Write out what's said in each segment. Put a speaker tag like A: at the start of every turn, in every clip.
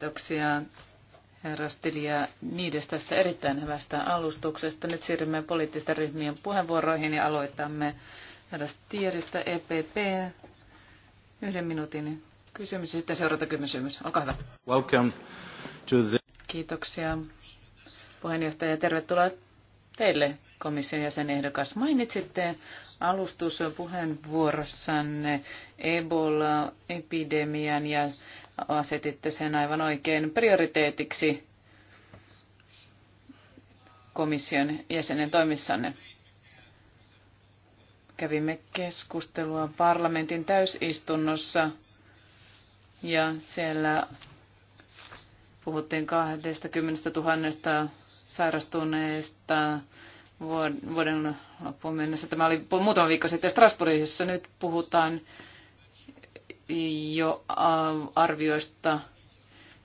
A: Kiitoksia herra Stilia Niides tästä erittäin hyvästä alustuksesta. Nyt siirrymme poliittisten ryhmien puheenvuoroihin ja aloitamme herra Stieristä EPP. Yhden minuutin kysymys ja sitten seuraava kysymys. Olkaa hyvä.
B: Welcome to the...
A: Kiitoksia puheenjohtaja. Tervetuloa teille komission jäsenehdokas. Mainitsitte alustuspuheenvuorossanne Ebola-epidemian ja asetitte sen aivan oikein prioriteetiksi komission jäsenen toimissanne. Kävimme keskustelua parlamentin täysistunnossa ja siellä puhuttiin 20 000 sairastuneesta vuoden loppuun mennessä. Tämä oli muutama viikko sitten Strasbourgissa. Nyt puhutaan jo äh, arvioista,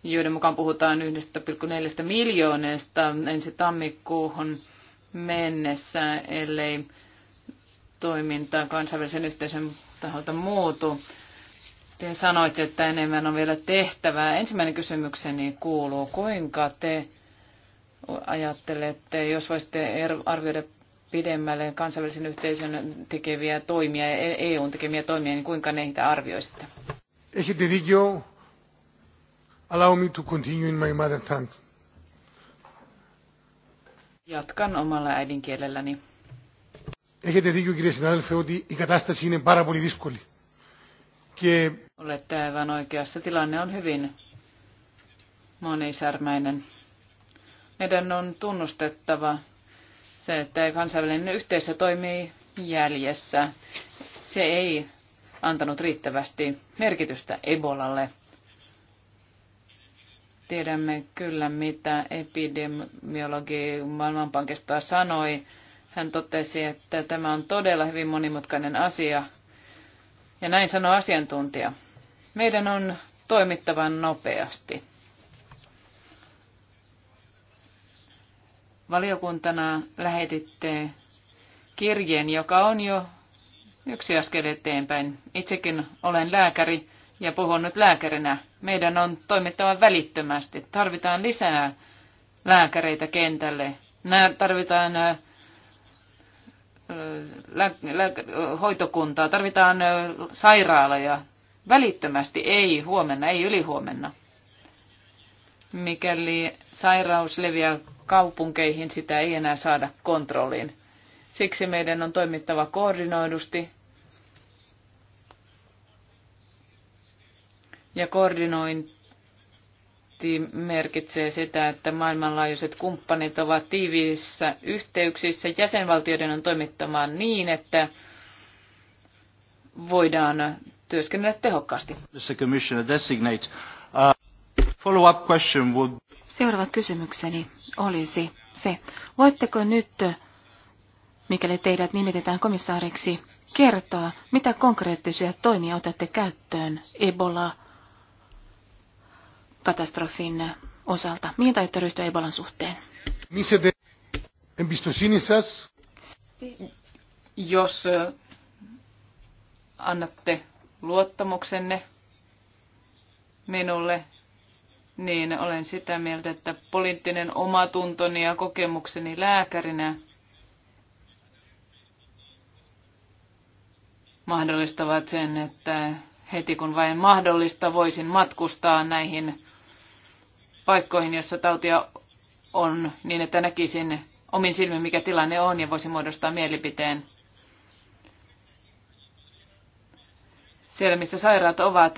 A: joiden mukaan puhutaan 1,4 miljoonasta ensi tammikuuhun mennessä, ellei toiminta kansainvälisen yhteisön taholta muutu. Te sanoitte, että enemmän on vielä tehtävää. Ensimmäinen kysymykseni kuuluu, kuinka te ajattelette, jos voisitte er- arvioida pidemmälle kansainvälisen yhteisön tekeviä toimia ja EUn tekemiä toimia, niin kuinka ne niitä arvioisitte?
C: Έχετε δίκιο. Allow me to continue in my mother tongue.
A: Jatkan omalla äidinkielelläni.
C: Έχετε δίκιο κύριε συνάδελφε ότι η κατάσταση είναι πάρα πολύ δύσκολη. Και...
A: Olette aivan oikeassa. Tilanne on hyvin monisärmäinen. Meidän on tunnustettava se, että kansainvälinen yhteisö toimii jäljessä. Se ei antanut riittävästi merkitystä Ebolalle. Tiedämme kyllä, mitä epidemiologi Maailmanpankista sanoi. Hän totesi, että tämä on todella hyvin monimutkainen asia. Ja näin sanoi asiantuntija. Meidän on toimittavan nopeasti. valiokuntana lähetitte kirjeen, joka on jo yksi askel eteenpäin. Itsekin olen lääkäri ja puhun nyt lääkärinä. Meidän on toimittava välittömästi. Tarvitaan lisää lääkäreitä kentälle. Nämä tarvitaan lä- lä- hoitokuntaa, tarvitaan sairaaloja. Välittömästi, ei huomenna, ei ylihuomenna. Mikäli sairaus leviää kaupunkeihin, sitä ei enää saada kontrolliin. Siksi meidän on toimittava koordinoidusti ja koordinointi merkitsee sitä, että maailmanlaajuiset kumppanit ovat tiiviissä yhteyksissä. Jäsenvaltioiden on toimittamaan niin, että
D: voidaan työskennellä tehokkaasti.
A: Uh,
B: follow-up question would...
D: Seuraava kysymykseni olisi se, voitteko nyt, mikäli teidät nimitetään komissaariksi, kertoa, mitä konkreettisia toimia otatte käyttöön Ebola-katastrofin osalta? Mihin taitte ryhtyä Ebolan suhteen? Jos
A: annatte luottamuksenne minulle, niin olen sitä mieltä, että poliittinen omatuntoni ja kokemukseni lääkärinä mahdollistavat sen, että heti kun vain mahdollista voisin matkustaa näihin paikkoihin, jossa tautia on, niin että näkisin omin silmin, mikä tilanne on ja voisin muodostaa mielipiteen. Siellä, missä sairaat ovat,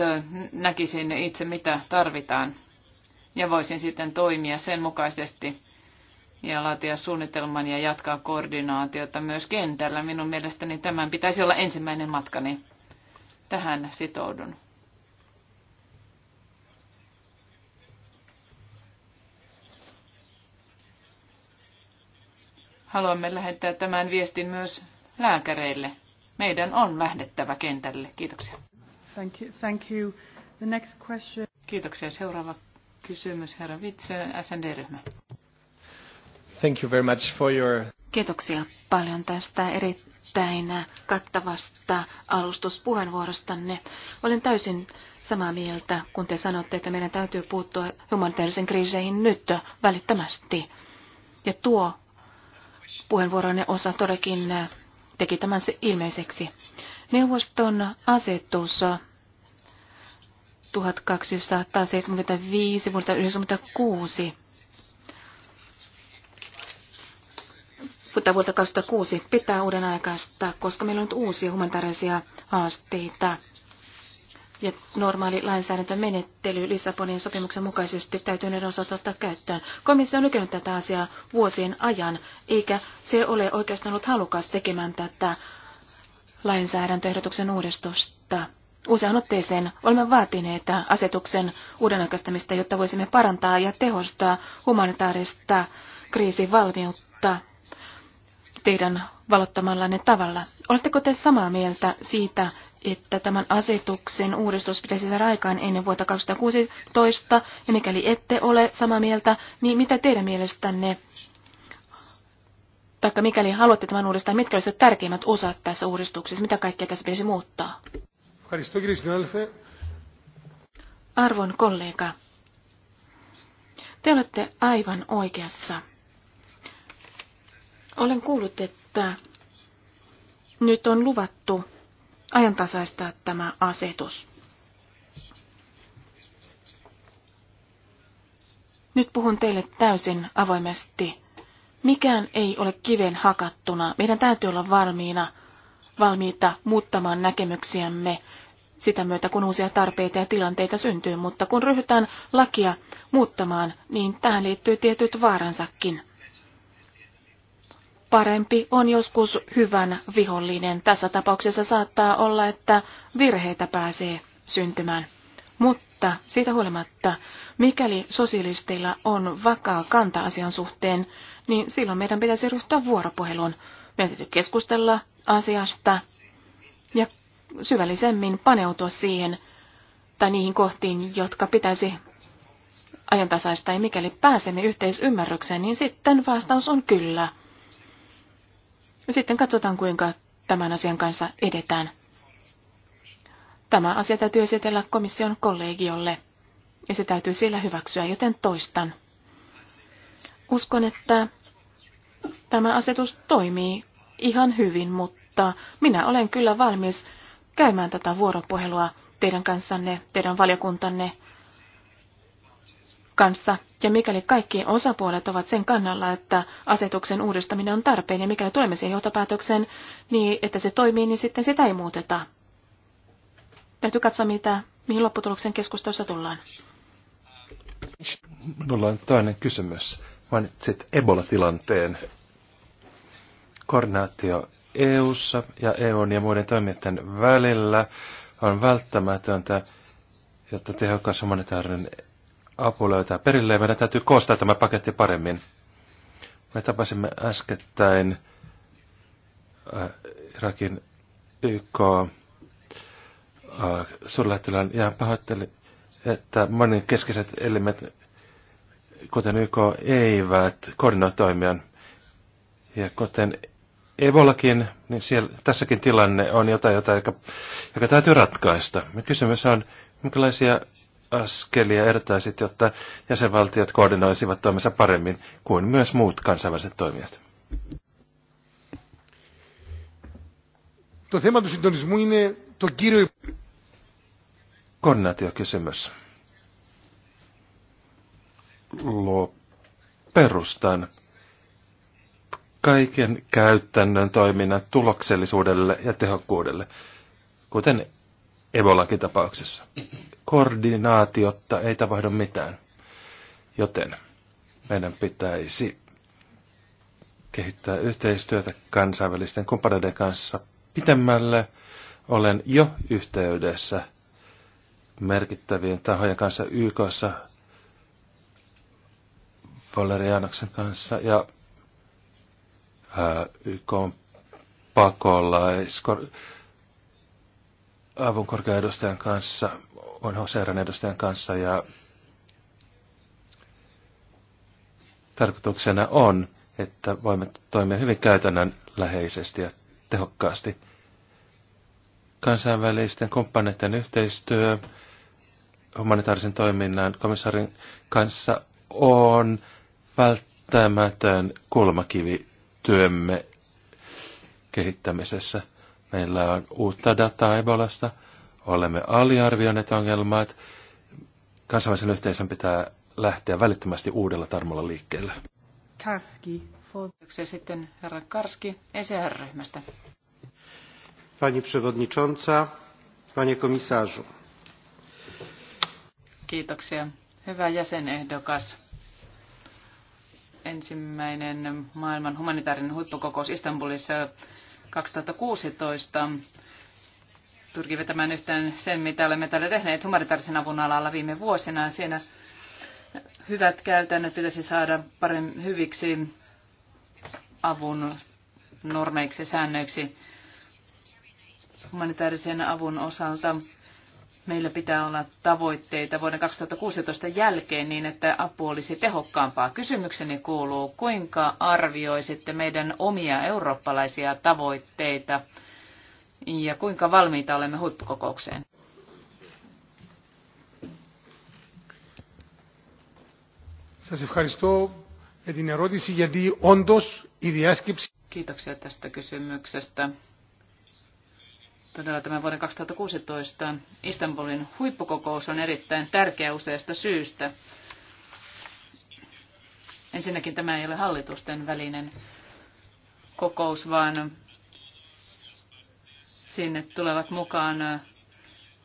A: näkisin itse, mitä tarvitaan ja voisin sitten toimia sen mukaisesti ja laatia suunnitelman ja jatkaa koordinaatiota myös kentällä. Minun mielestäni tämän pitäisi olla ensimmäinen matkani. Tähän sitoudun. Haluamme lähettää tämän viestin myös lääkäreille. Meidän on lähdettävä kentälle. Kiitoksia. Thank you. Thank you. The next question. Kiitoksia. Seuraava
D: kysymys, herra SND-ryhmä.
C: Thank you very much for your...
D: Kiitoksia paljon tästä erittäin kattavasta alustuspuheenvuorostanne. Olen täysin samaa mieltä, kun te sanotte, että meidän täytyy puuttua humanitaarisen kriiseihin nyt välittömästi. Ja tuo puheenvuoronne osa todellakin teki tämän se ilmeiseksi. Neuvoston asetus 1275 vuodelta 1996. Mutta vuotta 2006 pitää uuden aikaista, koska meillä on nyt uusia humanitaarisia haasteita. Ja normaali lainsäädäntömenettely Lissabonin sopimuksen mukaisesti täytyy ne osalta ottaa käyttöön. Komissio on lykännyt tätä asiaa vuosien ajan, eikä se ole oikeastaan ollut halukas tekemään tätä lainsäädäntöehdotuksen uudistusta. Usean otteeseen olemme vaatineet asetuksen uudenaikaistamista, jotta voisimme parantaa ja tehostaa humanitaarista kriisivalmiutta teidän valottamallanne tavalla. Oletteko te samaa mieltä siitä, että tämän asetuksen uudistus pitäisi saada aikaan ennen vuotta 2016, ja mikäli ette ole samaa mieltä, niin mitä teidän mielestänne, taikka mikäli haluatte tämän uudistaa, mitkä olisivat tärkeimmät osat tässä uudistuksessa, mitä kaikkea tässä pitäisi muuttaa? Arvon kollega, te olette aivan oikeassa. Olen kuullut, että nyt on luvattu ajantasaistaa tämä asetus. Nyt puhun teille täysin avoimesti. Mikään ei ole kiven hakattuna. Meidän täytyy olla valmiina, valmiita muuttamaan näkemyksiämme sitä myötä, kun uusia tarpeita ja tilanteita syntyy, mutta kun ryhdytään lakia muuttamaan, niin tähän liittyy tietyt vaaransakin. Parempi on joskus hyvän vihollinen. Tässä tapauksessa saattaa olla, että virheitä pääsee syntymään. Mutta siitä huolimatta, mikäli sosialisteilla on vakaa kanta asian suhteen, niin silloin meidän pitäisi ryhtyä vuoropuheluun. Meidän täytyy keskustella asiasta ja syvällisemmin paneutua siihen tai niihin kohtiin, jotka pitäisi ajantasaista. Ja mikäli pääsemme yhteisymmärrykseen, niin sitten vastaus on kyllä. Sitten katsotaan, kuinka tämän asian kanssa edetään. Tämä asia täytyy esitellä komission kollegiolle, ja se täytyy siellä hyväksyä, joten toistan. Uskon, että tämä asetus toimii ihan hyvin, mutta minä olen kyllä valmis käymään tätä vuoropuhelua teidän kanssanne, teidän valiokuntanne kanssa. Ja mikäli kaikki osapuolet ovat sen kannalla, että asetuksen uudistaminen on tarpeen ja mikäli tulemme siihen johtopäätökseen, niin että se toimii, niin sitten sitä ei muuteta. Täytyy katsoa, mitä, mihin lopputuloksen keskustelussa tullaan.
B: Minulla on toinen kysymys. Mainitsit Ebola-tilanteen. Koordinaatio EU:ssa ja EUn ja muiden toimijoiden välillä on välttämätöntä, jotta tehokas humanitaarinen apu löytää perille. Meidän täytyy koostaa tämä paketti paremmin. Me tapasimme äskettäin äh, Irakin YK äh, suurlähettilään ja pahoitteli, että monen keskeiset elimet, kuten YK, eivät koordinoi toimijan. Ja kuten Ebolakin, niin siellä, tässäkin tilanne on jotain, jotain joka, joka täytyy ratkaista. Kysymys on, minkälaisia askelia erittäisit, jotta jäsenvaltiot koordinoisivat toimensa paremmin kuin myös muut kansainväliset toimijat? Το θέμα Koordinaatiokysymys perustan kaiken käytännön toiminnan tuloksellisuudelle ja tehokkuudelle, kuten Ebolakin tapauksessa. Koordinaatiota ei tapahdu mitään, joten meidän pitäisi kehittää yhteistyötä kansainvälisten kumppaneiden kanssa pitemmälle. Olen jo yhteydessä merkittävien tahojen kanssa YKssa Valerianoksen kanssa ja YK pakolla. avun korkean edustajan kanssa, on Hoseeran edustajan kanssa ja tarkoituksena on, että voimme toimia hyvin käytännön läheisesti ja tehokkaasti. Kansainvälisten kumppaneiden yhteistyö humanitaarisen toiminnan komissaarin kanssa on välttämätön kulmakivi työmme kehittämisessä. Meillä on uutta dataa Ebolasta, olemme aliarvioineet ongelmat. Kansainvälisen yhteisön pitää lähteä välittömästi uudella tarmolla liikkeelle.
A: Karski. Ja sitten herra Karski ECR-ryhmästä.
C: Pani przewodnicząca, panie komisarzu.
A: Kiitoksia. Hyvä jäsenehdokas ensimmäinen maailman humanitaarinen huippukokous Istanbulissa 2016 Pyrkii vetämään yhteen sen, mitä olemme täällä tehneet humanitaarisen avun alalla viime vuosina. Siinä hyvät käytännöt pitäisi saada paremmin hyviksi avun normeiksi ja säännöiksi humanitaarisen avun osalta meillä pitää olla tavoitteita vuoden 2016 jälkeen niin, että apu olisi tehokkaampaa. Kysymykseni kuuluu, kuinka arvioisitte meidän omia eurooppalaisia tavoitteita ja kuinka valmiita olemme huippukokoukseen?
C: Σας ευχαριστώ για την ερώτηση γιατί όντως η διάσκεψη... Kiitoksia tästä kysymyksestä todella tämä vuoden 2016
A: Istanbulin huippukokous on erittäin tärkeä useasta syystä. Ensinnäkin tämä ei ole hallitusten välinen kokous, vaan sinne tulevat mukaan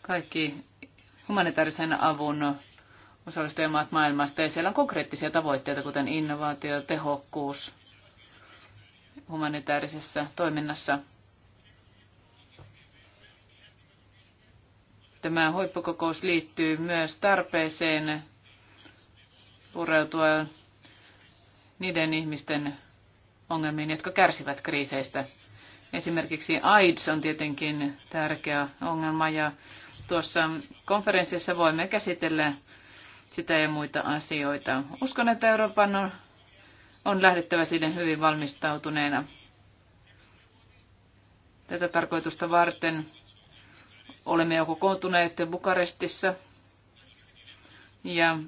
A: kaikki humanitaarisen avun osallistujamaat maailmasta. Ja siellä on konkreettisia tavoitteita, kuten innovaatio, tehokkuus humanitaarisessa toiminnassa – Tämä huippukokous liittyy myös tarpeeseen pureutua niiden ihmisten ongelmiin, jotka kärsivät kriiseistä. Esimerkiksi AIDS on tietenkin tärkeä ongelma ja tuossa konferenssissa voimme käsitellä sitä ja muita asioita. Uskon, että Euroopan on, on lähdettävä siihen hyvin valmistautuneena. Tätä tarkoitusta varten Olemme jo kokoontuneet Bukarestissa ja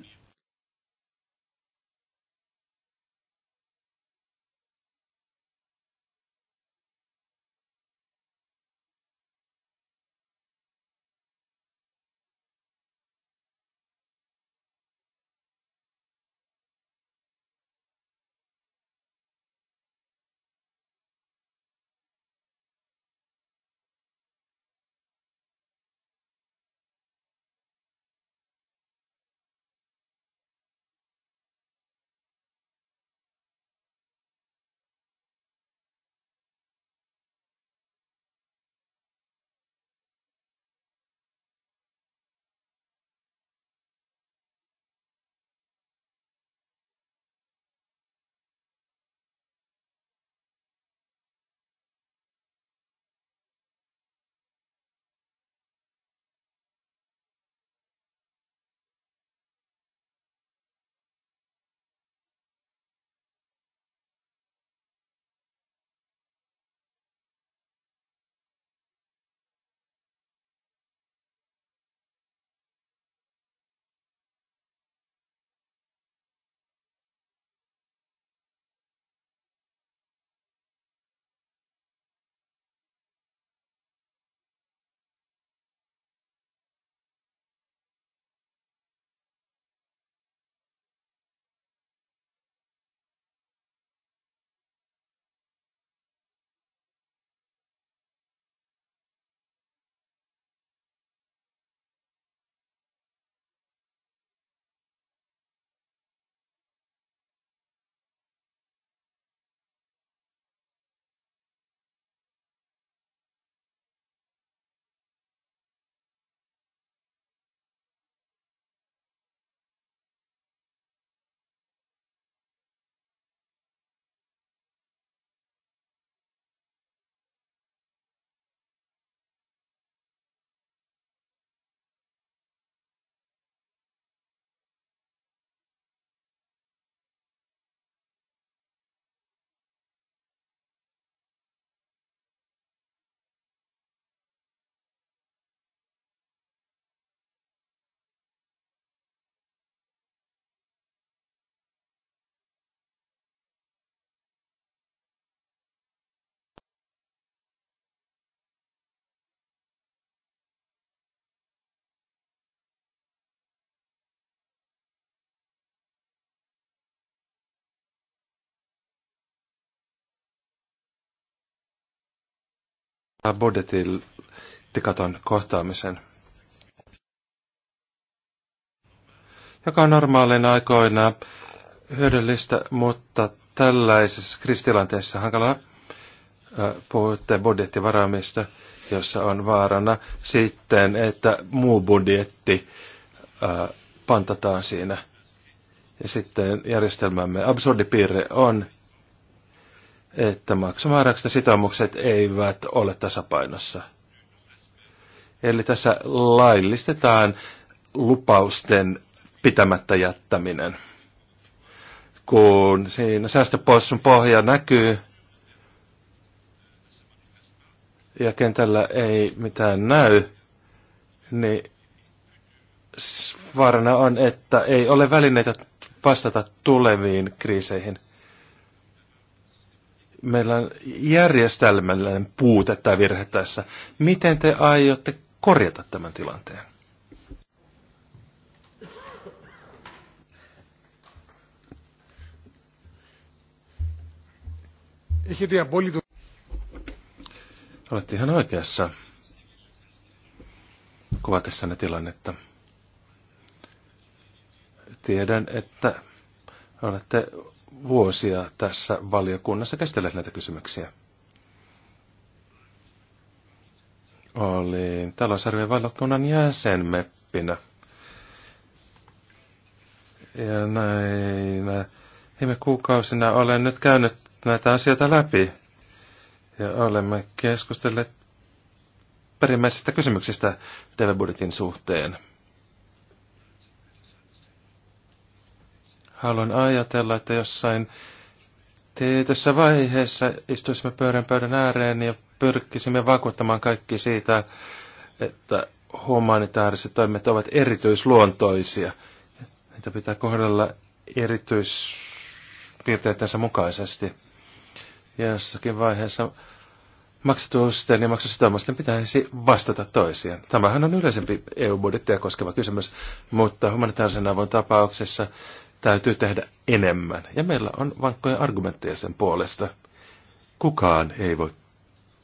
B: budjetin tikaton kohtaamisen, joka on normaalina aikoina hyödyllistä, mutta tällaisessa kristilanteessa hankalaa. Puhutte budjettivaraamista, jossa on vaarana sitten, että muu budjetti pantataan siinä. Ja sitten järjestelmämme absurdi on, että maksumääräykset sitoumukset eivät ole tasapainossa. Eli tässä laillistetaan lupausten pitämättä jättäminen. Kun siinä säästöpossun pohja näkyy ja kentällä ei mitään näy, niin vaarana on, että ei ole välineitä vastata tuleviin kriiseihin – meillä on järjestelmällinen puute tai virhe tässä. Miten te aiotte korjata tämän tilanteen? Olette ihan oikeassa kuvatessanne tilannetta. Tiedän, että olette vuosia tässä valiokunnassa käsitelleet näitä kysymyksiä. Olin talousarvion valiokunnan jäsenmeppinä. Ja näin, viime kuukausina olen nyt käynyt näitä asioita läpi. Ja olemme keskustelleet perimmäisistä kysymyksistä Devebudjetin suhteen. haluan ajatella, että jossain tietyssä vaiheessa istuisimme pöydän pöydän ääreen ja pyrkisimme vakuuttamaan kaikki siitä, että humanitaariset toimet ovat erityisluontoisia. Niitä pitää kohdella erityispiirteitensä mukaisesti. Jossakin vaiheessa maksatusten ja maksusitoumusten pitäisi vastata toisiaan. Tämähän on yleisempi EU-budjettia koskeva kysymys, mutta humanitaarisen avun tapauksessa täytyy tehdä enemmän. Ja meillä on vankkoja argumentteja sen puolesta. Kukaan ei voi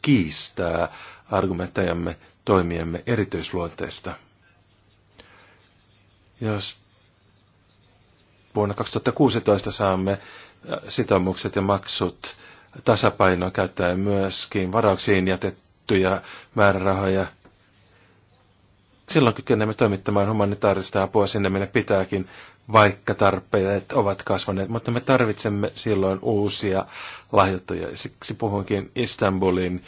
B: kiistää argumenttejamme toimiemme erityisluonteesta. Jos vuonna 2016 saamme äh, sitoumukset ja maksut tasapainoa käyttäen myöskin varauksiin jätettyjä määrärahoja, Silloin kykenemme toimittamaan humanitaarista apua sinne, minne pitääkin, vaikka tarpeet ovat kasvaneet. Mutta me tarvitsemme silloin uusia lahjoittajia. Siksi puhunkin Istanbulin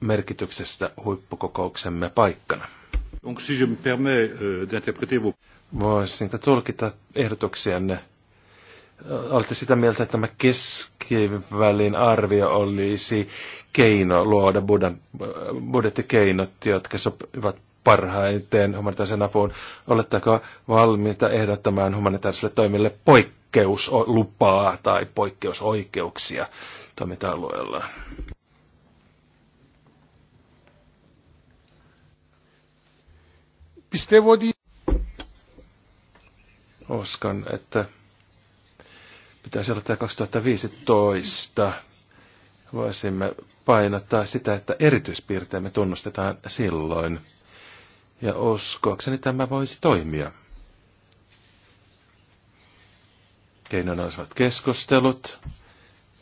B: merkityksestä huippukokouksemme paikkana. Donc, si je me permets, euh, Voisinko tulkita ehdotuksianne? Olette sitä mieltä, että tämä keskivälin arvio olisi keino luoda budan, budjettikeinot, jotka sopivat parhaiten humanitaarisen apuun. Oletteko valmiita ehdottamaan humanitaariselle toimille poikkeuslupaa tai poikkeusoikeuksia toiminta-alueella? Uskon, että pitäisi olla tämä 2015. Voisimme painottaa sitä, että erityispiirteemme tunnustetaan silloin. Ja uskoakseni tämä voisi toimia. Keinona olisivat keskustelut,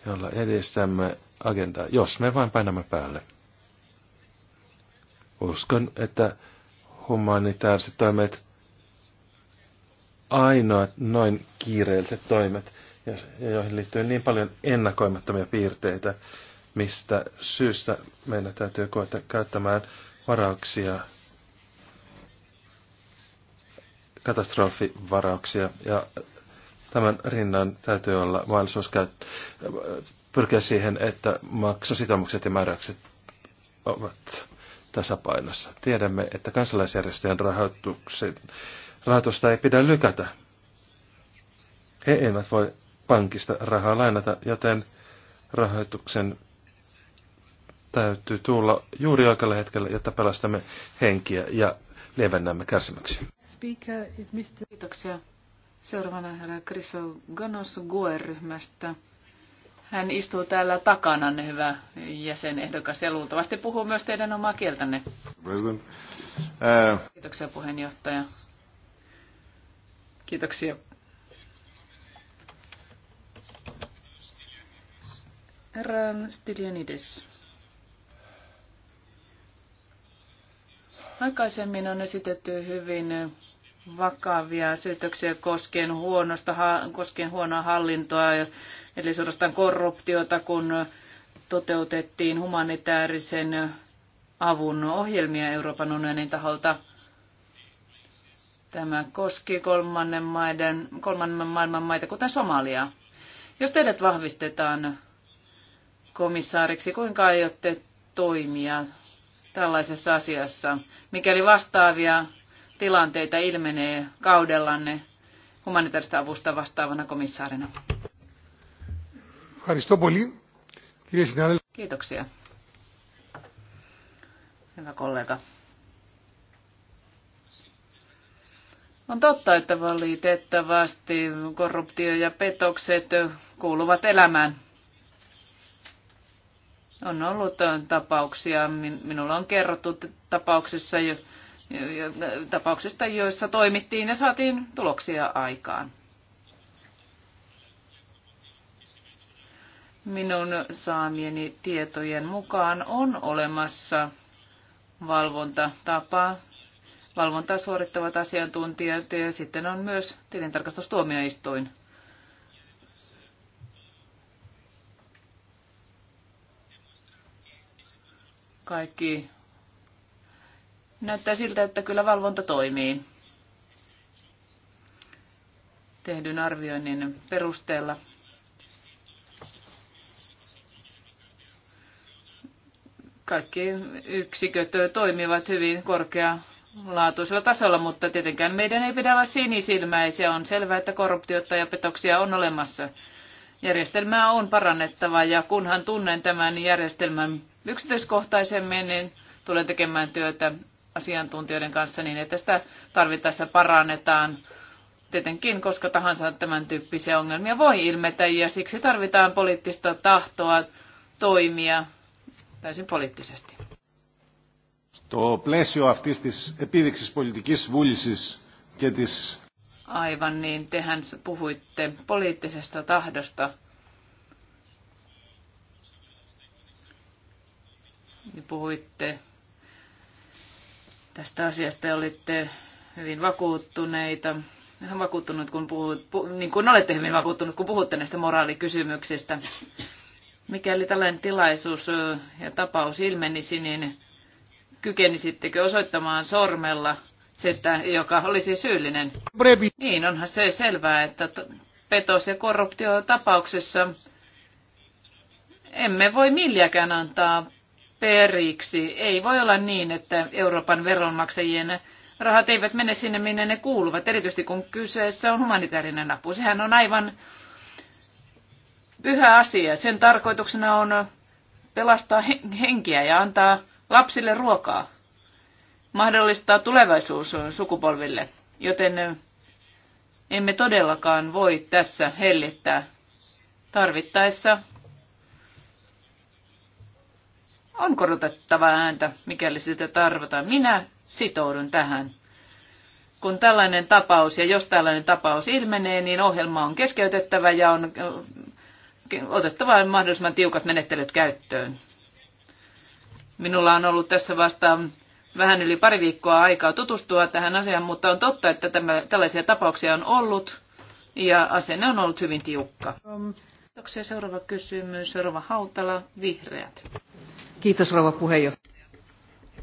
B: jolla edistämme agendaa, jos me vain painamme päälle. Uskon, että humanitaariset toimet, ainoat noin kiireelliset toimet, joihin liittyy niin paljon ennakoimattomia piirteitä, mistä syystä meidän täytyy koeta käyttämään varauksia katastrofivarauksia ja tämän rinnan täytyy olla mahdollisuus pyrkiä siihen, että maksusitoumukset ja määräykset ovat tasapainossa. Tiedämme, että kansalaisjärjestöjen rahoitusta ei pidä lykätä. He eivät voi pankista rahaa lainata, joten rahoituksen täytyy tulla juuri oikealla hetkellä, jotta pelastamme henkiä ja
A: lievennämme kärsimyksiä speaker is Mr. Kiitoksia. Seuraavana herra Kriso Ganos goer ryhmästä Hän istuu täällä takananne, hyvä jäsenehdokas, ja luultavasti puhuu myös teidän omaa kieltänne.
C: President. Uh...
A: Kiitoksia puheenjohtaja. Kiitoksia. Herra Stylianides. Aikaisemmin on esitetty hyvin vakavia syytöksiä koskien, huonosta, koskien huonoa hallintoa, eli suorastaan korruptiota, kun toteutettiin humanitaarisen avun ohjelmia Euroopan unionin taholta. Tämä koski kolmannen, maiden, kolmannen maailman maita, kuten Somalia. Jos teidät vahvistetaan komissaariksi, kuinka aiotte toimia tällaisessa asiassa. Mikäli vastaavia tilanteita ilmenee kaudellanne humanitaarista avusta vastaavana komissaarina. Kiitoksia. Hyvä kollega. On totta, että valitettavasti korruptio ja petokset kuuluvat elämään. On ollut äh, tapauksia, minulla on kerrottu tapauksissa, tapauksista, joissa toimittiin ja saatiin tuloksia aikaan. Minun saamieni tietojen mukaan on olemassa valvontatapa. Valvontaa suorittavat asiantuntijat ja sitten on myös tilintarkastustuomioistuin. Kaikki näyttää siltä, että kyllä valvonta toimii. Tehdyn arvioinnin perusteella kaikki yksiköt toimivat hyvin korkealaatuisella tasolla, mutta tietenkään meidän ei pidä olla sinisilmäisiä. On selvää, että korruptiota ja petoksia on olemassa. Järjestelmää on parannettava ja kunhan tunnen tämän järjestelmän yksityiskohtaisemmin, niin tulen tekemään työtä asiantuntijoiden kanssa niin, että sitä tarvittaessa parannetaan. Tietenkin koska tahansa tämän tyyppisiä ongelmia voi ilmetä ja siksi tarvitaan poliittista tahtoa toimia täysin poliittisesti.
C: Το πλαίσιο αυτής της επίδειξης πολιτικής και
A: Aivan niin, tehän puhuitte poliittisesta tahdosta Niin puhuitte tästä asiasta ja olitte hyvin vakuuttuneita. vakuuttunut, kun puhut, pu, niin kuin olette hyvin vakuuttunut, kun puhutte näistä moraalikysymyksistä. Mikäli tällainen tilaisuus ja tapaus ilmenisi, niin kykenisittekö osoittamaan sormella sitä, joka olisi syyllinen? Brevi. Niin, onhan se selvää, että petos- ja korruptiotapauksessa emme voi milläkään antaa periksi. Ei voi olla niin, että Euroopan veronmaksajien rahat eivät mene sinne, minne ne kuuluvat, erityisesti kun kyseessä on humanitaarinen apu. Sehän on aivan pyhä asia. Sen tarkoituksena on pelastaa henkiä ja antaa lapsille ruokaa, mahdollistaa tulevaisuus sukupolville, joten emme todellakaan voi tässä hellittää tarvittaessa on korotettava ääntä, mikäli sitä tarvitaan. Minä sitoudun tähän. Kun tällainen tapaus, ja jos tällainen tapaus ilmenee, niin ohjelma on keskeytettävä ja on otettava mahdollisimman tiukat menettelyt käyttöön. Minulla on ollut tässä vasta vähän yli pari viikkoa aikaa tutustua tähän asiaan, mutta on totta, että tämä, tällaisia tapauksia on ollut ja asenne on ollut hyvin tiukka. Um, Kiitoksia. Seuraava kysymys. Rova Hautala, Vihreät.
E: Kiitos rouva puheenjohtaja.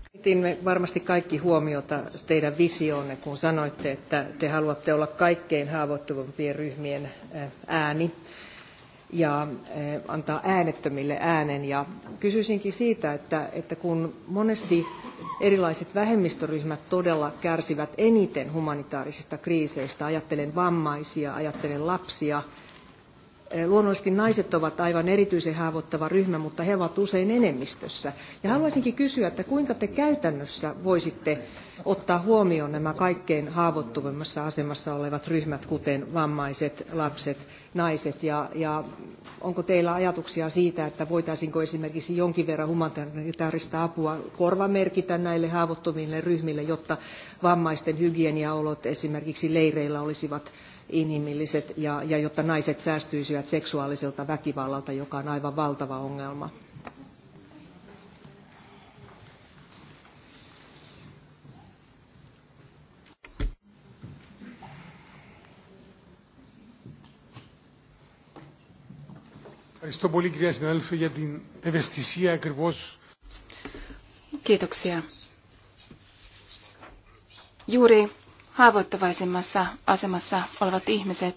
E: Kiinnitimme varmasti kaikki huomiota teidän visioonne, kun sanoitte, että te haluatte olla kaikkein haavoittuvimpien ryhmien äh, ääni ja äh, antaa äänettömille äänen. Ja kysyisinkin siitä, että, että kun monesti erilaiset vähemmistöryhmät todella kärsivät eniten humanitaarisista kriiseistä, ajattelen vammaisia, ajattelen lapsia, Eh, luonnollisesti naiset ovat aivan erityisen haavoittava ryhmä, mutta he ovat usein enemmistössä. Ja haluaisinkin kysyä, että kuinka te käytännössä voisitte ottaa huomioon nämä kaikkein haavoittuvimmassa asemassa olevat ryhmät, kuten vammaiset, lapset, naiset, ja, ja onko teillä ajatuksia siitä, että voitaisiinko esimerkiksi jonkin verran humanitaarista apua korvamerkitä näille haavoittuville ryhmille, jotta vammaisten hygieniaolot esimerkiksi leireillä olisivat inhimilliset ja, ja jotta naiset säästyisivät seksuaaliselta väkivallalta, joka on aivan valtava ongelma.
C: Ευχαριστώ πολύ κυρία συνάδελφε για την
D: Kiitoksia. Juuri haavoittuvaisemmassa asemassa olevat ihmiset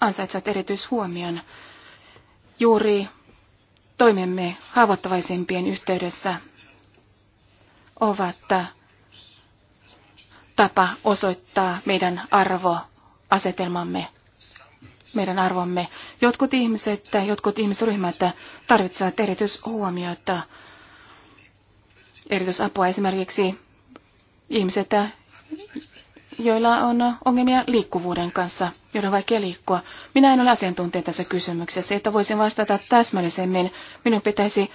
D: ansaitsevat erityishuomion. Juuri toimemme haavoittuvaisempien yhteydessä ovat tapa osoittaa meidän arvoasetelmamme, meidän arvomme. Jotkut ihmiset, jotkut ihmisryhmät tarvitsevat erityishuomiota, erityisapua esimerkiksi ihmiset, joilla on ongelmia liikkuvuuden kanssa, joilla on vaikea liikkua. Minä en ole asiantuntija tässä kysymyksessä, että voisin vastata täsmällisemmin. Minun pitäisi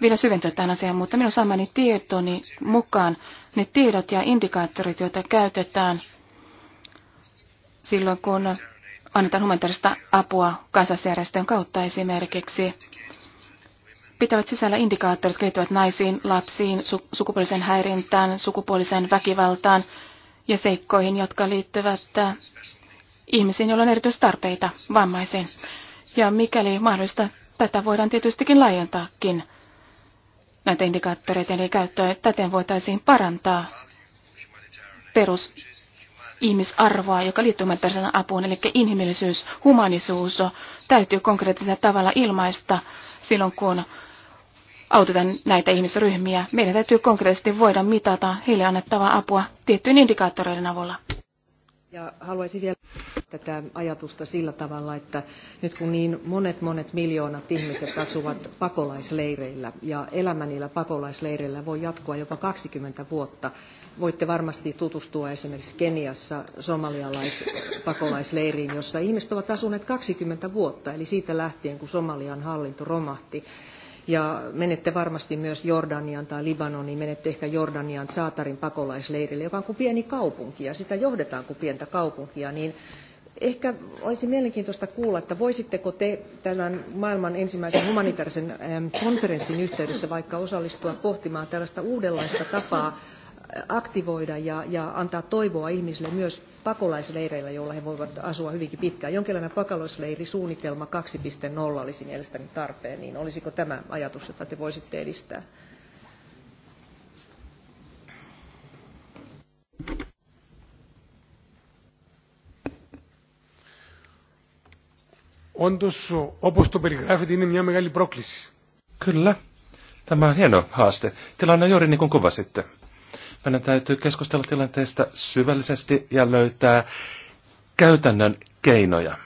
D: vielä syventyä tämän asian, mutta minun saamani tietoni mukaan ne tiedot ja indikaattorit, joita käytetään silloin, kun annetaan humanitaarista apua kansalaisjärjestön kautta esimerkiksi, pitävät sisällä indikaattorit, jotka liittyvät naisiin, lapsiin, su- sukupuolisen häirintään, sukupuolisen väkivaltaan, ja seikkoihin, jotka liittyvät äh, ihmisiin, joilla on erityistarpeita, vammaisiin. Ja mikäli mahdollista, tätä voidaan tietystikin laajentaakin näitä indikaattoreita eli käyttöä. Täten voitaisiin parantaa perus ihmisarvoa, joka liittyy humanitaarisena apuun, eli inhimillisyys, humanisuus täytyy konkreettisella tavalla ilmaista silloin, kun auteta näitä ihmisryhmiä. Meidän täytyy konkreettisesti voida mitata heille annettavaa apua tiettyjen indikaattoreiden avulla.
E: Ja haluaisin vielä tätä ajatusta sillä tavalla, että nyt kun niin monet monet miljoonat ihmiset asuvat pakolaisleireillä ja elämä niillä pakolaisleireillä voi jatkua jopa 20 vuotta, voitte varmasti tutustua esimerkiksi Keniassa somalialaispakolaisleiriin, jossa ihmiset ovat asuneet 20 vuotta, eli siitä lähtien kun Somalian hallinto romahti ja menette varmasti myös Jordanian tai Libanoniin, niin menette ehkä Jordanian Saatarin pakolaisleirille, joka on kuin pieni kaupunki ja sitä johdetaan kuin pientä kaupunkia, niin Ehkä olisi mielenkiintoista kuulla, että voisitteko te tämän maailman ensimmäisen humanitaarisen konferenssin yhteydessä vaikka osallistua pohtimaan tällaista uudenlaista tapaa aktivoida ja, ja antaa toivoa ihmisille myös pakolaisleireillä, joilla he voivat asua hyvinkin pitkään. Jonkinlainen pakolaisleirisuunnitelma 2.0 olisi mielestäni tarpeen, niin olisiko tämä ajatus, jota te voisitte edistää?
C: Όντως, όπως το περιγράφεται, είναι μια μεγάλη πρόκληση. Kyllä.
B: Tämä on hieno haaste. Tilanne on juuri niin kuin kuvasitte. Meidän täytyy keskustella tilanteesta syvällisesti ja löytää käytännön keinoja.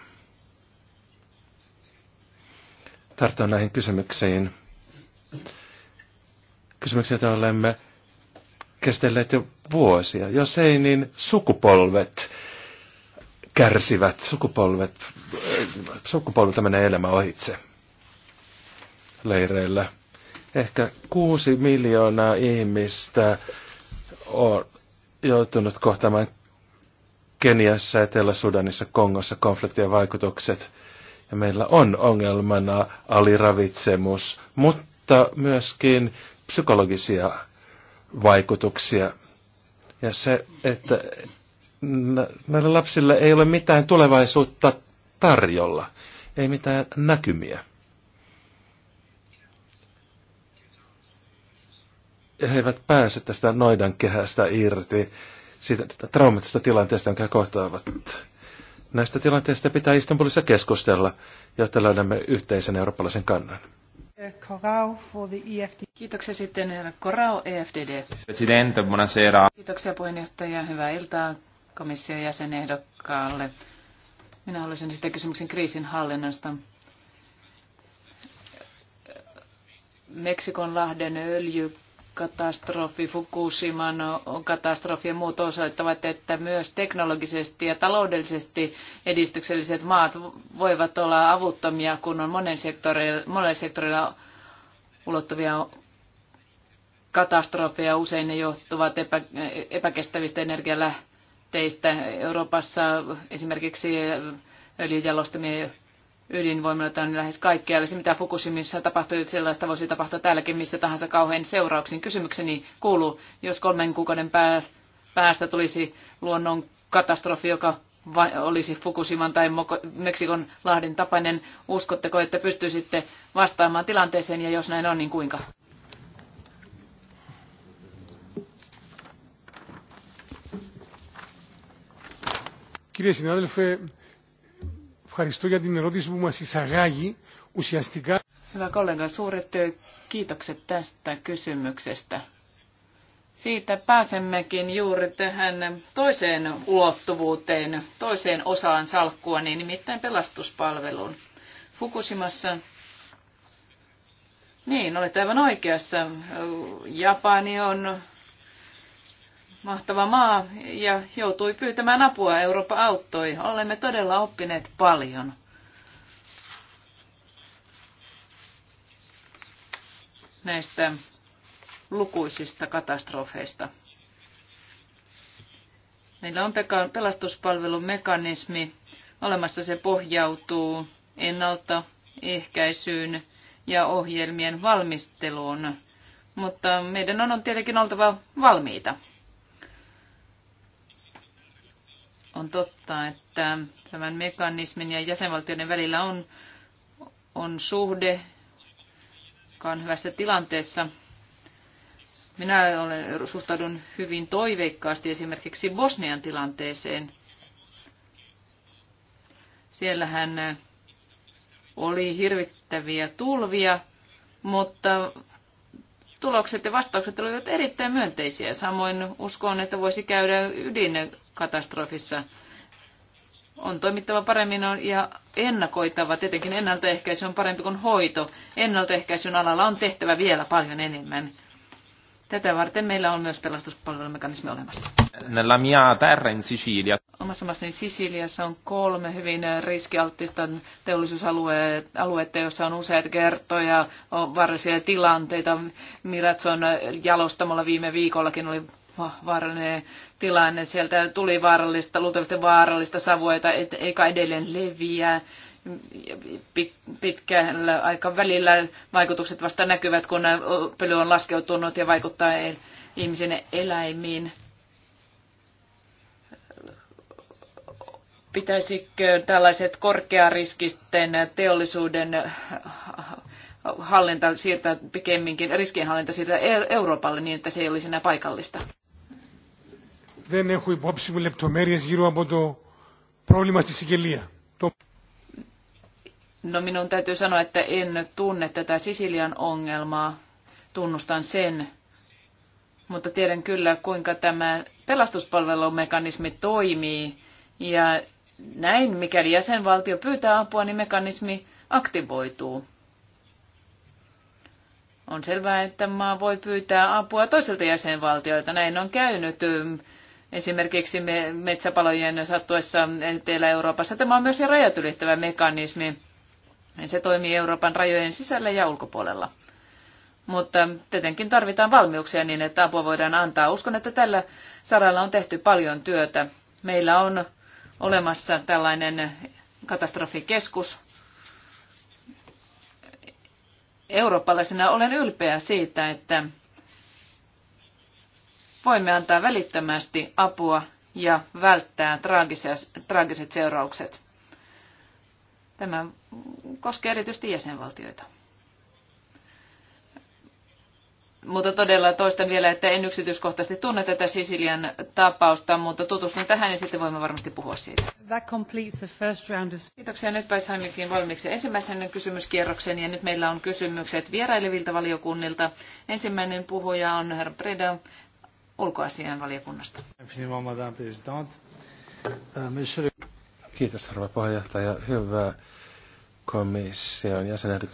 B: Tartun näihin kysymyksiin. Kysymyksiä, joita olemme kestelleet jo vuosia. Jos ei, niin sukupolvet kärsivät, sukupolvet, sukupolvelta menee elämä ohitse leireillä. Ehkä kuusi miljoonaa ihmistä on joutunut kohtaamaan Keniassa, Etelä-Sudanissa, Kongossa konfliktien vaikutukset. Ja meillä on ongelmana aliravitsemus, mutta myöskin psykologisia vaikutuksia. Ja se, että näillä lapsilla ei ole mitään tulevaisuutta tarjolla, ei mitään näkymiä. he eivät pääse tästä noidan kehästä irti, siitä traumatista tilanteesta, jonka he kohtaavat. Näistä tilanteista pitää Istanbulissa keskustella, jotta löydämme yhteisen eurooppalaisen kannan.
A: Corau for the EFD. Kiitoksia sitten herra Corau EFDD. Presidente, buonasera. Kiitoksia puheenjohtaja. Hyvää iltaa komission jäsenehdokkaalle. Minä haluaisin sitten kysymyksen kriisin hallinnasta. Meksikon lahden öljy katastrofi, Fukushiman katastrofi ja muut osoittavat, että myös teknologisesti ja taloudellisesti edistykselliset maat voivat olla avuttomia, kun on monen sektorilla, sektorilla ulottuvia katastrofeja. Usein ne johtuvat epä, epäkestävistä energialähteistä. Euroopassa esimerkiksi öljyjalostamien ydinvoimalla on lähes kaikkialla. Se, mitä Fukushimissa tapahtui, sellaista voisi tapahtua täälläkin missä tahansa kauhean seurauksin. Kysymykseni kuuluu, jos kolmen kuukauden päästä tulisi luonnon katastrofi, joka olisi Fukushiman tai Meksikon lahden tapainen, uskotteko, että pystyisitte vastaamaan tilanteeseen ja jos näin on, niin kuinka?
C: Kiitos, συνάδελφε, Ευχαριστώ για την ερώτηση που μας εισαγάγει. Ουσιαστικά...
A: Hyvä kollega, suuret kiitokset tästä kysymyksestä. Siitä pääsemmekin juuri tähän toiseen ulottuvuuteen, toiseen osaan salkkua, niin nimittäin pelastuspalveluun. Fukushimassa, niin olet aivan oikeassa, Japani on mahtava maa ja joutui pyytämään apua. Eurooppa auttoi. Olemme todella oppineet paljon. näistä lukuisista katastrofeista. Meillä on pelastuspalvelun mekanismi olemassa, se pohjautuu ennaltaehkäisyyn ja ohjelmien valmisteluun, mutta meidän on tietenkin oltava valmiita. On totta, että tämän mekanismin ja jäsenvaltioiden välillä on, on suhde, joka on hyvässä tilanteessa. Minä olen, suhtaudun hyvin toiveikkaasti esimerkiksi Bosnian tilanteeseen. Siellähän oli hirvittäviä tulvia, mutta tulokset ja vastaukset olivat erittäin myönteisiä. Samoin uskon, että voisi käydä ydin katastrofissa. On toimittava paremmin ja ennakoitava. Tietenkin ennaltaehkäisy on parempi kuin hoito. Ennaltaehkäisyn alalla on tehtävä vielä paljon enemmän. Tätä varten meillä on myös pelastuspalvelumekanismi olemassa.
E: Nella mia terra in Sicilia.
A: Omassa maassani Sisiliassa on kolme hyvin riskialttista teollisuusaluetta, jossa on useat kertoja on varsia tilanteita. Miratson jalostamalla viime viikollakin oli vaarallinen tilanne. Sieltä tuli vaarallista, luultavasti vaarallista savua, jota eikä edelleen leviä. Pitkällä aikavälillä vaikutukset vasta näkyvät, kun pöly on laskeutunut ja vaikuttaa e-, ihmisen eläimiin. Pitäisikö tällaiset korkeariskisten teollisuuden hallinta siirtää pikemminkin, riskienhallinta siirtää e-, Euroopalle niin, että se ei olisi enää paikallista
C: δεν έχω υπόψη μου λεπτομέρειες γύρω από το πρόβλημα στη Σικελία.
A: No minun täytyy sanoa, että en tunne tätä Sisilian ongelmaa, tunnustan sen, mutta tiedän kyllä, kuinka tämä pelastuspalvelumekanismi toimii. Ja näin, mikäli jäsenvaltio pyytää apua, niin mekanismi aktivoituu. On selvää, että maa voi pyytää apua toiselta jäsenvaltiolta. Näin on käynyt esimerkiksi metsäpalojen sattuessa Etelä-Euroopassa. Tämä on myös rajat ylittävä mekanismi. Se toimii Euroopan rajojen sisällä ja ulkopuolella. Mutta tietenkin tarvitaan valmiuksia niin, että apua voidaan antaa. Uskon, että tällä saralla on tehty paljon työtä. Meillä on olemassa tällainen katastrofikeskus. Eurooppalaisena olen ylpeä siitä, että voimme antaa välittömästi apua ja välttää traagiset seuraukset. Tämä koskee erityisesti jäsenvaltioita. Mutta todella toistan vielä, että en yksityiskohtaisesti tunne tätä Sisilian tapausta, mutta tutustun tähän ja sitten voimme varmasti puhua siitä. That completes the first round of... Kiitoksia. Nyt pääsimmekin valmiiksi ensimmäisen kysymyskierroksen ja nyt meillä on kysymykset vierailevilta valiokunnilta. Ensimmäinen puhuja on herra Preda ulkoasian valiokunnasta.
C: Euh,
B: Kiitos arvoisa puheenjohtaja. Hyvä komission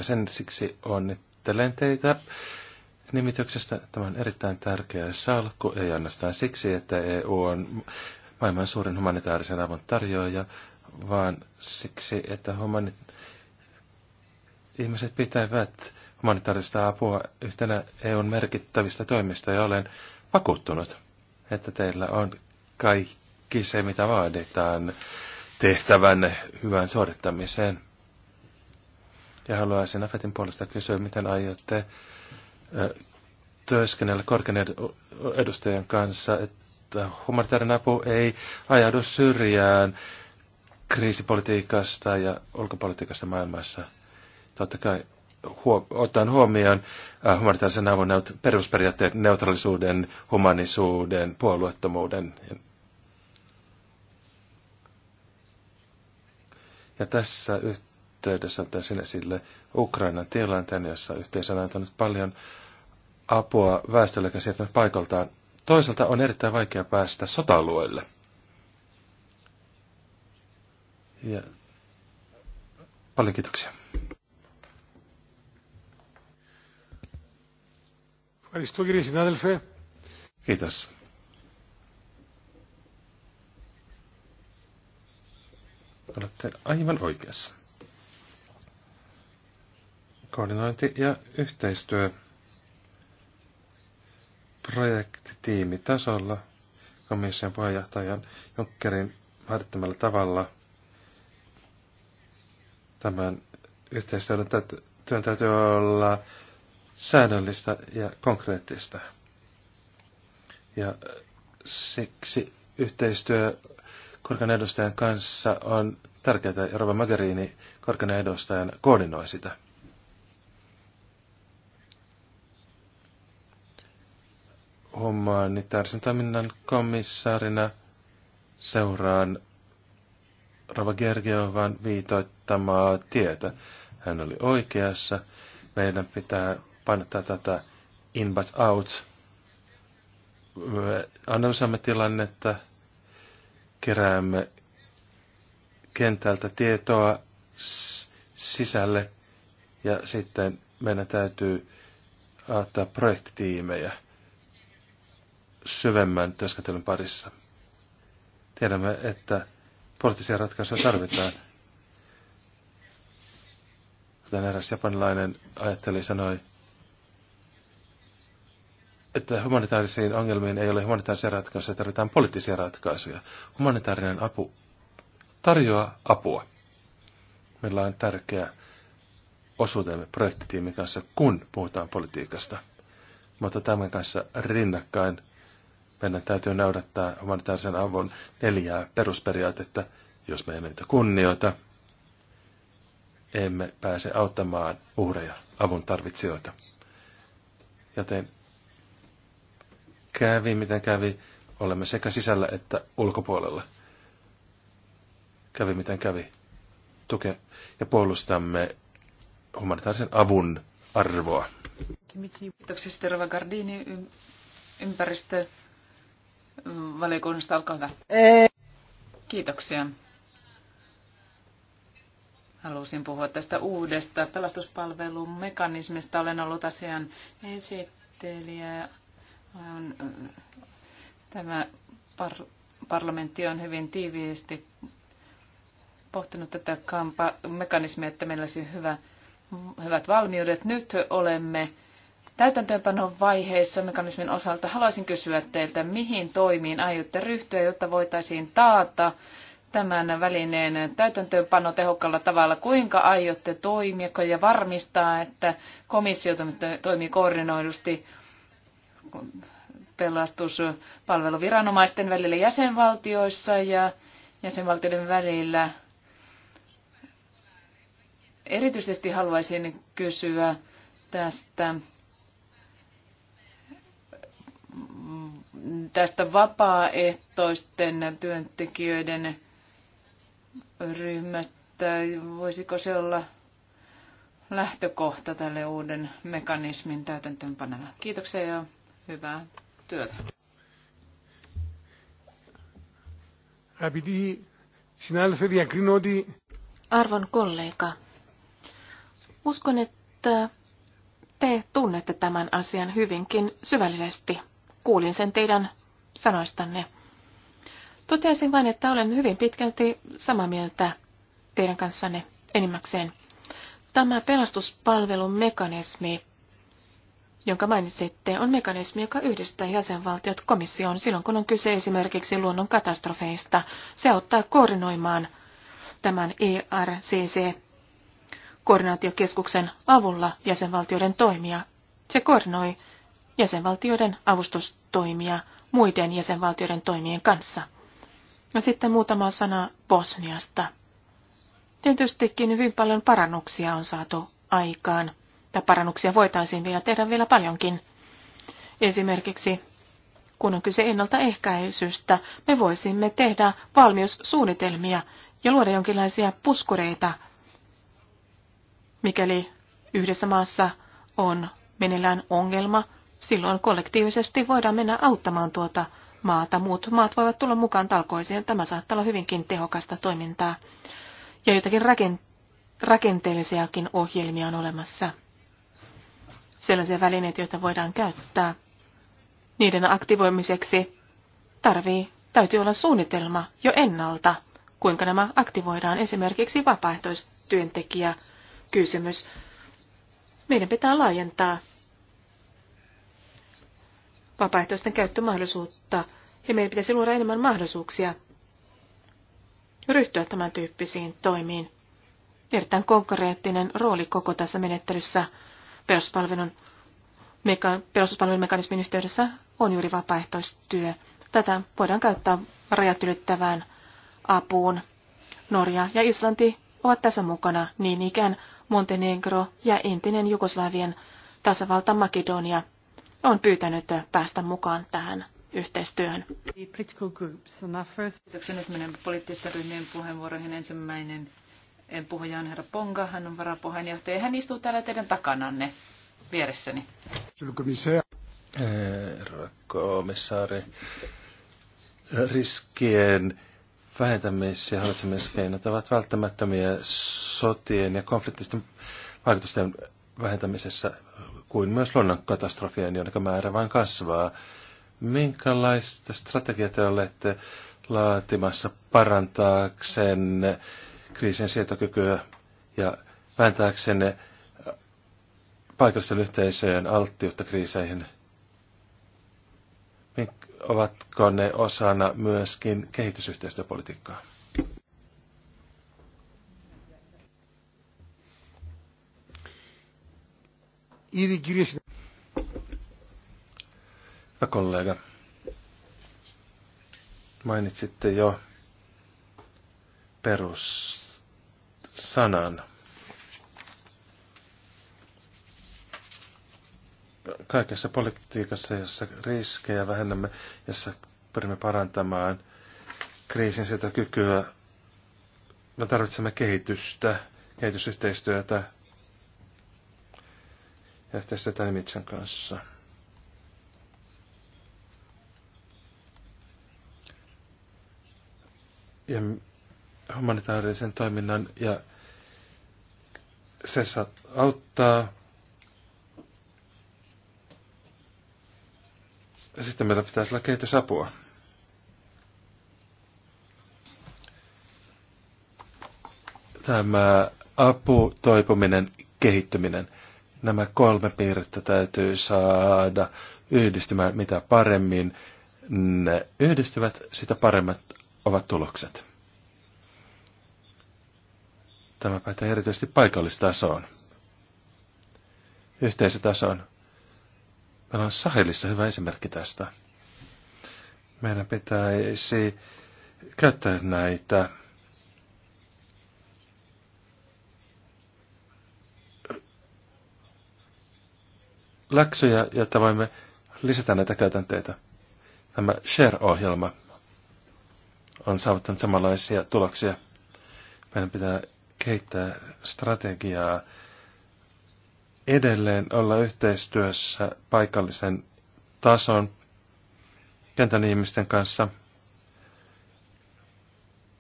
B: Sen siksi onnittelen teitä nimityksestä. Tämä on erittäin tärkeä salkku, ei ainoastaan siksi, että EU on maailman suurin humanitaarisen avun tarjoaja, vaan siksi, että humanit- ihmiset pitävät humanitaarista apua yhtenä EUn merkittävistä toimista, ja olen vakuuttunut, että teillä on kaikki se, mitä vaaditaan tehtävän hyvän suorittamiseen. Ja haluaisin Afetin puolesta kysyä, miten aiotte työskennellä korkean edustajan kanssa, että humanitaarinen apu ei ajaudu syrjään kriisipolitiikasta ja ulkopolitiikasta maailmassa. Totta kai huo, ottaen huomioon äh, humanitaarisen avun neut- perusperiaatteet, neutraalisuuden, humanisuuden, puolueettomuuden. Ja tässä yhteydessä ottaisin esille Ukrainan tilanteen, jossa yhteisö on antanut paljon apua väestölle, joka sieltä paikaltaan. Toisaalta on erittäin vaikea päästä sota-alueelle. Ja paljon kiitoksia. Kiitos. Olette aivan oikeassa. Koordinointi ja yhteistyö projektitiimitasolla komission puheenjohtajan Junckerin määrittämällä tavalla tämän yhteistyön työn täytyy olla säännöllistä ja konkreettista. Ja siksi yhteistyö korkean edustajan kanssa on tärkeää, ja Rova Magherini korkean edustajan koordinoi sitä. Humanitaarisen toiminnan komissaarina seuraan Rova Gergiovan viitoittamaa tietä. Hän oli oikeassa. Meidän pitää painottaa tätä in but out. Me analysoimme tilannetta, keräämme kentältä tietoa sisälle ja sitten meidän täytyy ottaa projektitiimejä syvemmän työskentelyn parissa. Tiedämme, että poliittisia ratkaisuja tarvitaan. Kuten eräs japanilainen ajatteli sanoi, että humanitaarisiin ongelmiin ei ole humanitaarisia ratkaisuja, tarvitaan poliittisia ratkaisuja. Humanitaarinen apu tarjoaa apua. Meillä on tärkeä osuutemme projektitiimin kanssa, kun puhutaan politiikasta. Mutta tämän kanssa rinnakkain meidän täytyy noudattaa humanitaarisen avun neljää perusperiaatetta. Jos me emme niitä kunnioita, emme pääse auttamaan uhreja, avun tarvitsijoita. Joten kävi, miten kävi, olemme sekä sisällä että ulkopuolella. Kävi, miten kävi. Tuke ja puolustamme humanitaarisen avun arvoa.
A: Kiitoksia, Sterva Gardini, ympäristö valiokunnasta, olkaa hyvä. Kiitoksia. Halusin puhua tästä uudesta pelastuspalvelun mekanismista. Olen ollut asian esittelijä on, tämä par, parlamentti on hyvin tiiviisti pohtinut tätä kampa mekanismia, että meillä olisi hyvä, hyvät valmiudet. Nyt olemme täytäntöönpanon vaiheessa mekanismin osalta. Haluaisin kysyä teiltä, mihin toimiin aiotte ryhtyä, jotta voitaisiin taata tämän välineen täytäntöönpano tehokkaalla tavalla. Kuinka aiotte toimia ja varmistaa, että komissio toimii koordinoidusti pelastuspalveluviranomaisten välillä jäsenvaltioissa ja jäsenvaltioiden välillä. Erityisesti haluaisin kysyä tästä, tästä vapaaehtoisten työntekijöiden ryhmästä. Voisiko se olla lähtökohta tälle uuden mekanismin täytäntöönpanolle?
D: Kiitoksia ja hyvää työtä. Arvon kollega, uskon, että te tunnette tämän asian hyvinkin syvällisesti. Kuulin sen teidän sanoistanne. Toteaisin vain, että olen hyvin pitkälti samaa mieltä teidän kanssanne enimmäkseen. Tämä pelastuspalvelun mekanismi jonka mainitsitte, on mekanismi, joka yhdistää jäsenvaltiot komissioon silloin, kun on kyse esimerkiksi luonnon katastrofeista. Se auttaa koordinoimaan tämän ERCC-koordinaatiokeskuksen avulla jäsenvaltioiden toimia. Se koordinoi jäsenvaltioiden avustustoimia muiden jäsenvaltioiden toimien kanssa. Ja sitten muutama sana Bosniasta. Tietystikin hyvin paljon parannuksia on saatu aikaan että parannuksia voitaisiin vielä tehdä vielä paljonkin. Esimerkiksi kun on kyse ennaltaehkäisystä, me voisimme tehdä valmiussuunnitelmia ja luoda jonkinlaisia puskureita, mikäli yhdessä maassa on meneillään ongelma, silloin kollektiivisesti voidaan mennä auttamaan tuota maata. Muut maat voivat tulla mukaan talkoisiin. Tämä saattaa olla hyvinkin tehokasta toimintaa. Ja jotakin rakenteellisiakin ohjelmia on olemassa sellaisia välineitä, joita voidaan käyttää. Niiden aktivoimiseksi tarvii, täytyy olla suunnitelma jo ennalta, kuinka nämä aktivoidaan esimerkiksi vapaaehtoistyöntekijä kysymys. Meidän pitää laajentaa vapaaehtoisten käyttömahdollisuutta ja meidän pitäisi luoda enemmän mahdollisuuksia ryhtyä tämän tyyppisiin toimiin. Erittäin konkreettinen rooli koko tässä menettelyssä peruspalvelun, meka, peruspalvelun mekanismin yhteydessä on juuri vapaaehtoistyö. Tätä voidaan käyttää rajat ylittävään apuun. Norja ja Islanti ovat tässä mukana, niin ikään Montenegro ja entinen Jugoslavien tasavalta Makedonia on pyytänyt päästä mukaan tähän yhteistyöhön. Kiitoksia.
A: Nyt menen poliittisten ryhmien puheenvuoroihin. Ensimmäinen puhuja on herra Ponga, hän on varapuheenjohtaja. Hän istuu täällä teidän takananne vieressäni.
B: Herra komissaari, riskien vähentämis- ja hallitsemiskeinot ovat välttämättömiä sotien ja konfliktisten vaikutusten vähentämisessä kuin myös luonnonkatastrofien, jonka määrä vain kasvaa. Minkälaista strategiaa te olette laatimassa parantaakseen kriisin sietokykyä ja vääntääksenne paikallisten yhteisöjen alttiutta kriiseihin? Ovatko ne osana myöskin kehitysyhteistyöpolitiikkaa?
C: Hyvä
B: kollega, mainitsitte jo perus sanan. Kaikessa politiikassa, jossa riskejä vähennämme, jossa pyrimme parantamaan kriisin sitä kykyä, me tarvitsemme kehitystä, kehitysyhteistyötä ja yhteistyötä Nimitsen kanssa. ja humanitaarisen toiminnan ja se auttaa. ja Sitten meillä pitäisi olla kehitysapua. Tämä apu, toipuminen, kehittyminen. Nämä kolme piirrettä täytyy saada yhdistymään mitä paremmin. Ne yhdistyvät, sitä paremmat ovat tulokset. Tämä pätee erityisesti paikallistasoon, yhteisötasoon. Meillä on Sahelissa hyvä esimerkki tästä. Meidän pitäisi käyttää näitä läksyjä, jotta voimme lisätä näitä käytänteitä. Tämä Share-ohjelma on saavuttanut samanlaisia tuloksia. Meidän pitää kehittää strategiaa edelleen olla yhteistyössä paikallisen tason kentän ihmisten kanssa.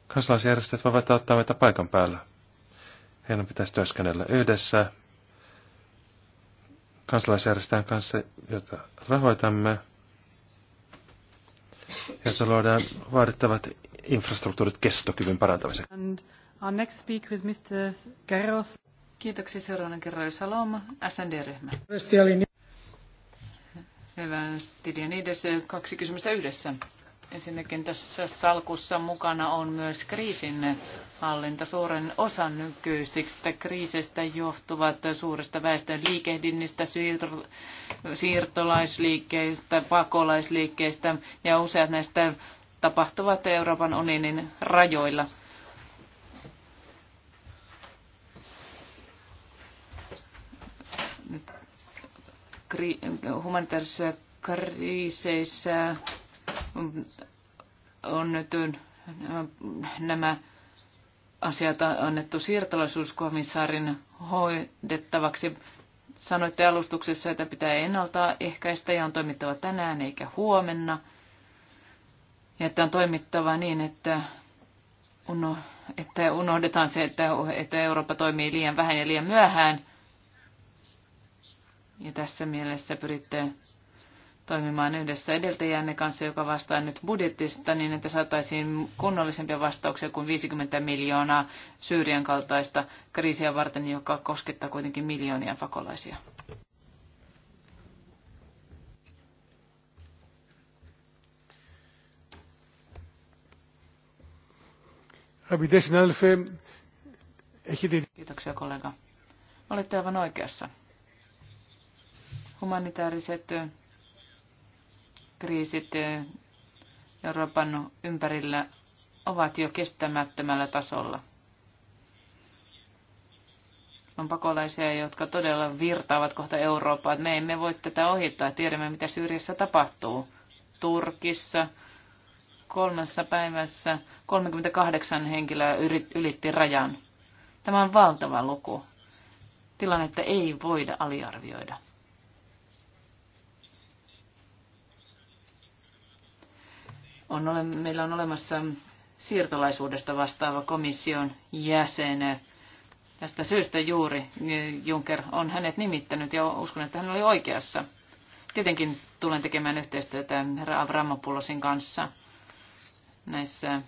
B: Kansalaisjärjestöt voivat ottaa meitä paikan päällä. Heidän pitäisi työskennellä yhdessä kansalaisjärjestöjen kanssa, jota rahoitamme, ja luodaan vaadittavat infrastruktuurit kestokyvyn parantamiseksi.
D: Our next speaker is Mr. Garros.
A: Kiitoksia seuraavana kerran Salom, SND-ryhmä. Hyvä, Stilianides. Kaksi kysymystä yhdessä. Ensinnäkin tässä salkussa mukana on myös kriisin hallinta. Suuren osan nykyisistä kriisistä johtuvat suuresta väestön liikehdinnistä, siirtolaisliikkeistä, pakolaisliikkeistä ja useat näistä tapahtuvat Euroopan unionin rajoilla. kri- humanitaarisissa kriiseissä on nyt äh, nämä asiat annettu siirtolaisuuskomissaarin hoidettavaksi. Sanoitte alustuksessa, että pitää ennaltaehkäistä ja on toimittava tänään eikä huomenna. Ja että on toimittava niin, että, uno, että unohdetaan se, että, että Eurooppa toimii liian vähän ja liian myöhään – ja tässä mielessä pyritte toimimaan yhdessä edeltäjänne kanssa, joka vastaa nyt budjettista, niin että saataisiin kunnollisempia vastauksia kuin 50 miljoonaa Syyrian kaltaista kriisiä varten, joka koskettaa kuitenkin miljoonia pakolaisia. Kiitoksia kollega. Olette aivan oikeassa. Humanitaariset kriisit Euroopan ympärillä ovat jo kestämättömällä tasolla. On pakolaisia, jotka todella virtaavat kohta Eurooppaan. Me emme voi tätä ohittaa. Tiedämme, mitä Syyriassa tapahtuu. Turkissa kolmessa päivässä 38 henkilöä ylitti rajan. Tämä on valtava luku. Tilannetta ei voida aliarvioida. on ole, meillä on olemassa siirtolaisuudesta vastaava komission jäsen. Tästä syystä juuri e, Juncker on hänet nimittänyt ja uskon, että hän oli oikeassa. Tietenkin tulen tekemään yhteistyötä herra Avramopoulosin kanssa näissä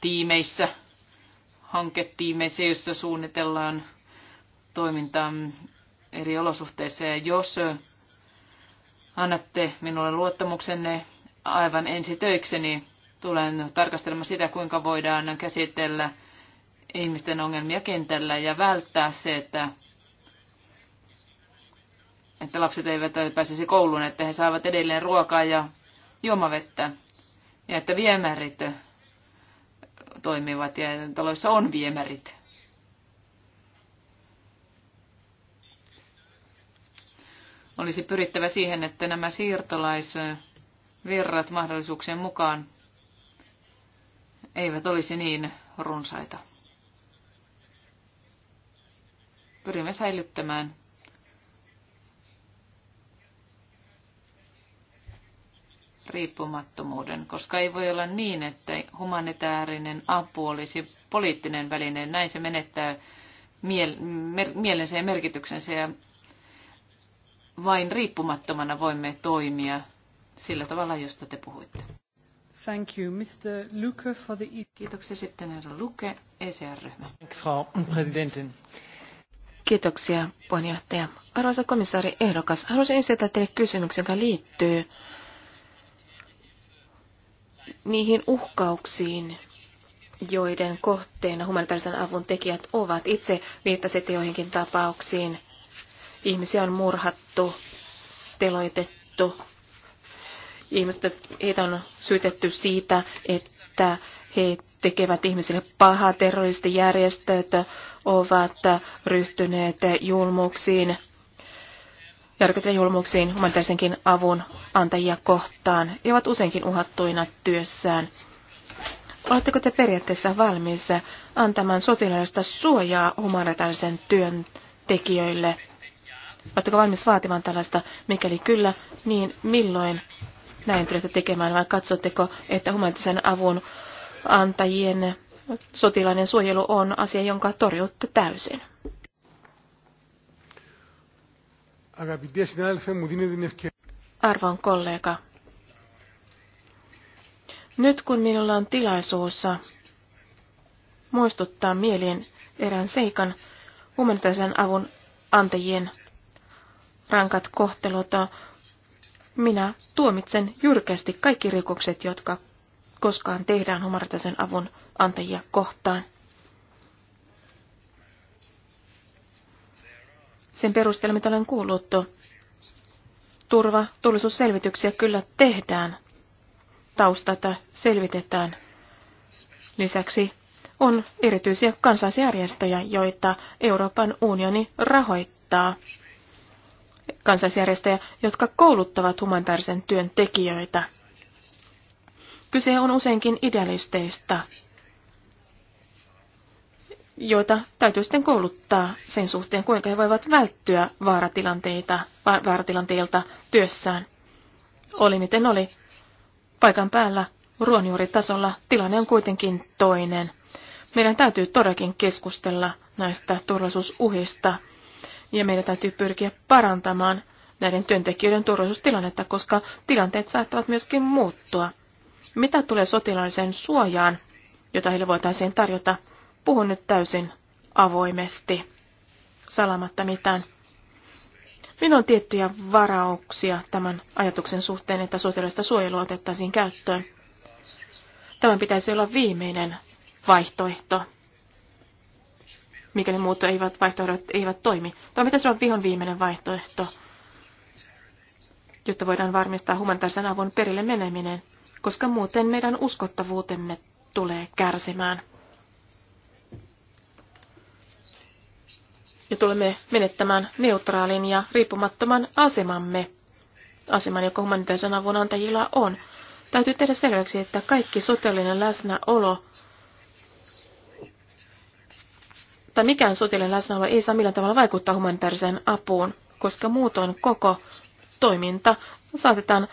A: tiimeissä, hanketiimeissä, joissa suunnitellaan toimintaa eri olosuhteissa. Ja jos annatte minulle luottamuksenne, aivan ensi töikseni tulen tarkastelemaan sitä, kuinka voidaan käsitellä ihmisten ongelmia kentällä ja välttää se, että, että lapset eivät pääsisi kouluun, että he saavat edelleen ruokaa ja juomavettä ja että viemärit toimivat ja taloissa on viemärit. Olisi pyrittävä siihen, että nämä siirtolaiset virrat mahdollisuuksien mukaan eivät olisi niin runsaita. Pyrimme säilyttämään riippumattomuuden, koska ei voi olla niin, että humanitaarinen apu olisi poliittinen väline. Näin se menettää mielensä ja merkityksensä ja vain riippumattomana voimme toimia sillä tavalla, josta te puhuitte.
D: Thank you. Mr. Luke for the... E- Kiitoksia sitten herra Luke, ECR-ryhmä. Kiitoksia, puheenjohtaja. Arvoisa komissaari ehdokas, haluaisin esittää teille kysymyksen, joka liittyy niihin uhkauksiin, joiden kohteena humanitaarisen avun tekijät ovat. Itse viittasitte joihinkin tapauksiin. Ihmisiä on murhattu, teloitettu, Ihmiset, heitä on syytetty siitä, että he tekevät ihmisille pahaa. Terroristijärjestöt ovat ryhtyneet julmuuksiin, järkyttäviin julmuuksiin humanitaarisenkin avun antajia kohtaan He ovat useinkin uhattuina työssään. Oletteko te periaatteessa valmis antamaan sotilaallista suojaa humanitaarisen työn tekijöille? Oletteko valmis vaatimaan tällaista? Mikäli kyllä, niin milloin näin työtä tekemään, vai katsotteko, että humanitaarisen avun antajien sotilainen suojelu on asia, jonka torjutte täysin? Arvon kollega, nyt kun minulla on tilaisuus muistuttaa mieliin erään seikan, humanitaarisen avun antajien rankat kohtelut minä tuomitsen jyrkästi kaikki rikokset, jotka koskaan tehdään humanitaarisen avun antajia kohtaan. Sen perusteella, mitä olen kuullut, turva, turvallisuusselvityksiä kyllä tehdään. Taustata selvitetään. Lisäksi on erityisiä kansalaisjärjestöjä, joita Euroopan unioni rahoittaa kansalaisjärjestöjä, jotka kouluttavat humanitaarisen työn tekijöitä. Kyse on useinkin idealisteista, joita täytyy sitten kouluttaa sen suhteen, kuinka he voivat välttyä vaaratilanteita, vaaratilanteilta työssään. Oli miten oli. Paikan päällä ruonjuuritasolla tilanne on kuitenkin toinen. Meidän täytyy todellakin keskustella näistä turvallisuusuhista – ja meidän täytyy pyrkiä parantamaan näiden työntekijöiden turvallisuustilannetta, koska tilanteet saattavat myöskin muuttua. Mitä tulee sotilaalliseen suojaan, jota heille voitaisiin tarjota, puhun nyt täysin avoimesti, salamatta mitään. Minulla on tiettyjä varauksia tämän ajatuksen suhteen, että sotilaista suojelua otettaisiin käyttöön. Tämän pitäisi olla viimeinen vaihtoehto mikäli muut eivät, vaihtoehdot eivät toimi. Tämä pitäisi olla vihon viimeinen vaihtoehto, jotta voidaan varmistaa humanitaarisen avun perille meneminen, koska muuten meidän uskottavuutemme tulee kärsimään. Ja tulemme menettämään neutraalin ja riippumattoman asemamme, aseman, joka humanitaarisen avun antajilla on. Täytyy tehdä selväksi, että kaikki sotellinen läsnäolo tai mikään sotilaiden läsnäolo ei saa millään tavalla vaikuttaa humanitaariseen apuun, koska muutoin koko toiminta saatetaan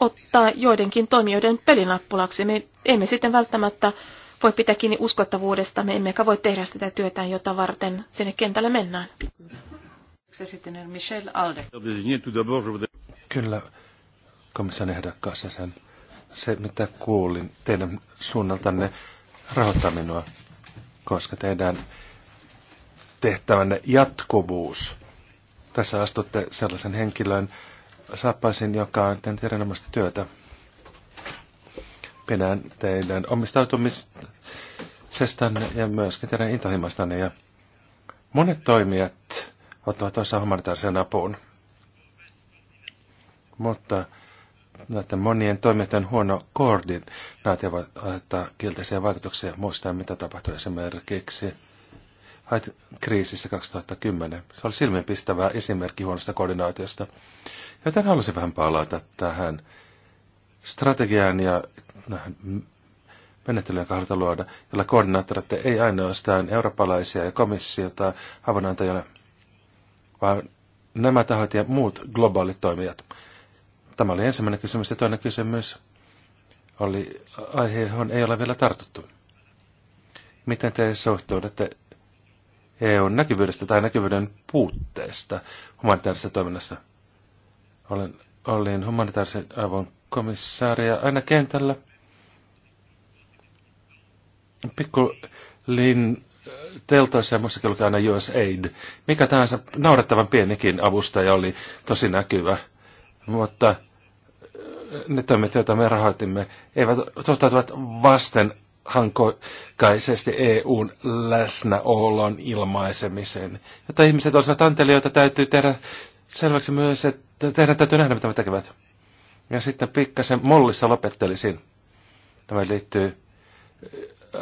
D: ottaa joidenkin toimijoiden pelinappulaksi. Me emme sitten välttämättä voi pitää kiinni uskottavuudesta, me emmekä voi tehdä sitä työtä, jota varten sinne kentälle mennään. Sitten Michel Alde.
B: Kyllä, komissaan ehdokkaassa sen. Se, mitä kuulin teidän suunnaltanne, rahoittaa minua koska teidän tehtävänne jatkuvuus. Tässä astutte sellaisen henkilön saappaisin, joka on tehnyt erinomaista työtä. Pidän teidän omistautumisestanne ja myöskin teidän intohimoistanne. Ja monet toimijat ottavat osaa humanitaarisen apuun. Mutta näiden monien toimijoiden huono koordinaatio voi aiheuttaa kielteisiä vaikutuksia. Muistaa, mitä tapahtui esimerkiksi kriisissä 2010. Se oli silmiinpistävä esimerkki huonosta koordinaatiosta. Joten halusin vähän palata tähän strategiaan ja menettelyyn, joka halutaan luoda, jolla koordinaattorit ei ainoastaan eurooppalaisia ja komissiota avunantajana, vaan nämä tahot ja muut globaalit toimijat. Tämä oli ensimmäinen kysymys ja toinen kysymys oli aihe, johon ei ole vielä tartuttu. Miten te suhtaudutte EUn näkyvyydestä tai näkyvyyden puutteesta humanitaarisesta toiminnasta? Olen, olin humanitaarisen avun komissaaria aina kentällä. Pikku lin teltoissa ja muissakin lukee aina USAID. Mikä tahansa naurettavan pienikin avustaja oli tosi näkyvä. Mutta ne toimet, joita me rahoitimme, eivät suhtautuvat vasten hankokaisesti EUn läsnäolon ilmaisemisen. Jotta ihmiset olisivat antelijoita, täytyy tehdä selväksi myös, että tehdä täytyy nähdä, mitä me tekevät. Ja sitten pikkasen mollissa lopettelisin. Tämä liittyy äh,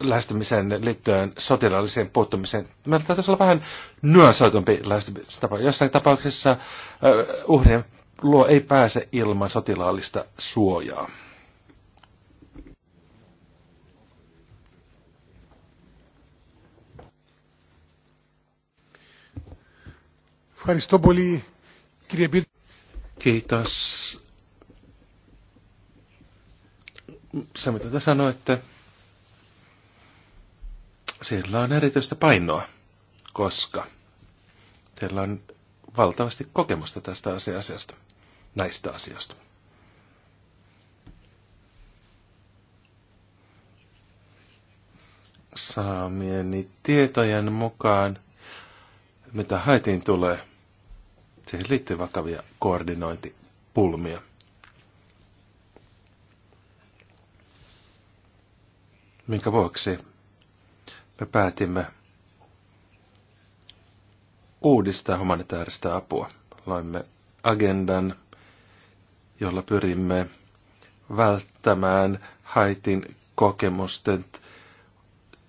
B: lähestymiseen liittyen sotilaalliseen puuttumiseen. Meillä täytyisi olla vähän nyansoitumpi lähestymistapa. Jossain tapauksessa äh, uhrien luo ei pääse ilman sotilaallista suojaa. Kiitos. Se, mitä te sanoitte, sillä on erityistä painoa, koska teillä on valtavasti kokemusta tästä asiasta näistä asioista. Saamieni tietojen mukaan, mitä haitiin tulee, siihen liittyy vakavia koordinointipulmia. Minkä vuoksi me päätimme uudistaa humanitaarista apua. Loimme agendan jolla pyrimme välttämään haitin kokemusten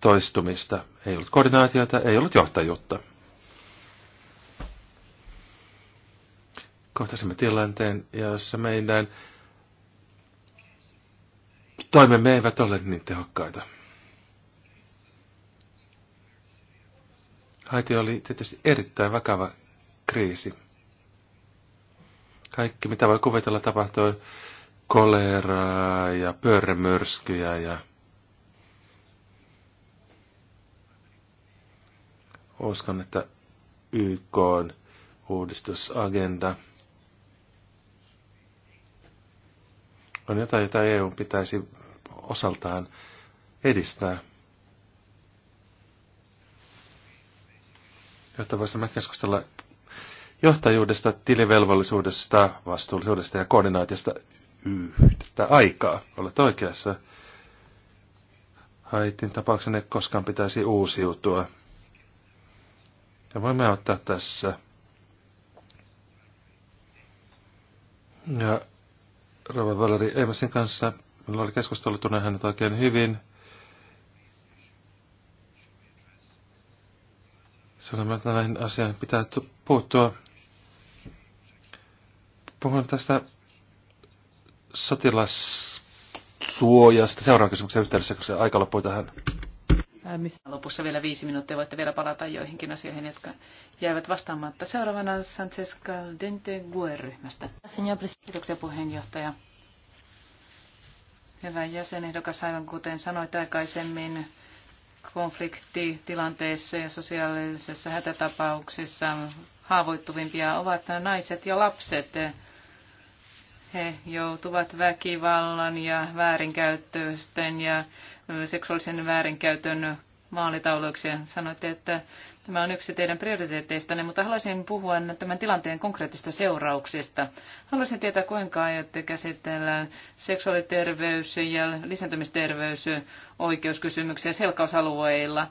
B: toistumista. Ei ollut koordinaatiota, ei ollut johtajuutta. Kohtasimme tilanteen, jossa meidän toimemme eivät ole niin tehokkaita. Haiti oli tietysti erittäin vakava kriisi. Kaikki mitä voi kuvitella tapahtui. Koleraa ja pyörämyrskyjä ja uskon, että YK on uudistusagenda. On jotain, jota EU pitäisi osaltaan edistää. Jotta voisimme keskustella johtajuudesta, tilivelvollisuudesta, vastuullisuudesta ja koordinaatiosta yhtä aikaa. Olet oikeassa. Haitin tapauksenne koskaan pitäisi uusiutua. Ja voimme ottaa tässä. Ja Rova Valeri Emersin kanssa minulla oli keskustelu, tunnen hänet oikein hyvin. Sanoin, että näihin asioihin pitää puuttua Puhun tästä sotilassuojasta seuraavan kysymyksen yhteydessä, se aika loppui tähän.
A: Lopussa vielä viisi minuuttia. Voitte vielä palata joihinkin asioihin, jotka jäivät vastaamatta. Seuraavana Sanchez Caldente GUE-ryhmästä. Kiitoksia puheenjohtaja. Hyvä jäsenehdokas, aivan kuten sanoit aikaisemmin, konfliktitilanteessa ja sosiaalisessa hätätapauksissa haavoittuvimpia ovat naiset ja lapset he joutuvat väkivallan ja väärinkäytösten ja seksuaalisen väärinkäytön maalitauluiksi sanoitte, että tämä on yksi teidän prioriteetteistanne, mutta haluaisin puhua tämän tilanteen konkreettista seurauksista. Haluaisin tietää, kuinka aiotte käsitellä seksuaaliterveys ja lisääntymisterveys oikeuskysymyksiä selkausalueilla.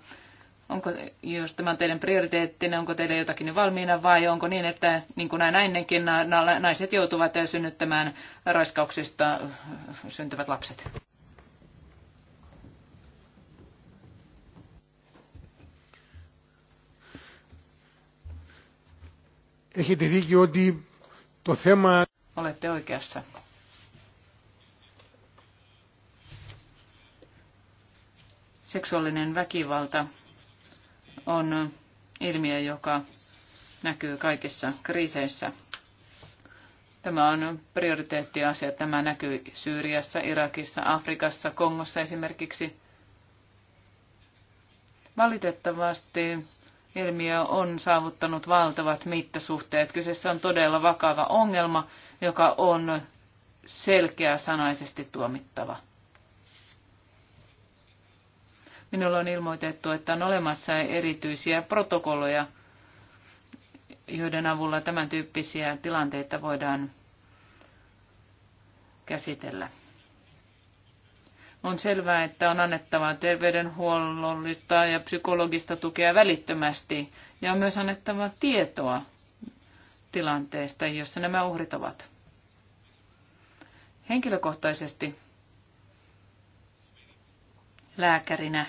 A: Onko, jos tämä on teidän prioriteettinne, onko teillä jotakin valmiina vai onko niin, että niin kuin aina ennenkin naiset joutuvat synnyttämään raiskauksista syntyvät lapset?
C: Έχετε δίκιο ότι το θέμα... Olette oikeassa.
A: Seksuaalinen väkivalta on ilmiö, joka näkyy kaikissa kriiseissä. Tämä on prioriteettiasia. Tämä näkyy Syyriassa, Irakissa, Afrikassa, Kongossa esimerkiksi. Valitettavasti ilmiö on saavuttanut valtavat mittasuhteet. Kyseessä on todella vakava ongelma, joka on selkeä sanaisesti tuomittava. Minulla on ilmoitettu, että on olemassa erityisiä protokolloja, joiden avulla tämän tyyppisiä tilanteita voidaan käsitellä. On selvää, että on annettava terveydenhuollollista ja psykologista tukea välittömästi ja on myös annettava tietoa tilanteesta, jossa nämä uhrit ovat. Henkilökohtaisesti lääkärinä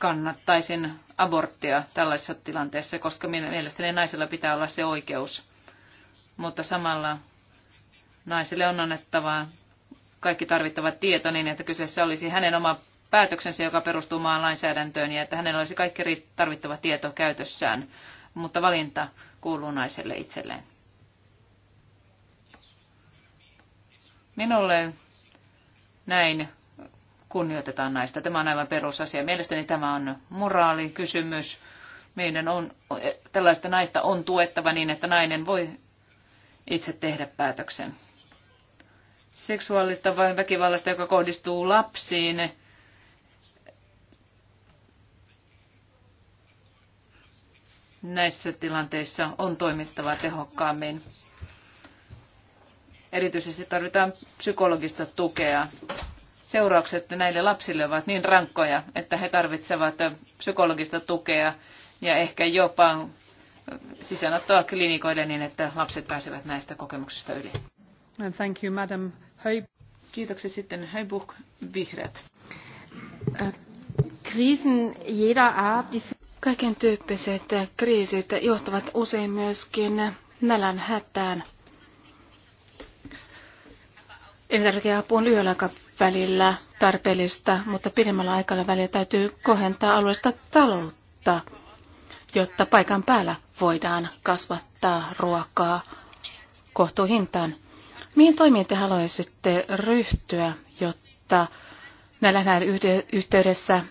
A: kannattaisin aborttia tällaisessa tilanteessa, koska mielestäni naisilla pitää olla se oikeus. Mutta samalla naisille on annettava kaikki tarvittava tieto niin, että kyseessä olisi hänen oma päätöksensä, joka perustuu maan lainsäädäntöön ja että hänellä olisi kaikki tarvittava tieto käytössään, mutta valinta kuuluu naiselle itselleen. Minulle näin kunnioitetaan naista. Tämä on aivan perusasia. Mielestäni tämä on moraalikysymys. Meidän on, tällaista naista on tuettava niin, että nainen voi itse tehdä päätöksen. Seksuaalista vai väkivallasta, joka kohdistuu lapsiin, näissä tilanteissa on toimittava tehokkaammin. Erityisesti tarvitaan psykologista tukea seuraukset näille lapsille ovat niin rankkoja, että he tarvitsevat psykologista tukea ja ehkä jopa sisäänottoa klinikoille niin, että lapset pääsevät näistä kokemuksista yli. And thank you, Madam Hei. Kiitoksia sitten Heibuch
D: Vihreät. Äh, kriisin jeder Art. Kaiken tyyppiset kriisit johtavat usein myöskin nälän hätään. Elintarvikeapu on lyhyellä välillä tarpeellista, mutta pidemmällä aikalla välillä täytyy kohentaa alueesta taloutta, jotta paikan päällä voidaan kasvattaa ruokaa kohtuuhintaan. Mihin toimiin te haluaisitte ryhtyä, jotta näillä yhteydessä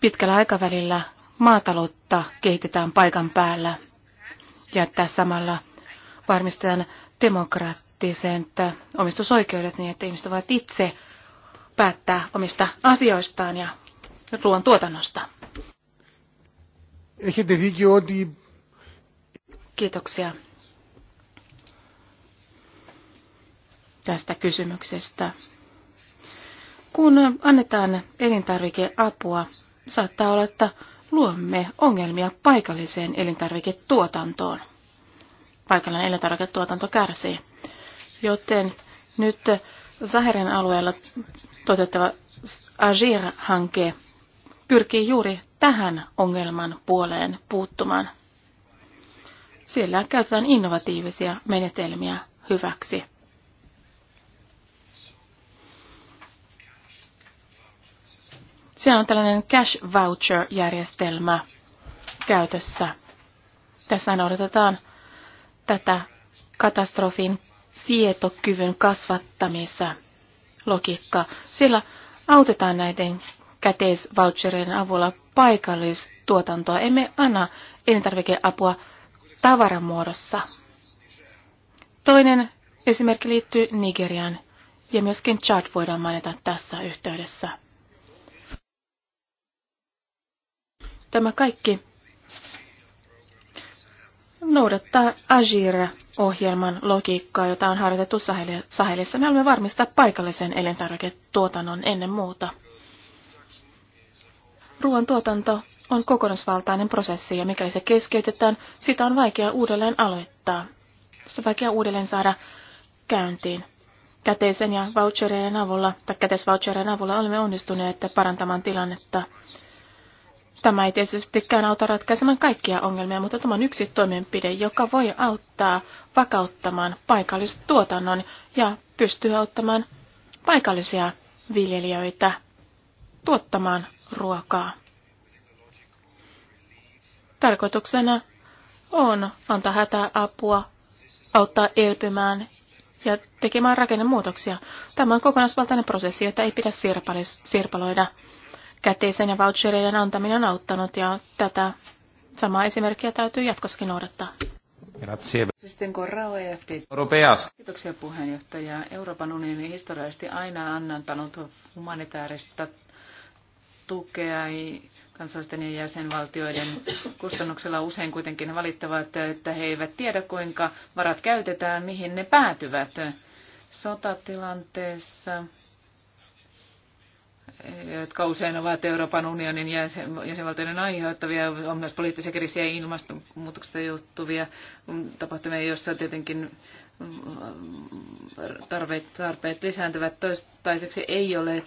D: pitkällä aikavälillä maataloutta kehitetään paikan päällä ja että samalla varmistetaan demokraattia? se, että omistusoikeudet niin, että ihmiset voivat itse päättää omista asioistaan ja ruoan tuotannosta. Kiitoksia tästä kysymyksestä. Kun annetaan elintarvikeapua, saattaa olla, että luomme ongelmia paikalliseen elintarviketuotantoon. Paikallinen elintarviketuotanto kärsii. Joten nyt Saharin alueella toteuttava Agir-hanke pyrkii juuri tähän ongelman puoleen puuttumaan. Siellä käytetään innovatiivisia menetelmiä hyväksi. Siellä on tällainen cash voucher-järjestelmä käytössä. Tässä noudatetaan tätä katastrofin sietokyvyn kasvattamisen logiikka. Sillä autetaan näiden käteisvoucherien avulla paikallistuotantoa. Emme anna elintarvikeapua tavaramuodossa. Toinen esimerkki liittyy Nigerian ja myöskin Chad voidaan mainita tässä yhteydessä. Tämä kaikki noudattaa Agir-ohjelman logiikkaa, jota on harjoitettu Sahelissa. Me haluamme varmistaa paikallisen elintarviketuotannon ennen muuta. Ruoan tuotanto on kokonaisvaltainen prosessi ja mikäli se keskeytetään, sitä on vaikea uudelleen aloittaa. Se on vaikea uudelleen saada käyntiin. Käteisen ja vouchereiden avulla, tai avulla olemme onnistuneet parantamaan tilannetta Tämä ei tietystikään auta ratkaisemaan kaikkia ongelmia, mutta tämä on yksi toimenpide, joka voi auttaa vakauttamaan paikallista tuotannon ja pystyy auttamaan paikallisia viljelijöitä tuottamaan ruokaa. Tarkoituksena on antaa hätäapua, auttaa elpymään ja tekemään rakennemuutoksia. Tämä on kokonaisvaltainen prosessi, jota ei pidä sirpaloida käteisen ja vouchereiden antaminen on auttanut ja tätä samaa esimerkkiä täytyy jatkossakin noudattaa.
A: Kiitoksia puheenjohtaja. Euroopan unioni historiallisesti aina annantanut humanitaarista tukea kansallisten ja jäsenvaltioiden kustannuksella usein kuitenkin valittavat, että he eivät tiedä kuinka varat käytetään, mihin ne päätyvät sotatilanteessa jotka usein ovat Euroopan unionin jäsen, jäsenvaltioiden aiheuttavia, on myös poliittisia kriisiä ja ilmastonmuutoksesta johtuvia tapahtumia, joissa tietenkin mm, tarpeet, tarpeet lisääntyvät. Toistaiseksi ei ole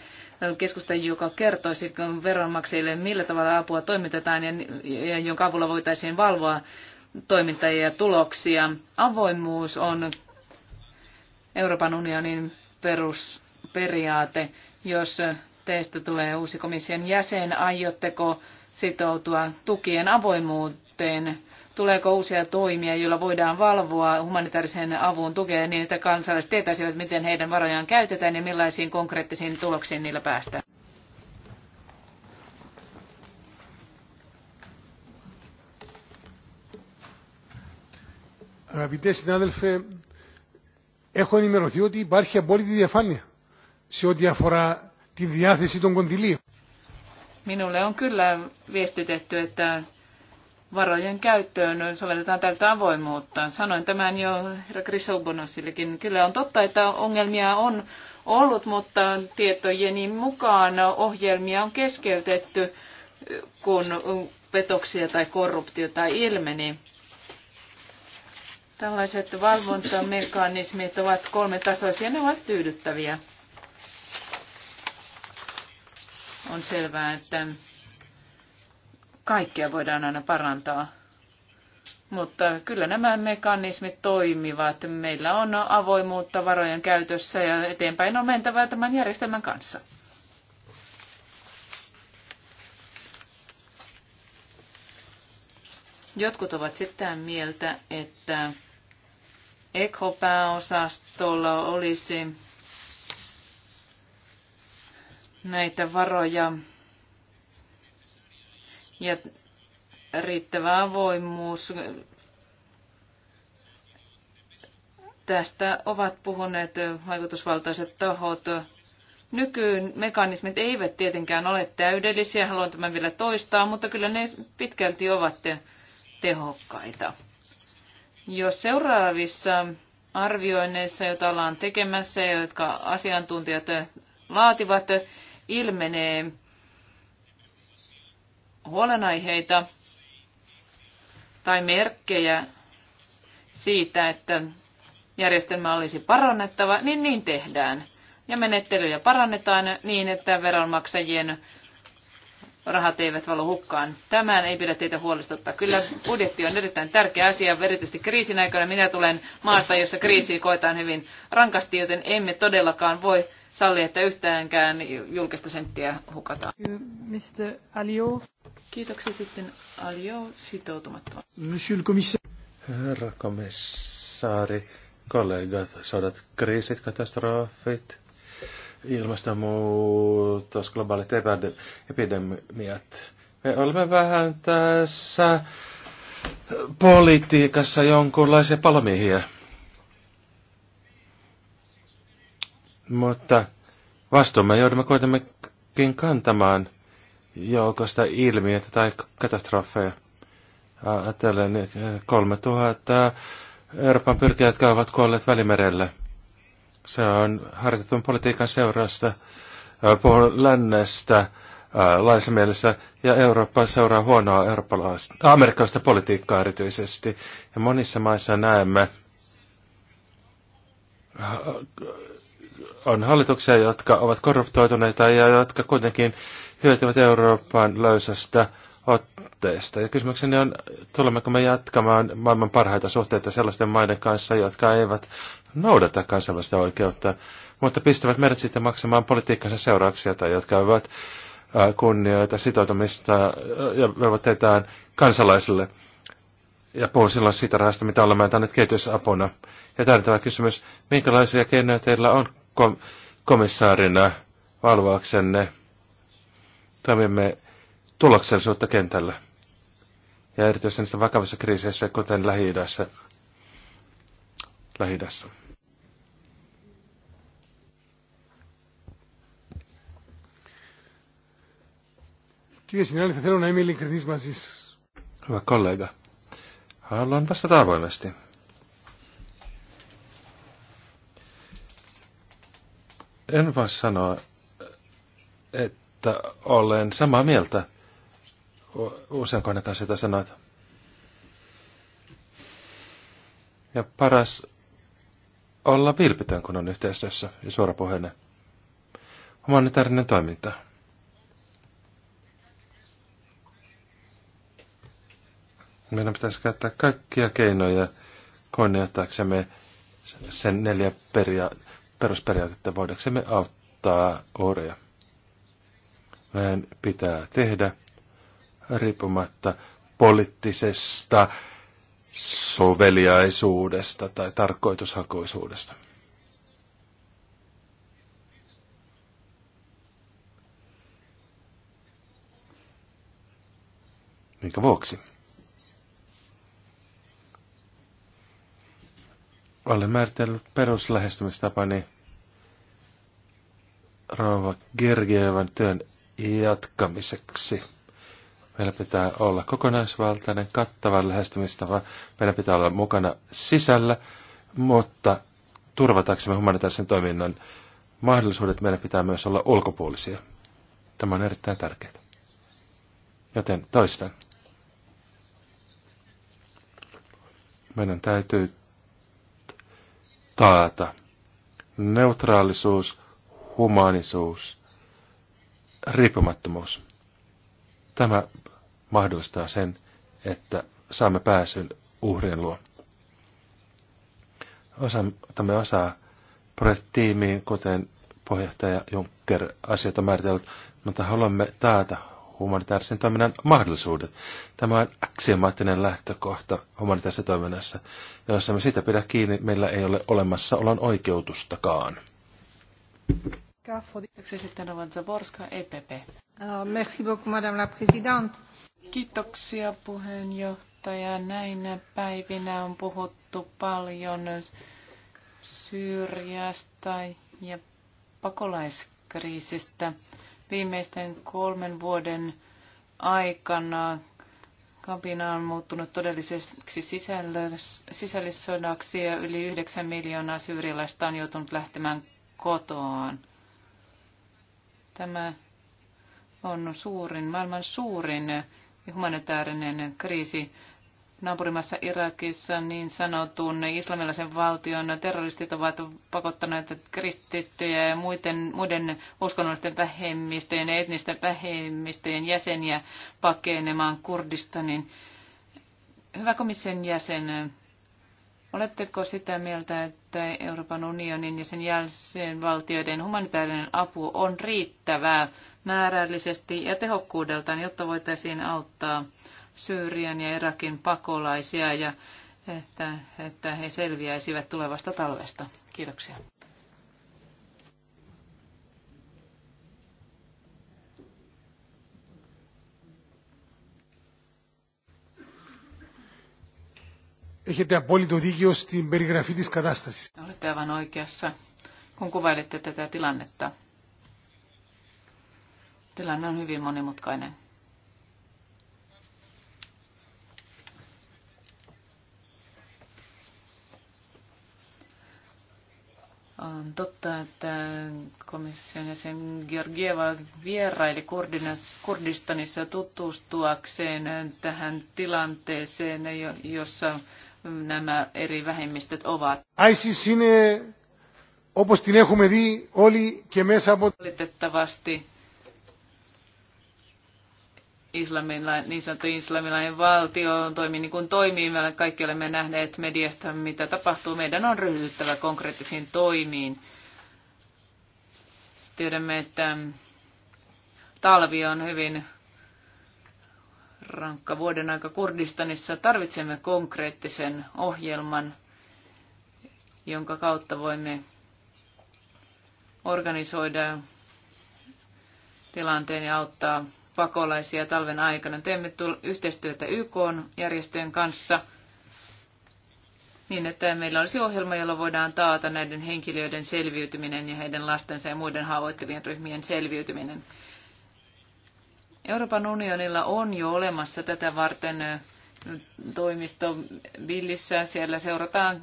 A: keskusta, joka kertoisi veronmaksajille, millä tavalla apua toimitetaan ja, ja jonka avulla voitaisiin valvoa toimintaa ja tuloksia. Avoimuus on Euroopan unionin perusperiaate, jos teistä tulee uusi komission jäsen. Aiotteko sitoutua tukien avoimuuteen? Tuleeko uusia toimia, joilla voidaan valvoa humanitaarisen avun tukea niin, että kansalaiset tietäisivät, miten heidän varojaan käytetään ja millaisiin konkreettisiin tuloksiin niillä päästään?
C: Αγαπητέ συνάδελφε, έχω ενημερωθεί ότι υπάρχει απόλυτη διαφάνεια σε ό,τι αφορά τη διάθεση των κονδυλίων.
A: Minulle on kyllä viestitetty, että varojen käyttöön sovelletaan täyttä avoimuutta. Sanoin tämän jo herra Chrysobonosillekin. Kyllä on totta, että ongelmia on ollut, mutta tietojeni mukaan ohjelmia on keskeytetty, kun petoksia tai korruptiota ilmeni. Tällaiset valvontamekanismit ovat kolmetasoisia, ne ovat tyydyttäviä. on selvää, että kaikkea voidaan aina parantaa. Mutta kyllä nämä mekanismit toimivat. Meillä on avoimuutta varojen käytössä ja eteenpäin on mentävä tämän järjestelmän kanssa. Jotkut ovat sitä mieltä, että ekopääosastolla olisi näitä varoja ja riittävä avoimuus. Tästä ovat puhuneet vaikutusvaltaiset tahot. mekanismit eivät tietenkään ole täydellisiä, haluan tämän vielä toistaa, mutta kyllä ne pitkälti ovat tehokkaita. Jos seuraavissa arvioinneissa, joita ollaan tekemässä ja jotka asiantuntijat laativat, ilmenee huolenaiheita tai merkkejä siitä, että järjestelmä olisi parannettava, niin niin tehdään. Ja menettelyjä parannetaan niin, että veronmaksajien rahat eivät valu hukkaan. Tämän ei pidä teitä huolestuttaa. Kyllä budjetti on erittäin tärkeä asia, erityisesti kriisin aikana. Minä tulen maasta, jossa kriisiä koetaan hyvin rankasti, joten emme todellakaan voi salli, että yhtäänkään julkista senttiä hukataan.
C: Mr. Alio.
A: Kiitoksia sitten Alio sitoutumatta.
B: Monsieur le commissaire. Herra komissaari, kollegat, sodat, kriisit, katastrofit, ilmastonmuutos, globaalit epidemiat. Me olemme vähän tässä politiikassa jonkunlaisia palomiehiä Mutta me joudumme kuitenkin kantamaan joukosta ilmiötä tai katastrofeja. Ajattelen 3000 niin, eh, Euroopan pyrkiä, jotka ovat kuolleet Välimerellä. Se on harjoitetun politiikan seurausta. Eh, puhun lännestä eh, laissa mielessä, ja Eurooppa seuraa huonoa amerikkalaista politiikkaa erityisesti. Ja monissa maissa näemme on hallituksia, jotka ovat korruptoituneita ja jotka kuitenkin hyötyvät Euroopan löysästä otteesta. Ja kysymykseni on, tulemmeko me jatkamaan maailman parhaita suhteita sellaisten maiden kanssa, jotka eivät noudata kansainvälistä oikeutta, mutta pistävät meidät sitten maksamaan politiikkansa seurauksia tai jotka ovat kunnioita sitoutumista ja velvoitteitaan kansalaisille. Ja puhun silloin siitä rahasta, mitä olemme antaneet kehitysapuna. Ja tärkeä kysymys, minkälaisia keinoja teillä on kom- komissaarina valvoaksenne. Toimimme tuloksellisuutta kentällä ja erityisesti niissä vakavissa kriiseissä, kuten Lähi-idässä. Lähi-idässä. Hyvä kollega, haluan vastata avoimesti. En voi sanoa, että olen samaa mieltä usein kanssa, jota sanoit. Ja paras olla vilpitön, kun on yhteistyössä ja suorapuheinen. Humanitaarinen toiminta. Meidän pitäisi käyttää kaikkia keinoja kunnioittaaksemme sen neljä periaatteita perusperiaatetta voidaksemme auttaa oreja. Meidän pitää tehdä riippumatta poliittisesta soveliaisuudesta tai tarkoitushakuisuudesta. Minkä vuoksi? olen määritellyt peruslähestymistapani Rauva Gergievan työn jatkamiseksi. Meillä pitää olla kokonaisvaltainen, kattava lähestymistapa. Meidän pitää olla mukana sisällä, mutta turvataksemme humanitaarisen toiminnan mahdollisuudet meidän pitää myös olla ulkopuolisia. Tämä on erittäin tärkeää. Joten toistan. Meidän täytyy taata. Neutraalisuus, humanisuus, riippumattomuus. Tämä mahdollistaa sen, että saamme pääsyn uhrien luo. Osa, tämä osaa projektiimiin, kuten puheenjohtaja Juncker asiat on määritellyt, mutta haluamme taata humanitaarisen toiminnan mahdollisuudet. Tämä on aksiomaattinen lähtökohta humanitaarisessa toiminnassa, jossa me sitä pidä kiinni, meillä ei ole olemassa olon oikeutustakaan.
C: E
A: euh, Kiitoksia puheenjohtaja. Näinä päivinä on puhuttu paljon Syyriasta ja pakolaiskriisistä. Viimeisten kolmen vuoden aikana kapina on muuttunut todelliseksi sisällissodaksi ja yli 9 miljoonaa syyrialaista on joutunut lähtemään kotoaan. Tämä on suurin, maailman suurin humanitaarinen kriisi naapurimassa niin sanotun islamilaisen valtion terroristit ovat pakottaneet kristittyjä ja muiden, muiden uskonnollisten vähemmistöjen ja etnisten vähemmistöjen jäseniä pakenemaan Kurdistanin. Hyvä komission jäsen, oletteko sitä mieltä, että Euroopan unionin ja sen jäsenvaltioiden humanitaarinen apu on riittävää määrällisesti ja tehokkuudeltaan, jotta voitaisiin auttaa Syyrian ja Irakin pakolaisia ja että, että he selviäisivät tulevasta talvesta. Kiitoksia.
C: Έχετε απόλυτο δίκιο στην περιγραφή της κατάστασης.
A: Olette aivan oikeassa, kun kuvailette tätä tilannetta. Tilanne on hyvin monimutkainen. On totta, että komission jäsen Georgieva vieraili Kurdistanissa tutustuakseen tähän tilanteeseen, jossa nämä eri vähemmistöt ovat.
C: ISIS είναι, όπως την έχουμε oli, όλοι Valitettavasti
A: islamilainen, niin sanottu islamilainen valtio toimii niin kuin toimii. Me kaikki olemme nähneet mediasta, mitä tapahtuu. Meidän on ryhdyttävä konkreettisiin toimiin. Tiedämme, että talvi on hyvin rankka vuoden aika Kurdistanissa. Tarvitsemme konkreettisen ohjelman, jonka kautta voimme organisoida tilanteen ja auttaa pakolaisia talven aikana. Teemme yhteistyötä YK-järjestöjen kanssa niin, että meillä olisi ohjelma, jolla voidaan taata näiden henkilöiden selviytyminen ja heidän lastensa ja muiden haavoittavien ryhmien selviytyminen. Euroopan unionilla on jo olemassa tätä varten toimisto Villissä. Siellä seurataan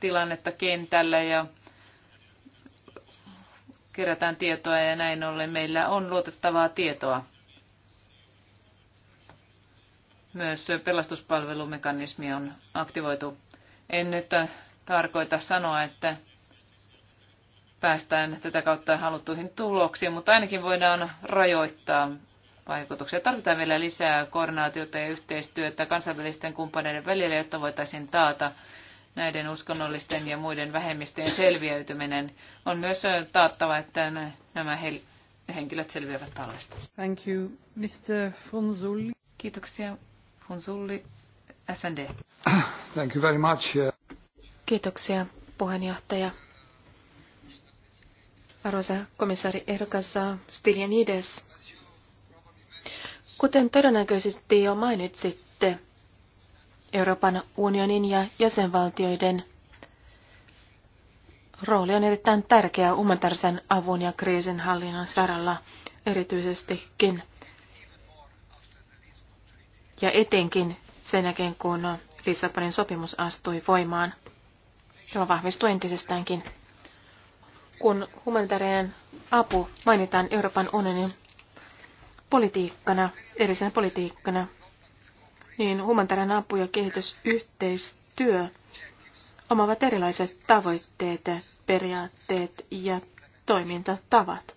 A: tilannetta kentällä ja kerätään tietoa ja näin ollen meillä on luotettavaa tietoa. Myös pelastuspalvelumekanismi on aktivoitu. En nyt tarkoita sanoa, että päästään tätä kautta haluttuihin tuloksiin, mutta ainakin voidaan rajoittaa vaikutuksia. Tarvitaan vielä lisää koordinaatiota ja yhteistyötä kansainvälisten kumppaneiden välillä, jotta voitaisiin taata näiden uskonnollisten ja muiden vähemmistöjen selviytyminen. On myös taattava, että nämä henkilöt selviävät tallesta.
D: Thank you, Mr. Funzulli. Kiitoksia, Funzulli, SND.
C: Thank you very much. Uh,
D: Kiitoksia, puheenjohtaja. Arvoisa komissaari ehdokas uh, Stiljanides, kuten todennäköisesti jo mainitsitte, Euroopan unionin ja jäsenvaltioiden rooli on erittäin tärkeä humanitaarisen avun ja kriisinhallinnan saralla erityisestikin. Ja etenkin sen jälkeen, kun Lissabonin sopimus astui voimaan. Tämä vahvistui entisestäänkin. Kun humanitaarinen apu mainitaan Euroopan unionin politiikkana, erisenä politiikkana, niin humanitaarinen apu ja kehitysyhteistyö omavat erilaiset tavoitteet, periaatteet ja toimintatavat.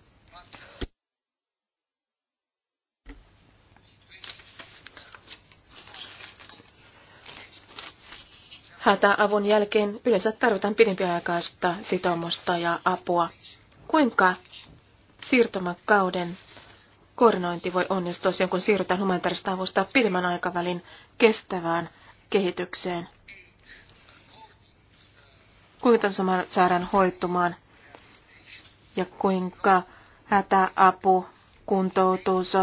D: Hätäavun jälkeen yleensä tarvitaan pidempiaikaista sitoumusta ja apua. Kuinka siirtomakauden koordinointi voi onnistua silloin, kun siirrytään humanitaarista avusta pidemmän aikavälin kestävään kehitykseen. Kuinka tämä saadaan hoitumaan ja kuinka hätäapu, kuntoutus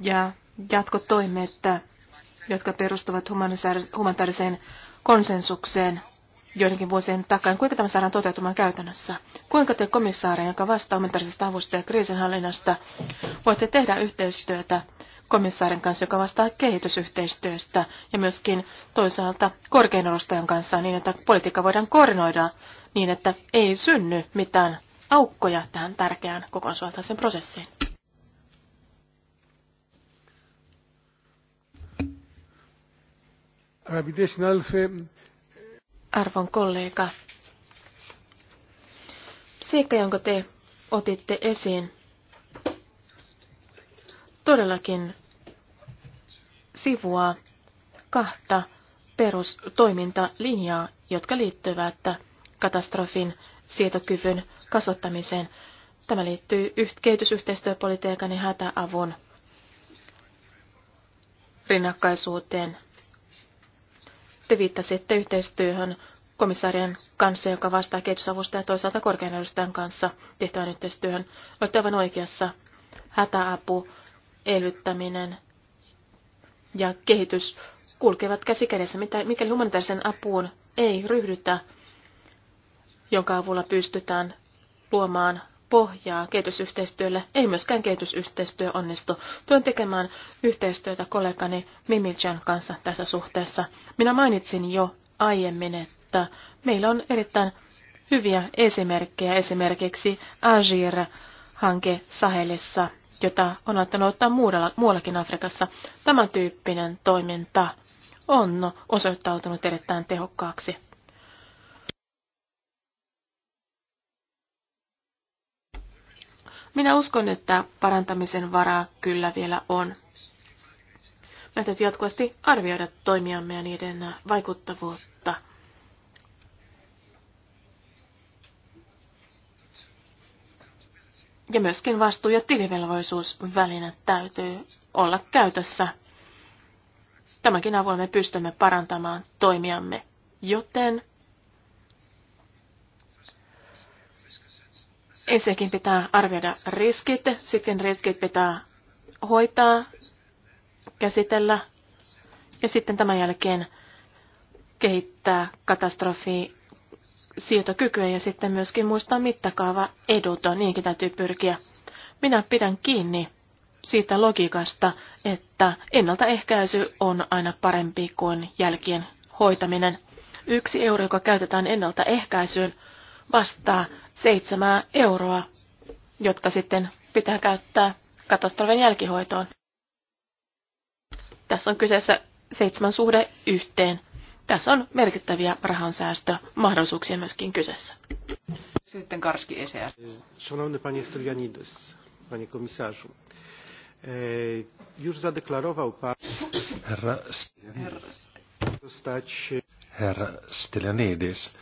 D: ja jatkotoimet, jotka perustuvat humanitaariseen konsensukseen – joidenkin vuosien takaan. Kuinka tämä saadaan toteutumaan käytännössä? Kuinka te komissaari, joka vastaa humanitaarisesta avusta ja kriisinhallinnasta, voitte tehdä yhteistyötä komissaarin kanssa, joka vastaa kehitysyhteistyöstä ja myöskin toisaalta korkean edustajan kanssa niin, että politiikka voidaan koordinoida niin, että ei synny mitään aukkoja tähän tärkeään kokonaisvaltaiseen prosessiin.
C: Αγαπητέ Alfe,
D: arvon kollega. Seikka, jonka te otitte esiin, todellakin sivua kahta perustoimintalinjaa, jotka liittyvät katastrofin sietokyvyn kasvattamiseen. Tämä liittyy kehitysyhteistyöpolitiikan ja hätäavun rinnakkaisuuteen te viittasitte yhteistyöhön komissaarien kanssa, joka vastaa kehitysavusta ja toisaalta korkean edustajan kanssa tehtävän yhteistyöhön. Olette aivan oikeassa. Hätäapu, elvyttäminen ja kehitys kulkevat käsi kädessä. Mikäli humanitaarisen apuun ei ryhdytä, jonka avulla pystytään luomaan pohjaa kehitysyhteistyölle, ei myöskään kehitysyhteistyö onnistu. Tuon tekemään yhteistyötä kollegani Mimiljan kanssa tässä suhteessa. Minä mainitsin jo aiemmin, että meillä on erittäin hyviä esimerkkejä, esimerkiksi Agir-hanke Sahelissa, jota on ottanut ottaa muualla, muuallakin Afrikassa. Tämä tyyppinen toiminta on osoittautunut erittäin tehokkaaksi. Minä uskon, että parantamisen varaa kyllä vielä on. Me täytyy jatkuvasti arvioida toimiamme ja niiden vaikuttavuutta. Ja myöskin vastuu- ja tilivelvollisuusväline täytyy olla käytössä. Tämäkin avulla me pystymme parantamaan toimiamme, joten Ensinnäkin pitää arvioida riskit, sitten riskit pitää hoitaa, käsitellä ja sitten tämän jälkeen kehittää katastrofi sietokykyä ja sitten myöskin muistaa mittakaava eduton, niinkin täytyy pyrkiä. Minä pidän kiinni siitä logiikasta, että ennaltaehkäisy on aina parempi kuin jälkien hoitaminen. Yksi euro, joka käytetään ennaltaehkäisyyn, vastaa seitsemää euroa, jotka sitten pitää käyttää katastrofin jälkihoitoon. Tässä on kyseessä seitsemän suhde yhteen. Tässä on merkittäviä rahansäästömahdollisuuksia myöskin kyseessä.
C: Sitten Karski ECR. Szanowny panie Stylianides, panie komisarzu. E, już zadeklarował pan... Herra... Herra...
B: Herra Stylianidis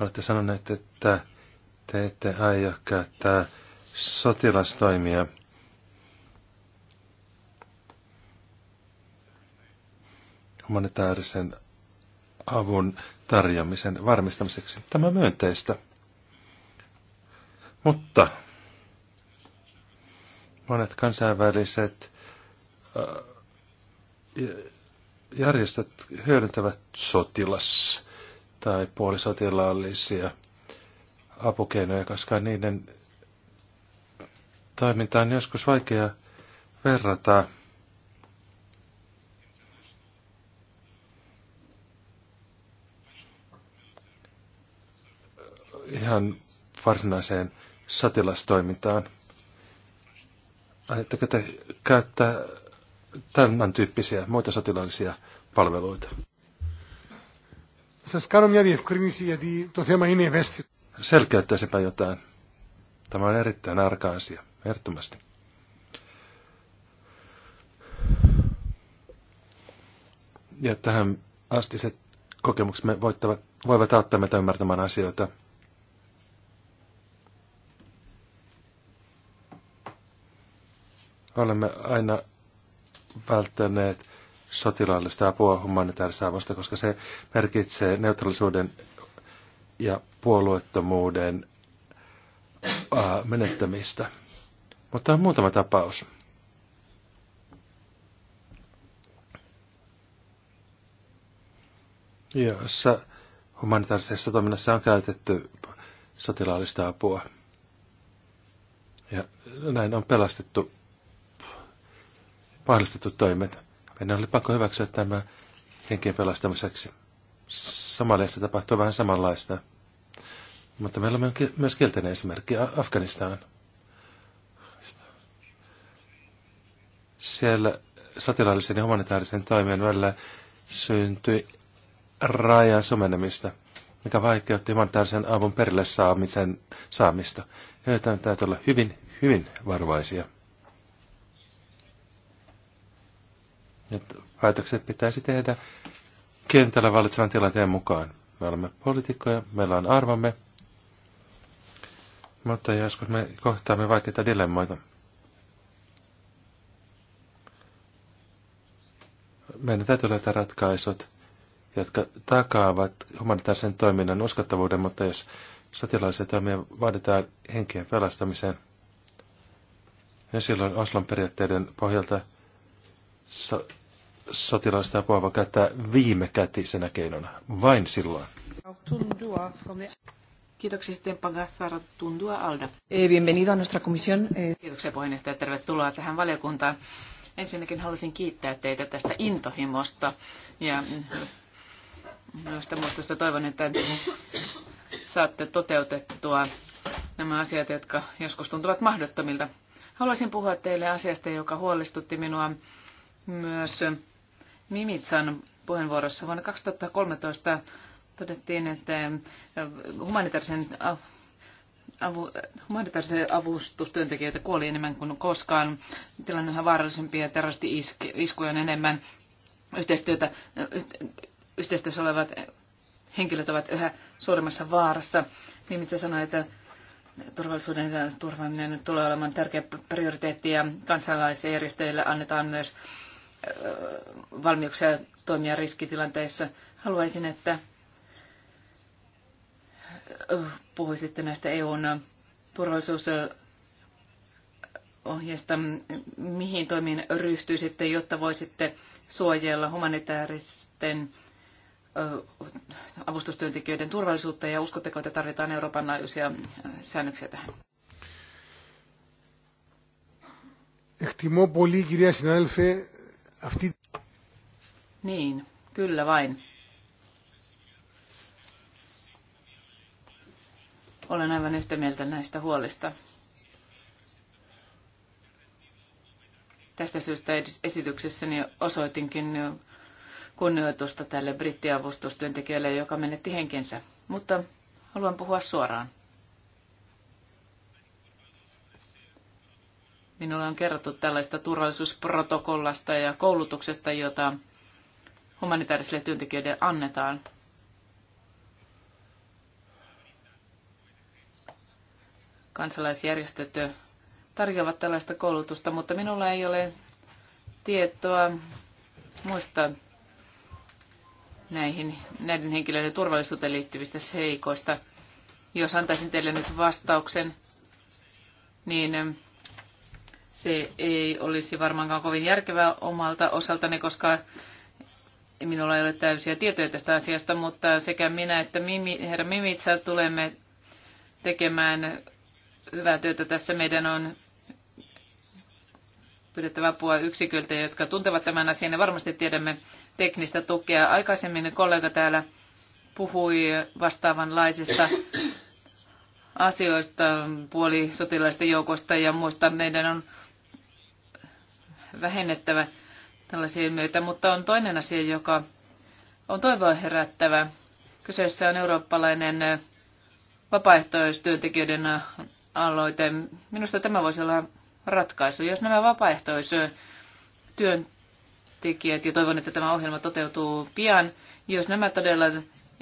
B: olette sanoneet, että te ette aio käyttää sotilastoimia. humanitaarisen avun tarjoamisen varmistamiseksi. Tämä myönteistä. Mutta monet kansainväliset äh, järjestöt hyödyntävät sotilas tai puolisotilaallisia apukeinoja, koska niiden toiminta on joskus vaikea verrata ihan varsinaiseen sotilastoimintaan. Ajatteko te käyttää tämän tyyppisiä muita sotilaallisia palveluita? Σας κάνω μια διευκρίνηση γιατί το θέμα είναι ευαίσθητο. Selkeyttäisipä jotain. Tämä on erittäin arka asia, ehdottomasti. Ja tähän asti se kokemukset voittavat, voivat auttaa meitä ymmärtämään asioita. Olemme aina välttäneet sotilaallista apua humanitaarista avusta, koska se merkitsee neutraalisuuden ja puolueettomuuden menettämistä. Mutta on muutama tapaus. jossa humanitaarisessa toiminnassa on käytetty sotilaallista apua. Ja näin on pelastettu, pahdistettu toimet. Meidän oli pakko hyväksyä tämä henkien pelastamiseksi. Somaliassa tapahtuu vähän samanlaista. Mutta meillä on myös kielteinen esimerkki Afganistan. Siellä sotilaallisen ja humanitaarisen toimien välillä syntyi rajan sumenemista, mikä vaikeutti humanitaarisen avun perille saamisen, saamista. Joita täytyy olla hyvin, hyvin varovaisia. Nyt päätökset pitäisi tehdä kentällä valitsevan tilanteen mukaan. Me olemme poliitikkoja, meillä on arvomme, mutta joskus me kohtaamme vaikeita dilemmoita. Meidän täytyy löytää ratkaisut, jotka takaavat humanitaarisen toiminnan uskottavuuden, mutta jos sotilaallisia toimia vaaditaan henkien pelastamiseen, niin silloin Oslon periaatteiden pohjalta so- sotilaista apua voi käyttää viimekätisenä keinona, vain silloin.
E: Kiitoksia sitten Pagazzara Tundua
A: Alda. Eh, bienvenido a nuestra comisión. Eh. Kiitoksia puheenjohtaja, tervetuloa tähän valiokuntaan. Ensinnäkin haluaisin kiittää teitä tästä intohimosta ja noista muistosta toivon, että saatte toteutettua nämä asiat, jotka joskus tuntuvat mahdottomilta. Haluaisin puhua teille asiasta, joka huolestutti minua myös Mimitsan puheenvuorossa vuonna 2013 todettiin, että äh, humanitaarisen avu, humanitaarisen avustustyöntekijöitä kuoli enemmän kuin koskaan. Tilanne on yhä vaarallisempi ja terroristi-iskuja on enemmän. Yhteistyötä, äh, yhteistyössä olevat henkilöt ovat yhä suuremmassa vaarassa. Mimitsa sanoi, että turvallisuuden turvaaminen tulee olemaan tärkeä prioriteetti ja kansalaisjärjestöille annetaan myös valmiuksia toimia riskitilanteissa. Haluaisin, että puhuisitte näistä EUn turvallisuus ohjeista, mihin toimiin ryhtyisitte, jotta voisitte suojella humanitaaristen avustustyöntekijöiden turvallisuutta ja uskotteko, että tarvitaan Euroopan laajuisia säännöksiä
C: tähän? Εκτιμώ πολύ, κυρία συνάδελφε, Αυτή...
A: Niin, kyllä vain. Olen aivan yhtä mieltä näistä huolista. Tästä syystä esityksessäni osoitinkin kunnioitusta tälle brittiavustustyöntekijälle, joka menetti henkensä. Mutta haluan puhua suoraan. Minulle on kerrottu tällaista turvallisuusprotokollasta ja koulutuksesta, jota humanitaarisille työntekijöille annetaan. Kansalaisjärjestöt tarjoavat tällaista koulutusta, mutta minulla ei ole tietoa muista näihin, näiden henkilöiden turvallisuuteen liittyvistä seikoista. Jos antaisin teille nyt vastauksen, niin se ei olisi varmaankaan kovin järkevää omalta osaltani, koska minulla ei ole täysiä tietoja tästä asiasta, mutta sekä minä että Mimi, herra Mimitsa tulemme tekemään hyvää työtä tässä. Meidän on pyydettävä apua yksiköiltä, jotka tuntevat tämän asian ja varmasti tiedämme teknistä tukea. Aikaisemmin kollega täällä puhui vastaavanlaisista asioista, puoli sotilaisten joukosta ja muista. Meidän on vähennettävä tällaisia ilmiöitä, mutta on toinen asia, joka on toivoa herättävä. Kyseessä on eurooppalainen vapaaehtoistyöntekijöiden aloite. Minusta tämä voisi olla ratkaisu. Jos nämä vapaaehtoistyöntekijät, ja toivon, että tämä ohjelma toteutuu pian, jos nämä todella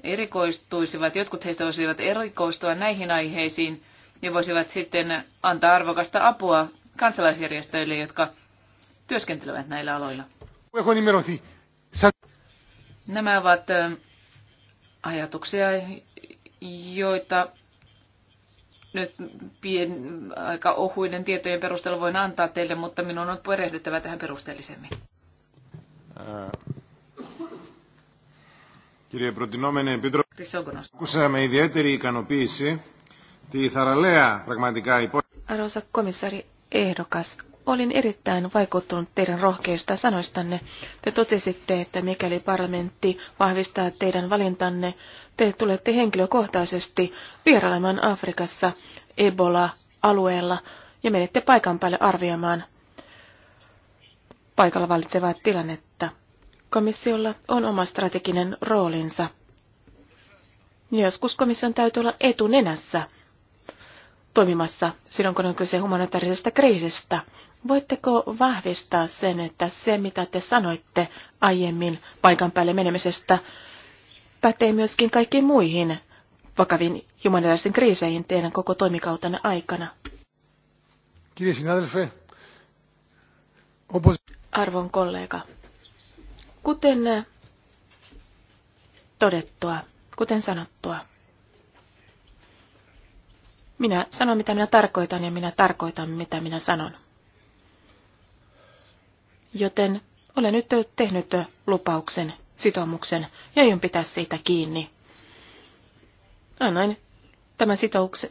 A: erikoistuisivat, jotkut heistä voisivat erikoistua näihin aiheisiin ja voisivat sitten antaa arvokasta apua kansalaisjärjestöille, jotka työskentelevät näillä aloilla. Nämä ovat ajatuksia, joita nyt pien, aika ohuiden tietojen perusteella voin antaa teille, mutta minun on perehdyttävä tähän perusteellisemmin.
C: Κύριε Προτινόμενε Επίτροπε, άκουσα ιδιαίτερη ικανοποίηση τη θαραλέα πραγματικά υπόθεση.
D: Arvoisa komissaari ehdokas, Olin erittäin vaikuttunut teidän rohkeista sanoistanne. Te totesitte, että mikäli parlamentti vahvistaa teidän valintanne, te tulette henkilökohtaisesti vierailemaan Afrikassa Ebola-alueella ja menette paikan päälle arvioimaan paikalla valitsevaa tilannetta. Komissiolla on oma strateginen roolinsa. Joskus komission täytyy olla etunenässä toimimassa silloin, kun on kyse humanitaarisesta kriisistä. Voitteko vahvistaa sen, että se mitä te sanoitte aiemmin paikan päälle menemisestä pätee myöskin kaikkiin muihin vakaviin humanitaarisiin kriiseihin teidän koko toimikautenne aikana? Arvon kollega, kuten todettua, kuten sanottua, minä sanon mitä minä tarkoitan ja minä tarkoitan mitä minä sanon. Joten olen nyt tehnyt lupauksen, sitoumuksen ja aion pitää siitä kiinni. Annoin tämän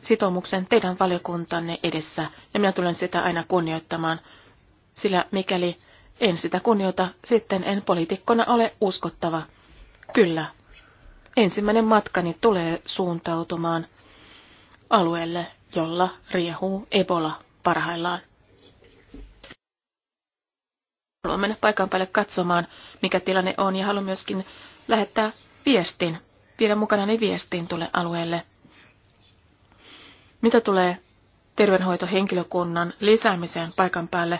D: sitoumuksen teidän valiokuntanne edessä ja minä tulen sitä aina kunnioittamaan, sillä mikäli en sitä kunnioita, sitten en poliitikkona ole uskottava. Kyllä, ensimmäinen matkani tulee suuntautumaan alueelle, jolla riehuu Ebola parhaillaan. Haluan mennä paikan päälle katsomaan, mikä tilanne on, ja haluan myöskin lähettää viestin, viedä mukanani viestin tulle alueelle. Mitä tulee terveydenhoitohenkilökunnan lisäämiseen paikan päälle,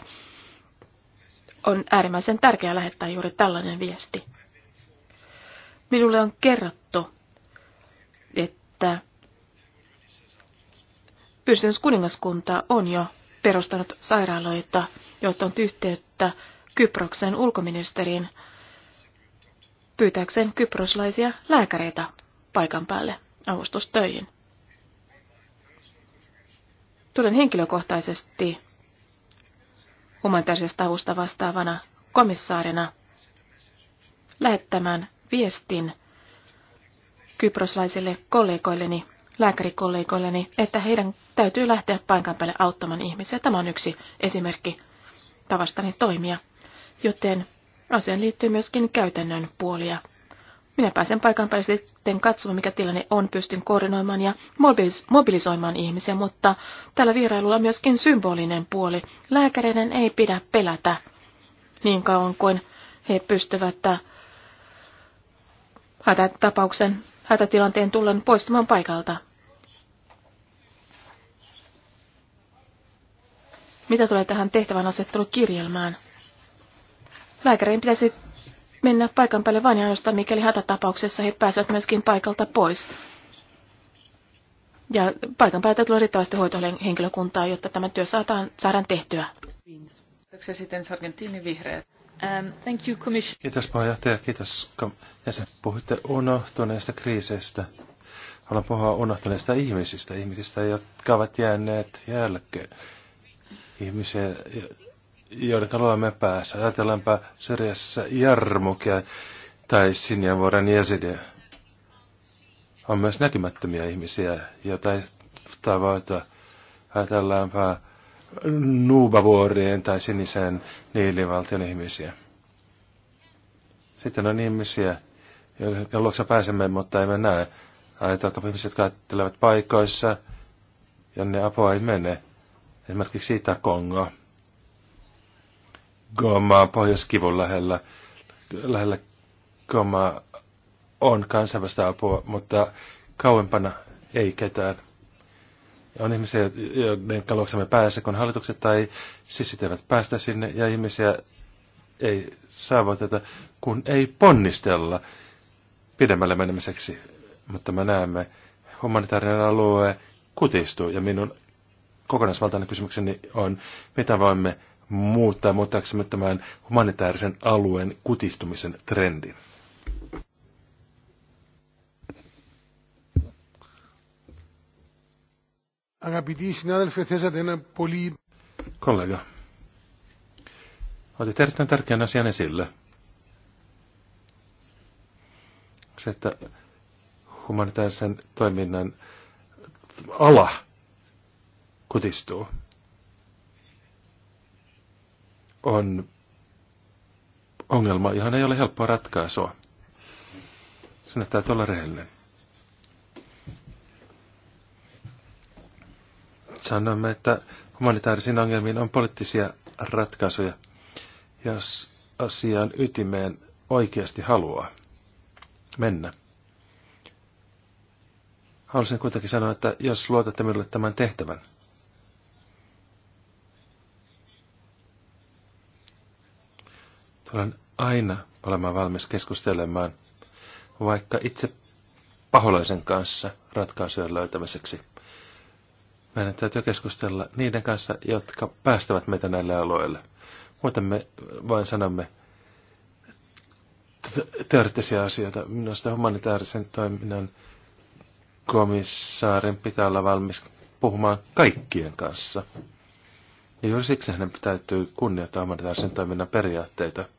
D: on äärimmäisen tärkeää lähettää juuri tällainen viesti. Minulle on kerrottu, että yhdistyskuningaskunta on jo perustanut sairaaloita, joita on yhteyttä Kyproksen ulkoministeriin pyytääkseen kyproslaisia lääkäreitä paikan päälle avustustöihin. Tulen henkilökohtaisesti humanitaarisesta avusta vastaavana komissaarina lähettämään viestin kyproslaisille kollegoilleni, lääkärikollegoilleni, että heidän täytyy lähteä paikan päälle auttamaan ihmisiä. Tämä on yksi esimerkki tavastani toimia joten asiaan liittyy myöskin käytännön puolia. Minä pääsen paikan päälle sitten katsomaan, mikä tilanne on, pystyn koordinoimaan ja mobilisoimaan ihmisiä, mutta tällä vierailulla on myöskin symbolinen puoli. Lääkäreiden ei pidä pelätä niin kauan kuin he pystyvät äh, hätätapauksen, hätätilanteen tullen poistumaan paikalta. Mitä tulee tähän tehtävän asettelukirjelmään? Lääkärin pitäisi mennä paikan päälle vain ainoastaan, mikäli hätätapauksessa he pääsevät myöskin paikalta pois. Ja paikan päältä tulee riittävästi hoitohenkilökuntaa, jotta tämä työ saadaan, saadaan tehtyä.
A: sitten Sargentinin vihreät. Um, thank you, commission.
B: Kiitos puheenjohtaja, kiitos jäsen. Puhutte unohtuneesta kriiseistä. Haluan puhua unohtuneista ihmisistä, ihmisistä, jotka ovat jääneet jälkeen. Ihmisiä, joiden me päässä. Ajatellaanpa syrjässä Jarmukia tai Sinjavuoren jäsidiä. On myös näkymättömiä ihmisiä, joita ei tavoita. Ajatellaanpa Nuubavuorien tai sinisen niilivaltion ihmisiä. Sitten on ihmisiä, joiden luokse pääsemme, mutta emme näe. Ajatellaanpa ihmisiä, jotka ajattelevat paikoissa, jonne apua ei mene. Esimerkiksi Itä-Kongo Gomaan pohjoiskivun lähellä. Lähellä Gomaa on kansainvälistä apua, mutta kauempana ei ketään. On ihmisiä, joiden kaluoksemme me kun hallitukset tai sissit eivät päästä sinne, ja ihmisiä ei saavuteta, kun ei ponnistella pidemmälle menemiseksi. Mutta me näemme, humanitaarinen alue kutistuu, ja minun kokonaisvaltainen kysymykseni on, mitä voimme muuttaa muuttaaksemme tämän humanitaarisen alueen kutistumisen trendin? Kollega, otit erittäin tärkeän asian esille. Se, että humanitaarisen toiminnan ala kutistuu on ongelma, johon ei ole helppoa ratkaisua. Sinä täytyy olla rehellinen. Sanoimme, että humanitaarisiin ongelmiin on poliittisia ratkaisuja, jos asian ytimeen oikeasti haluaa mennä. Haluaisin kuitenkin sanoa, että jos luotatte minulle tämän tehtävän, Tulen aina olemaan valmis keskustelemaan vaikka itse paholaisen kanssa ratkaisujen löytämiseksi. Meidän täytyy keskustella niiden kanssa, jotka päästävät meitä näille aloille. Muuten me vain sanomme teoreettisia asioita. Minusta humanitaarisen toiminnan komissaarin pitää olla valmis puhumaan kaikkien kanssa. Ja juuri siksi hänen täytyy kunnioittaa humanitaarisen toiminnan periaatteita –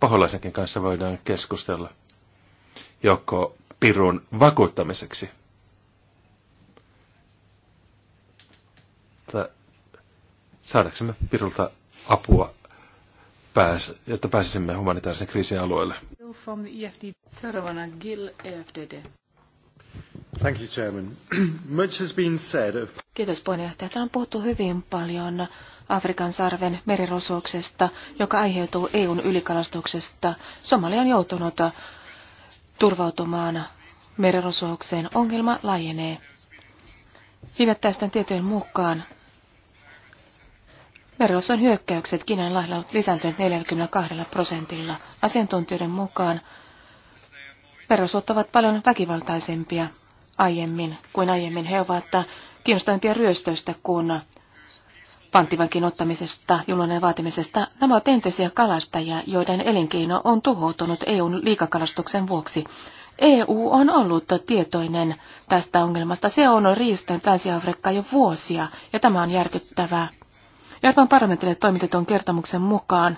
B: paholaisenkin kanssa voidaan keskustella. Joko pirun vakuuttamiseksi. Tai saadaksemme pirulta apua, pääs, jotta pääsisimme humanitaarisen kriisin alueelle.
D: Seuraavana Gil EFDD.
C: Thank you, Chairman. Much has
B: been said of...
D: Kiitos puheenjohtaja. Täällä on puhuttu hyvin paljon Afrikan sarven merirosuoksesta, joka aiheutuu EUn ylikalastuksesta. Somalia on joutunut turvautumaan merirosuokseen. Ongelma laajenee. Hivettäisten tietojen mukaan merirosuon hyökkäykset Kiinan lailla ovat lisääntyneet 42 prosentilla. Asiantuntijoiden mukaan merirosuot ovat paljon väkivaltaisempia aiemmin kuin aiemmin. He ovat kiinnostavimpia ryöstöistä, kuin panttivankin ottamisesta, julunen vaatimisesta, nämä ovat entisiä kalastajia, joiden elinkeino on tuhoutunut EUn liikakalastuksen vuoksi. EU on ollut tietoinen tästä ongelmasta. Se on riistänyt Länsi-Afrikkaa jo vuosia, ja tämä on järkyttävää. Euroopan parlamentille toimitetun kertomuksen mukaan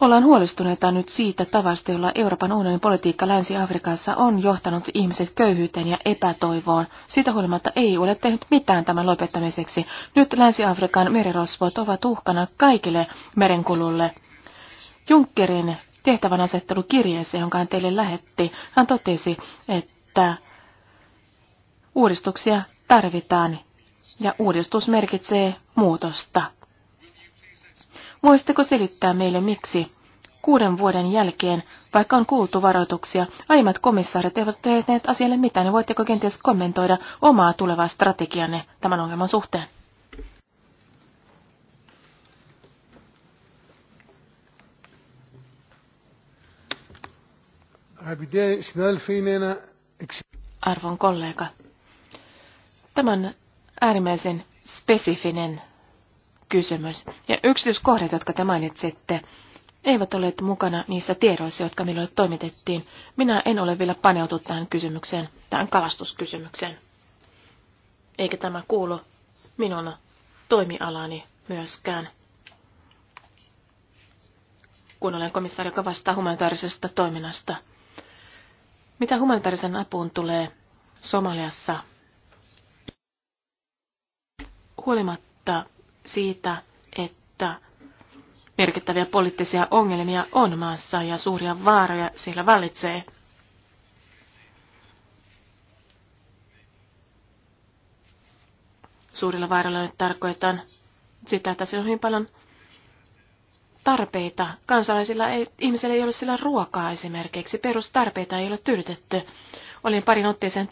D: Ollaan huolestuneita nyt siitä tavasta, jolla Euroopan unionin politiikka Länsi-Afrikassa on johtanut ihmiset köyhyyteen ja epätoivoon. Siitä huolimatta ei ole tehnyt mitään tämän lopettamiseksi. Nyt Länsi-Afrikan merirosvot ovat uhkana kaikille merenkululle. Junckerin tehtävän asettelu kirjeessä, jonka hän teille lähetti, hän totesi, että uudistuksia tarvitaan ja uudistus merkitsee muutosta. Voisitteko selittää meille miksi? Kuuden vuoden jälkeen, vaikka on kuultu varoituksia, aiemmat komissaarit eivät tehneet asialle mitään, niin voitteko kenties kommentoida omaa tulevaa strategianne tämän ongelman suhteen? Arvon kollega, tämän äärimmäisen spesifinen kysymys. Ja yksityiskohdat, jotka te mainitsitte, eivät ole mukana niissä tiedoissa, jotka minulle toimitettiin. Minä en ole vielä paneutunut tähän kysymykseen, tähän kalastuskysymykseen. Eikä tämä kuulu minun toimialani myöskään. Kun olen komissaari, joka vastaa humanitaarisesta toiminnasta. Mitä humanitaarisen apuun tulee Somaliassa? Huolimatta siitä, että merkittäviä poliittisia ongelmia on maassa ja suuria vaaroja siellä vallitsee. Suurilla vaaroilla nyt tarkoitan sitä, että siellä on hyvin paljon tarpeita. Kansalaisilla ei, ihmisillä ei ole siellä ruokaa esimerkiksi. Perustarpeita ei ole tyydytetty. Olin parin otteeseen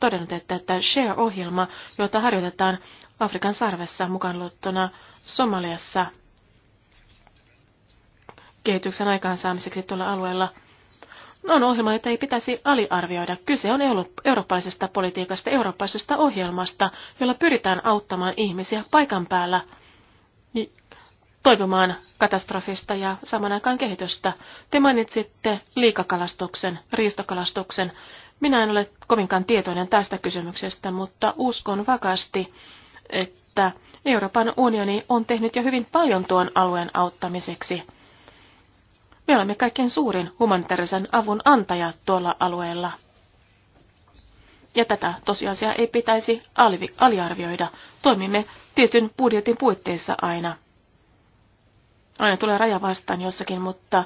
D: todennut, että, että Share-ohjelma, jota harjoitetaan Afrikan sarvessa mukaan luottuna Somaliassa kehityksen aikaansaamiseksi tuolla alueella, on ohjelma, jota ei pitäisi aliarvioida. Kyse on eurooppalaisesta politiikasta, eurooppalaisesta ohjelmasta, jolla pyritään auttamaan ihmisiä paikan päällä niin toipumaan katastrofista ja saman aikaan kehitystä. Te mainitsitte liikakalastuksen, riistokalastuksen. Minä en ole kovinkaan tietoinen tästä kysymyksestä, mutta uskon vakaasti, että Euroopan unioni on tehnyt jo hyvin paljon tuon alueen auttamiseksi. Me olemme kaikkein suurin humanitaarisen avun antaja tuolla alueella. Ja tätä tosiasiaa ei pitäisi alvi, aliarvioida. Toimimme tietyn budjetin puitteissa aina. Aina tulee raja vastaan jossakin, mutta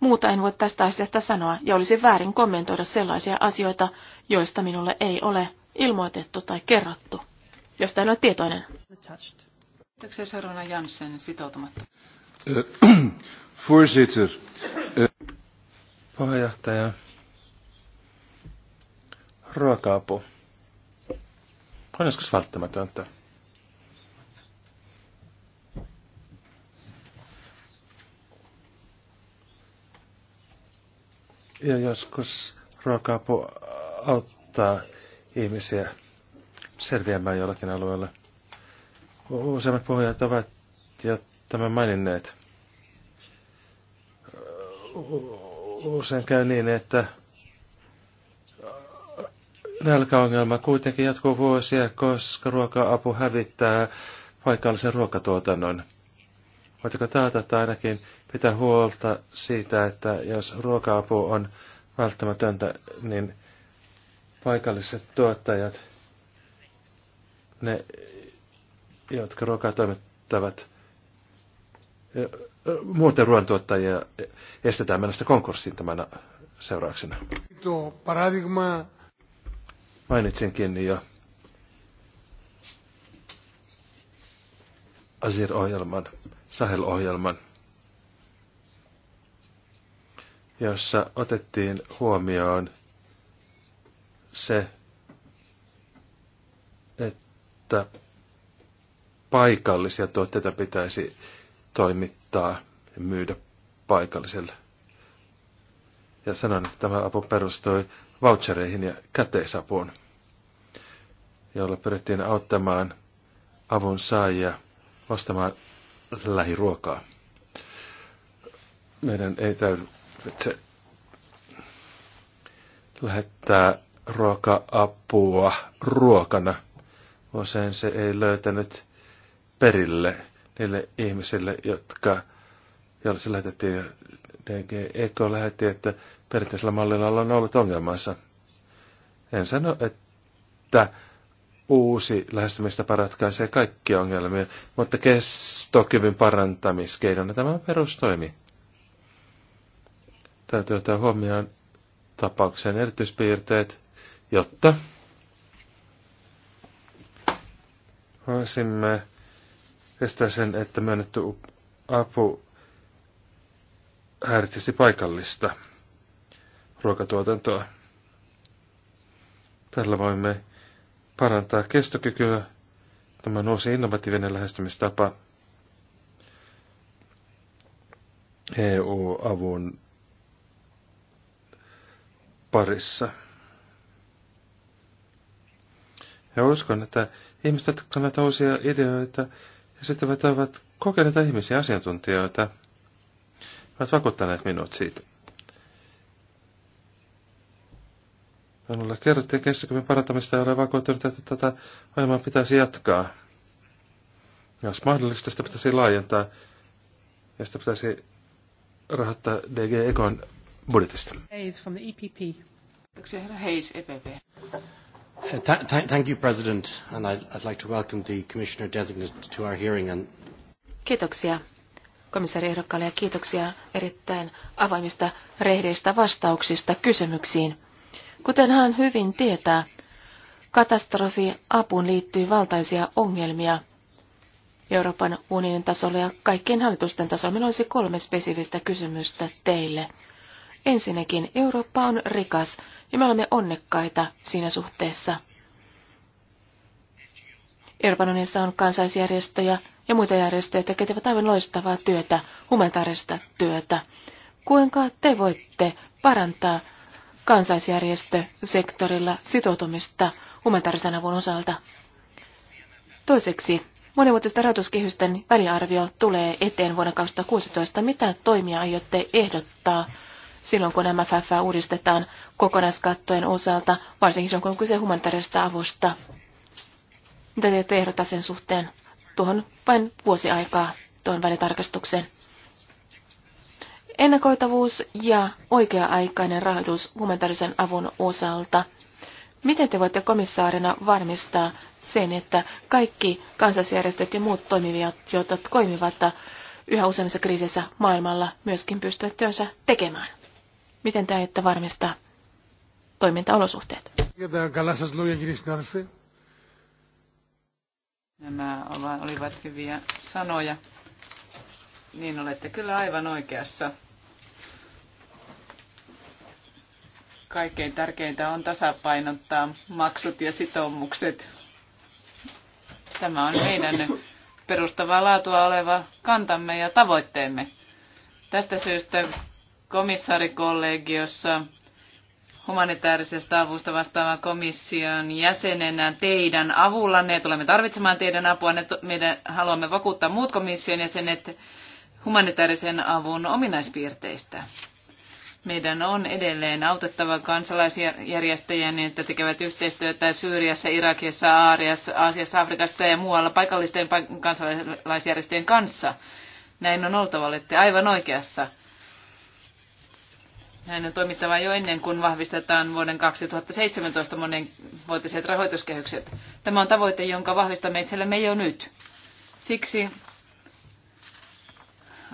D: Muuta en voi tästä asiasta sanoa, ja olisi väärin kommentoida sellaisia asioita, joista minulle ei ole ilmoitettu tai kerrottu, josta en ole tietoinen. Kiitoksia Sarona Janssen sitoutumatta.
B: Voorzitter. Puheenjohtaja. Ruoka-apu. On joskus välttämätöntä. Ja joskus ruoka auttaa ihmisiä selviämään jollakin alueella. Useimmat puhujat ovat jo tämän maininneet. Usein käy niin, että nälkäongelma kuitenkin jatkuu vuosia, koska ruoka-apu hävittää paikallisen ruokatuotannon. Voitteko taata, että ainakin pitää huolta siitä, että jos ruoka-apu on välttämätöntä, niin paikalliset tuottajat, ne, jotka ruokaa toimittavat, muuten ruoantuottajia estetään mennä konkurssiin tämän seurauksena.
C: Tuo paradigma.
B: Mainitsinkin jo Azir-ohjelman, Sahel-ohjelman. jossa otettiin huomioon se, että paikallisia tuotteita pitäisi toimittaa ja myydä paikalliselle. Ja sanon, että tämä apu perustui vouchereihin ja käteisapuun, jolla pyrittiin auttamaan avun saajia ostamaan lähiruokaa. Meidän ei täytyy että se lähettää ruoka-apua ruokana. Usein se ei löytänyt perille niille ihmisille, jotka, joille se lähetettiin. DG Eko lähetti, että perinteisellä mallilla on ollut ongelmansa. En sano, että uusi lähestymistapa ratkaisee kaikkia ongelmia, mutta kestokyvyn parantamiskeinona tämä on perustoimi. Täytyy ottaa huomioon tapauksen erityispiirteet, jotta voisimme estää sen, että myönnetty apu häiritsisi paikallista ruokatuotantoa. Tällä voimme parantaa kestokykyä. Tämä on uusi innovatiivinen lähestymistapa EU-avun parissa. Ja uskon, että ihmiset, jotka näitä uusia ideoita ja sitten vetävät kokeneita ihmisiä, asiantuntijoita, ovat vakuuttaneet minut siitä. Minulle kerrottiin kestäkyvyn parantamista ja olen vakuuttunut, että tätä ohjelmaa pitäisi jatkaa. Jos mahdollista, sitä pitäisi laajentaa ja sitä pitäisi rahoittaa DG Ekon budjetista.
D: Hayes from the EPP. Kiitoksia herra Hayes, EPP.
C: Uh, thank you, President, and I'd like to welcome the Commissioner Designate to our hearing. And...
D: Kiitoksia komissaari ehdokkaalle ja kiitoksia erittäin avoimista, rehdeistä vastauksista kysymyksiin. Kuten hän hyvin tietää, katastrofi apuun liittyy valtaisia ongelmia Euroopan unionin tasolla ja kaikkien hallitusten tasolla. Minulla olisi kolme spesifistä kysymystä teille. Ensinnäkin Eurooppa on rikas ja me olemme onnekkaita siinä suhteessa. Euroopan unionissa on kansaisjärjestöjä ja muita järjestöjä, jotka tekevät aivan loistavaa työtä, humanitaarista työtä. Kuinka te voitte parantaa kansaisjärjestösektorilla sitoutumista humanitaarisen avun osalta? Toiseksi, monivuotisesta rahoituskehysten väliarvio tulee eteen vuonna 2016. Mitä toimia aiotte ehdottaa silloin, kun MFF uudistetaan kokonaiskattojen osalta, varsinkin silloin, kun on kyse humanitaarisesta avusta. Mitä te ehdottaa sen suhteen? Tuohon vain vuosi aikaa tuon välitarkastukseen. Ennakoitavuus ja oikea-aikainen rahoitus humanitaarisen avun osalta. Miten te voitte komissaarina varmistaa sen, että kaikki kansalaisjärjestöt ja muut toimivat, jotka toimivat yhä useammissa kriiseissä maailmalla, myöskin pystyvät työnsä tekemään? Miten te aiotte varmistaa toimintaolosuhteet?
C: Nämä olivat hyviä sanoja.
A: Niin olette kyllä aivan oikeassa. Kaikkein tärkeintä on tasapainottaa maksut ja sitoumukset. Tämä on meidän perustavaa laatua oleva kantamme ja tavoitteemme. Tästä syystä komissaarikollegiossa humanitaarisesta avusta vastaavan komission jäsenenä teidän avullanne. Tulemme tarvitsemaan teidän apua. Meidän haluamme vakuuttaa muut komission jäsenet humanitaarisen avun ominaispiirteistä. Meidän on edelleen autettava kansalaisjärjestöjä niin, että tekevät yhteistyötä Syyriassa, Irakissa, Aariassa, Aasiassa, Afrikassa ja muualla paikallisten kansalaisjärjestöjen kanssa. Näin on oltava, olette aivan oikeassa hän on toimittava jo ennen kuin vahvistetaan vuoden 2017 monenvuotiset rahoituskehykset. Tämä on tavoite, jonka vahvistamme itsellemme jo nyt. Siksi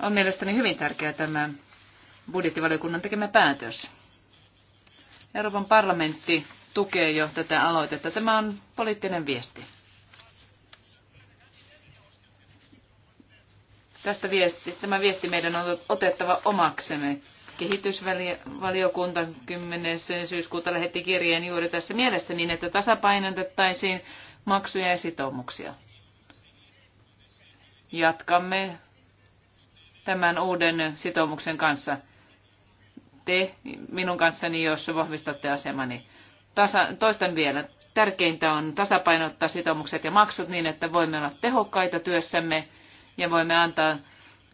A: on mielestäni hyvin tärkeä tämä budjettivaliokunnan tekemä päätös. Euroopan parlamentti tukee jo tätä aloitetta. Tämä on poliittinen viesti. Tästä viesti, tämä viesti meidän on otettava omaksemme kehitysvaliokunta 10. syyskuuta lähetti kirjeen juuri tässä mielessä niin, että tasapainotettaisiin maksuja ja sitoumuksia. Jatkamme tämän uuden sitoumuksen kanssa. Te minun kanssani, jos vahvistatte asemani. Tasa, toistan vielä. Tärkeintä on tasapainottaa sitoumukset ja maksut niin, että voimme olla tehokkaita työssämme ja voimme antaa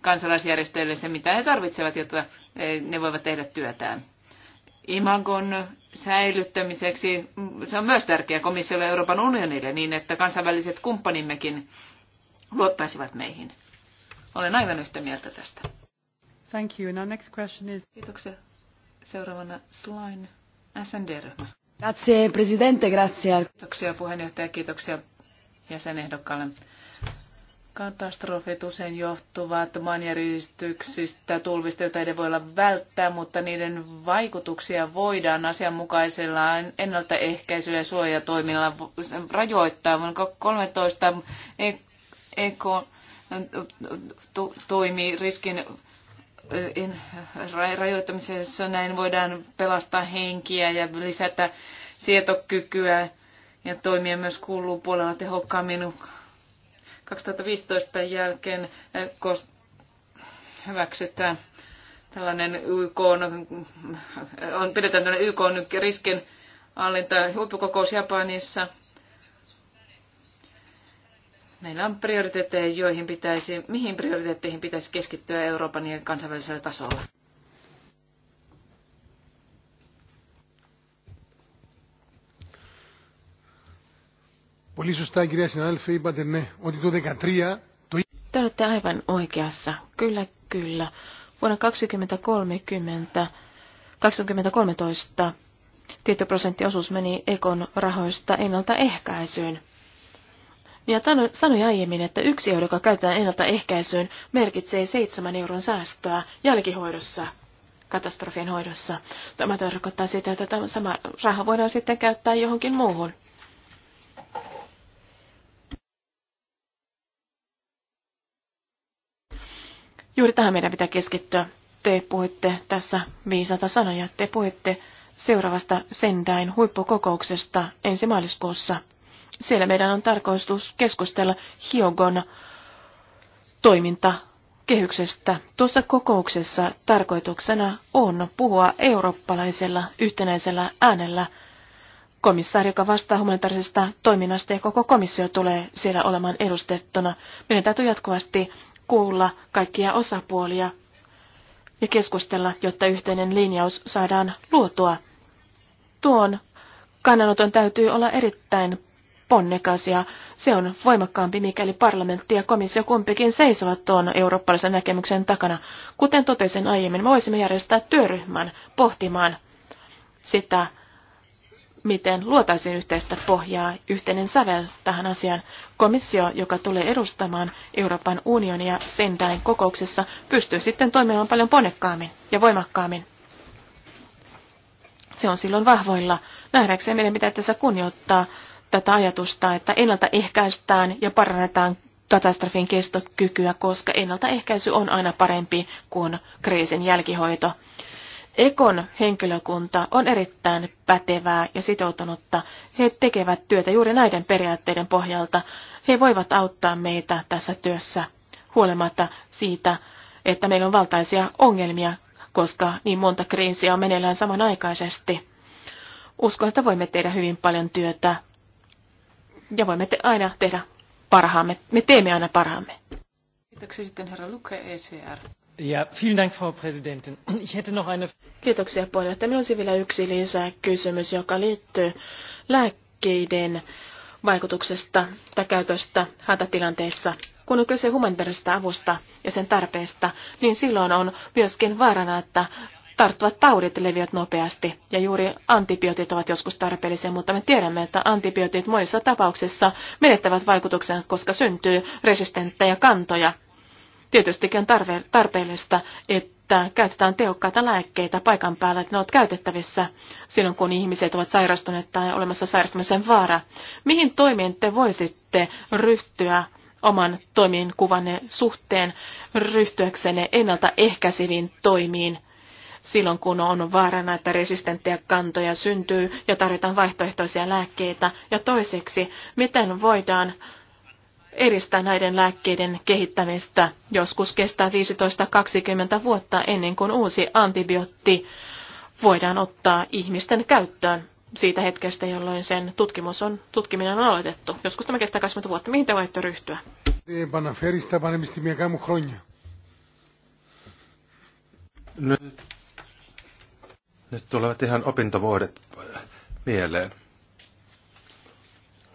A: kansalaisjärjestöille se, mitä he tarvitsevat, jotta eh, ne voivat tehdä työtään. Imagon säilyttämiseksi, mm, se on myös tärkeä komissiolle ja Euroopan unionille niin, että kansainväliset kumppanimmekin luottaisivat meihin. Olen aivan yhtä mieltä tästä.
D: Thank you. And our next question is... Kiitoksia. Seuraavana
A: Slain SND-ryhmä.
E: Grazie, presidente, grazie.
D: Kiitoksia puheenjohtaja,
A: kiitoksia jäsenehdokkaalle. Katastrofit usein johtuvat maanjäristyksistä, tulvista, joita ei voi olla välttää, mutta niiden vaikutuksia voidaan asianmukaisella ennaltaehkäisyllä ja suojatoimilla rajoittaa. Vuonna 2013 e- eko toimi riskin rajoittamisessa. Näin voidaan pelastaa henkiä ja lisätä sietokykyä ja toimia myös kuuluu puolella tehokkaammin 2015 jälkeen eh, hyväksytään tällainen YK on, eh, on pidetään tällainen YK on riskin hallinta huippukokous Japanissa. Meillä on prioriteetteja, joihin pitäisi,
D: mihin prioriteetteihin
A: pitäisi keskittyä Euroopan ja kansainvälisellä tasolla.
C: Πολύ σωστά, κυρία συνάδελφε, είπατε ναι, ότι το 2013... Το... Te olette aivan
D: oikeassa. Kyllä, kyllä. Vuonna 2030, 2013 tietty prosenttiosuus meni Ekon rahoista ennaltaehkäisyyn. Ja sanoi aiemmin, että yksi euro, joka käytetään ennaltaehkäisyyn, merkitsee seitsemän euron säästöä jälkihoidossa, katastrofien hoidossa. Tämä tarkoittaa sitä, että tämä sama raha voidaan sitten käyttää johonkin muuhun. Juuri tähän meidän pitää keskittyä. Te puhuitte tässä viisata sanoja. Te puhuitte seuraavasta Sendain huippukokouksesta ensi maaliskuussa. Siellä meidän on tarkoitus keskustella Hiogon toimintakehyksestä. Tuossa kokouksessa tarkoituksena on puhua eurooppalaisella yhtenäisellä äänellä. Komissaari, joka vastaa humanitaarisesta toiminnasta ja koko komissio tulee siellä olemaan edustettuna. Meidän täytyy jatkuvasti kuulla kaikkia osapuolia ja keskustella, jotta yhteinen linjaus saadaan luotua. Tuon kannanoton täytyy olla erittäin ponnekas ja se on voimakkaampi, mikäli parlamentti ja komissio kumpikin seisovat tuon eurooppalaisen näkemyksen takana. Kuten totesin aiemmin, voisimme järjestää työryhmän pohtimaan sitä, miten luotaisiin yhteistä pohjaa, yhteinen sävel tähän asiaan. Komissio, joka tulee edustamaan Euroopan unionia Sendain kokouksessa, pystyy sitten toimimaan paljon ponekkaammin ja voimakkaammin. Se on silloin vahvoilla. Nähdäkseen meidän pitää tässä kunnioittaa tätä ajatusta, että ennaltaehkäistään ja parannetaan katastrofin kestokykyä, koska ennaltaehkäisy on aina parempi kuin kriisin jälkihoito. Ekon henkilökunta on erittäin pätevää ja sitoutunutta. He tekevät työtä juuri näiden periaatteiden pohjalta. He voivat auttaa meitä tässä työssä huolimatta siitä, että meillä on valtaisia ongelmia, koska niin monta kriisiä on meneillään samanaikaisesti. Uskon, että voimme tehdä hyvin paljon työtä ja voimme te- aina tehdä parhaamme. Me teemme aina parhaamme. Kiitoksia sitten herra Luke ECR.
C: Ja, vielen
D: Kiitoksia puheenjohtaja. Minulla olisi vielä yksi lisää kysymys, joka liittyy lääkkeiden vaikutuksesta tai käytöstä hätätilanteissa. Kun on kyse humanitaarisesta avusta ja sen tarpeesta, niin silloin on myöskin vaarana, että tarttuvat taudit leviävät nopeasti ja juuri antibiootit ovat joskus tarpeellisia, mutta me tiedämme, että antibiootit monissa tapauksissa menettävät vaikutuksen, koska syntyy resistenttejä kantoja Tietystikin on tarve, tarpeellista, että käytetään tehokkaita lääkkeitä paikan päällä, että ne ovat käytettävissä silloin, kun ihmiset ovat sairastuneet tai olemassa sairastumisen vaara. Mihin toimiin te voisitte ryhtyä oman toimienkuvanne suhteen ryhtyäksenne ennaltaehkäiseviin toimiin silloin, kun on vaarana, että resistenttejä kantoja syntyy ja tarvitaan vaihtoehtoisia lääkkeitä? Ja toiseksi, miten voidaan edistää näiden lääkkeiden kehittämistä. Joskus kestää 15-20 vuotta ennen kuin uusi antibiootti voidaan ottaa ihmisten käyttöön siitä hetkestä, jolloin sen tutkimus on, tutkiminen on aloitettu. Joskus tämä kestää 20 vuotta. Mihin te voitte ryhtyä?
C: Nyt, nyt
B: tulevat ihan opintovuodet mieleen.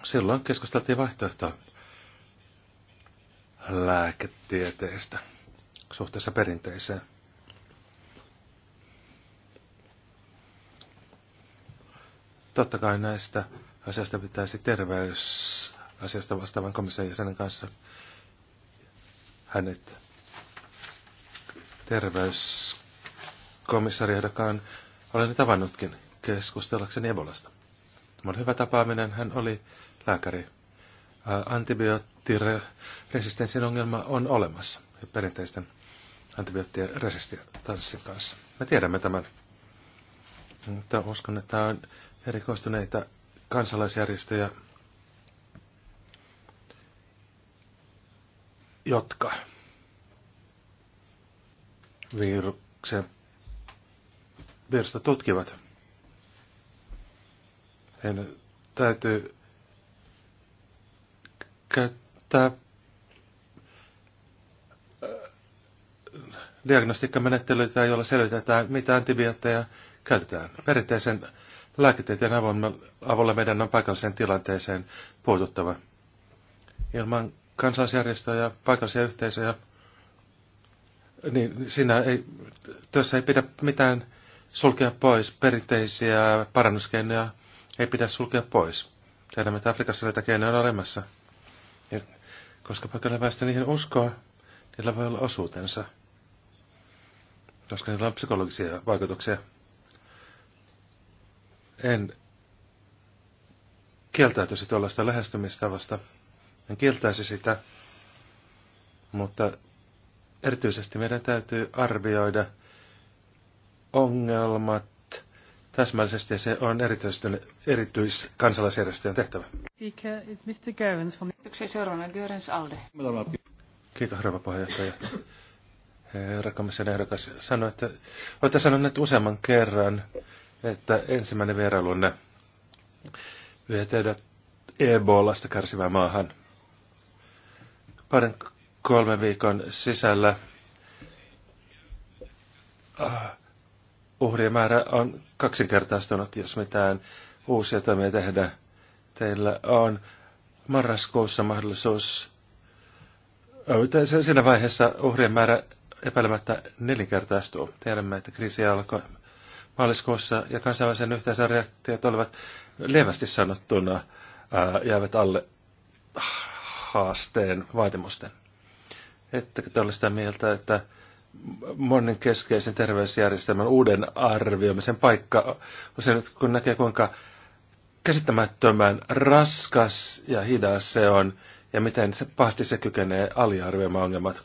B: Silloin keskusteltiin vaihtoehtoa lääketieteestä suhteessa perinteiseen. Totta kai näistä asiasta pitäisi terveysasiasta vastaavan komission jäsenen kanssa hänet terveyskomissariehdokkaan olen tavannutkin keskustellakseni Ebolasta. Tämä oli hyvä tapaaminen, hän oli lääkäri Äh, antibioottiresistenssin ongelma on olemassa ja perinteisten antibioottien resistenssin kanssa. Me tiedämme tämän, mutta uskon, että on erikoistuneita kansalaisjärjestöjä, jotka viruksen virusta tutkivat. Heidän täytyy käyttää äh, diagnostiikkamenettelyitä, joilla selvitetään, mitä antibiootteja käytetään. Perinteisen lääketieteen avulla meidän on paikalliseen tilanteeseen puututtava. Ilman kansalaisjärjestöjä ja paikallisia yhteisöjä, niin siinä ei, työssä ei pidä mitään sulkea pois. Perinteisiä parannuskeinoja ei pidä sulkea pois. Tiedämme, että Afrikassa näitä keinoja on olemassa. Ja koska paikalliväestö niihin uskoa, niillä voi olla osuutensa, koska niillä on psykologisia vaikutuksia. En kieltäytyisi tuollaista lähestymistavasta. En kieltäisi sitä, mutta erityisesti meidän täytyy arvioida ongelmat täsmällisesti ja se on erityiskansalaisjärjestöjen tehtävä.
A: seuraavana Görens Alde.
B: Kiitos herra puheenjohtaja. Herra komission ehdokas sanoi, että olette sanoneet useamman kerran, että ensimmäinen vierailunne vie teidät Ebolasta kärsivään maahan. Parin kolmen viikon sisällä ah, uhrien määrä on kaksinkertaistunut, jos mitään uusia toimia tehdä. Teillä on marraskuussa mahdollisuus, siinä vaiheessa uhrien määrä epäilemättä nelinkertaistuu. Tiedämme, että kriisi alkoi maaliskuussa ja kansainvälisen yhteisön reaktiot olivat lievästi sanottuna jäävät alle haasteen vaatimusten. Ettekö te ole sitä mieltä, että monen keskeisen terveysjärjestelmän uuden arvioimisen paikka on se, kun näkee kuinka käsittämättömän raskas ja hidas se on ja miten se pahasti se kykenee aliarvioimaan ongelmat.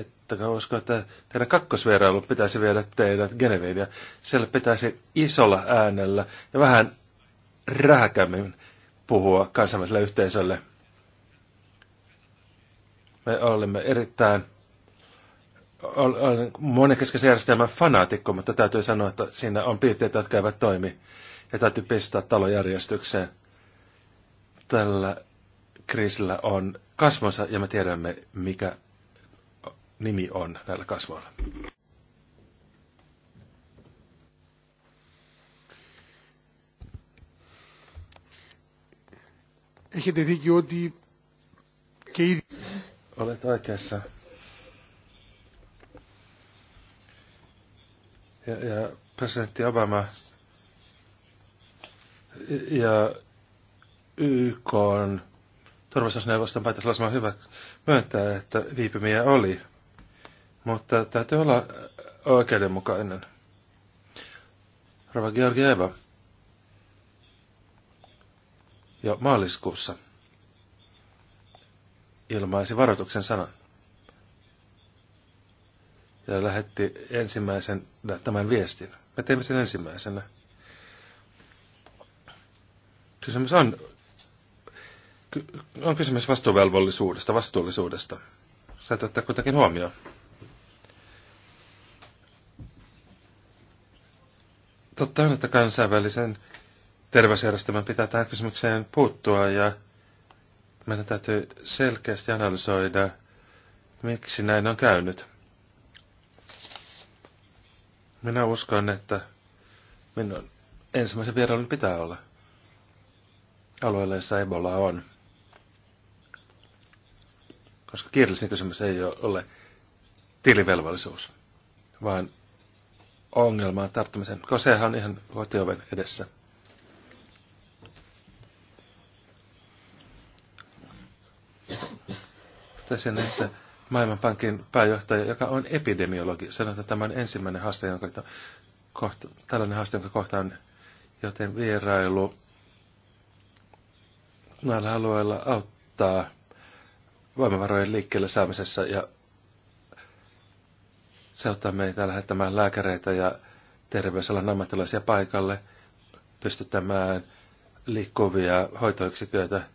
B: Että usko, että teidän kakkosvierailu pitäisi viedä teidät Geneviin ja siellä pitäisi isolla äänellä ja vähän rähäkämmin puhua kansainväliselle yhteisölle. Me olemme erittäin olen monenkeskeisen järjestelmän fanaatikko, mutta täytyy sanoa, että siinä on piirteitä, jotka eivät toimi. Ja täytyy pistää talojärjestykseen. Tällä kriisillä on kasvonsa ja me tiedämme, mikä nimi on näillä kasvoilla. Olet oikeassa. ja, ja presidentti Obama ja YK on turvallisuusneuvoston on hyvä myöntää, että viipymiä oli, mutta täytyy olla oikeudenmukainen. Rava Georgieva jo maaliskuussa ilmaisi varoituksen sanan ja lähetti ensimmäisen tämän viestin. Me teimme sen ensimmäisenä. Kysymys on, on kysymys vastuuvelvollisuudesta, vastuullisuudesta. Sä et ottaa kuitenkin huomioon. Totta on, että kansainvälisen terveysjärjestelmän pitää tähän kysymykseen puuttua ja meidän täytyy selkeästi analysoida, miksi näin on käynyt. Minä uskon, että minun ensimmäisen vierailun pitää olla alueella, jossa Ebola on. Koska kiireellisen kysymys ei ole tilivelvollisuus, vaan ongelmaan tarttumisen, koska sehän on ihan kotioven edessä. Totesin, että Maailmanpankin pääjohtaja, joka on epidemiologi, sanoi, että tämä on ensimmäinen haaste, jonka kohta, tällainen haaste, jonka kohtaan, joten vierailu näillä alueilla auttaa voimavarojen liikkeelle saamisessa ja se auttaa meitä lähettämään lääkäreitä ja terveysalan ammattilaisia paikalle, pystyttämään liikkuvia hoitoyksiköitä –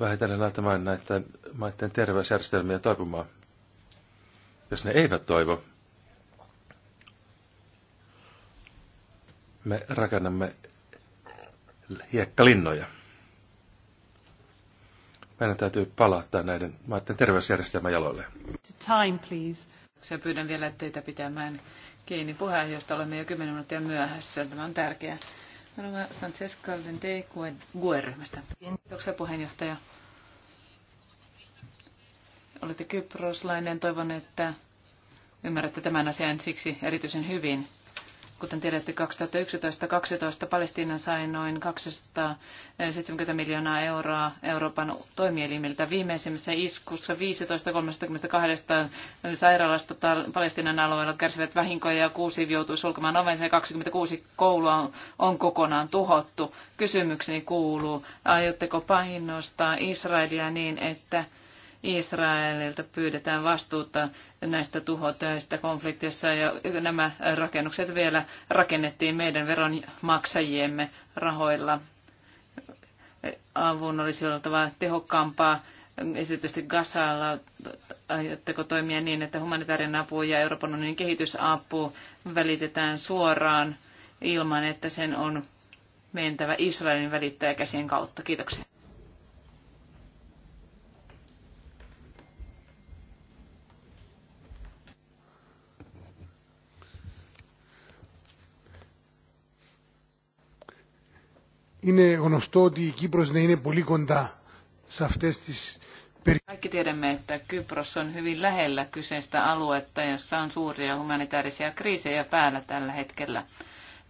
B: vähitellen näyttämään näiden maiden terveysjärjestelmiä toipumaan. Jos ne eivät toivo, me rakennamme hiekkalinnoja. Meidän täytyy palauttaa näiden maiden terveysjärjestelmän jaloille.
D: Time,
A: please. Se pyydän vielä teitä pitämään kiinni puheen, josta olemme jo 10 minuuttia myöhässä. Tämä on tärkeää. Rova Sanchez Calden de Kiitoksia puheenjohtaja. Olette kyproslainen. Toivon, että ymmärrätte tämän asian siksi erityisen hyvin. Kuten tiedätte, 2011-2012 Palestiina sai noin 270 miljoonaa euroa Euroopan toimielimiltä. Viimeisimmässä iskussa 15 sairaalasta Palestiinan alueella kärsivät vahinkoja ja kuusi joutui sulkemaan ovensa ja 26 koulua on kokonaan tuhottu. Kysymykseni kuuluu, aiotteko painostaa Israelia niin, että Israelilta pyydetään vastuuta näistä tuhotöistä konfliktissa ja nämä rakennukset vielä rakennettiin meidän veronmaksajiemme rahoilla. Avun olisi oltava tehokkaampaa esitysti Gazalla, aiotteko toimia niin, että humanitaarinen apu ja Euroopan unionin kehitysapu välitetään suoraan ilman, että sen on mentävä Israelin välittäjäkäsien kautta. Kiitoksia.
C: Είναι γνωστό ότι η Κύπρος να είναι πολύ κοντά σε αυτές τις kaikki
A: tiedämme, että Kypros on hyvin lähellä kyseistä aluetta, jossa on suuria humanitaarisia kriisejä päällä tällä hetkellä.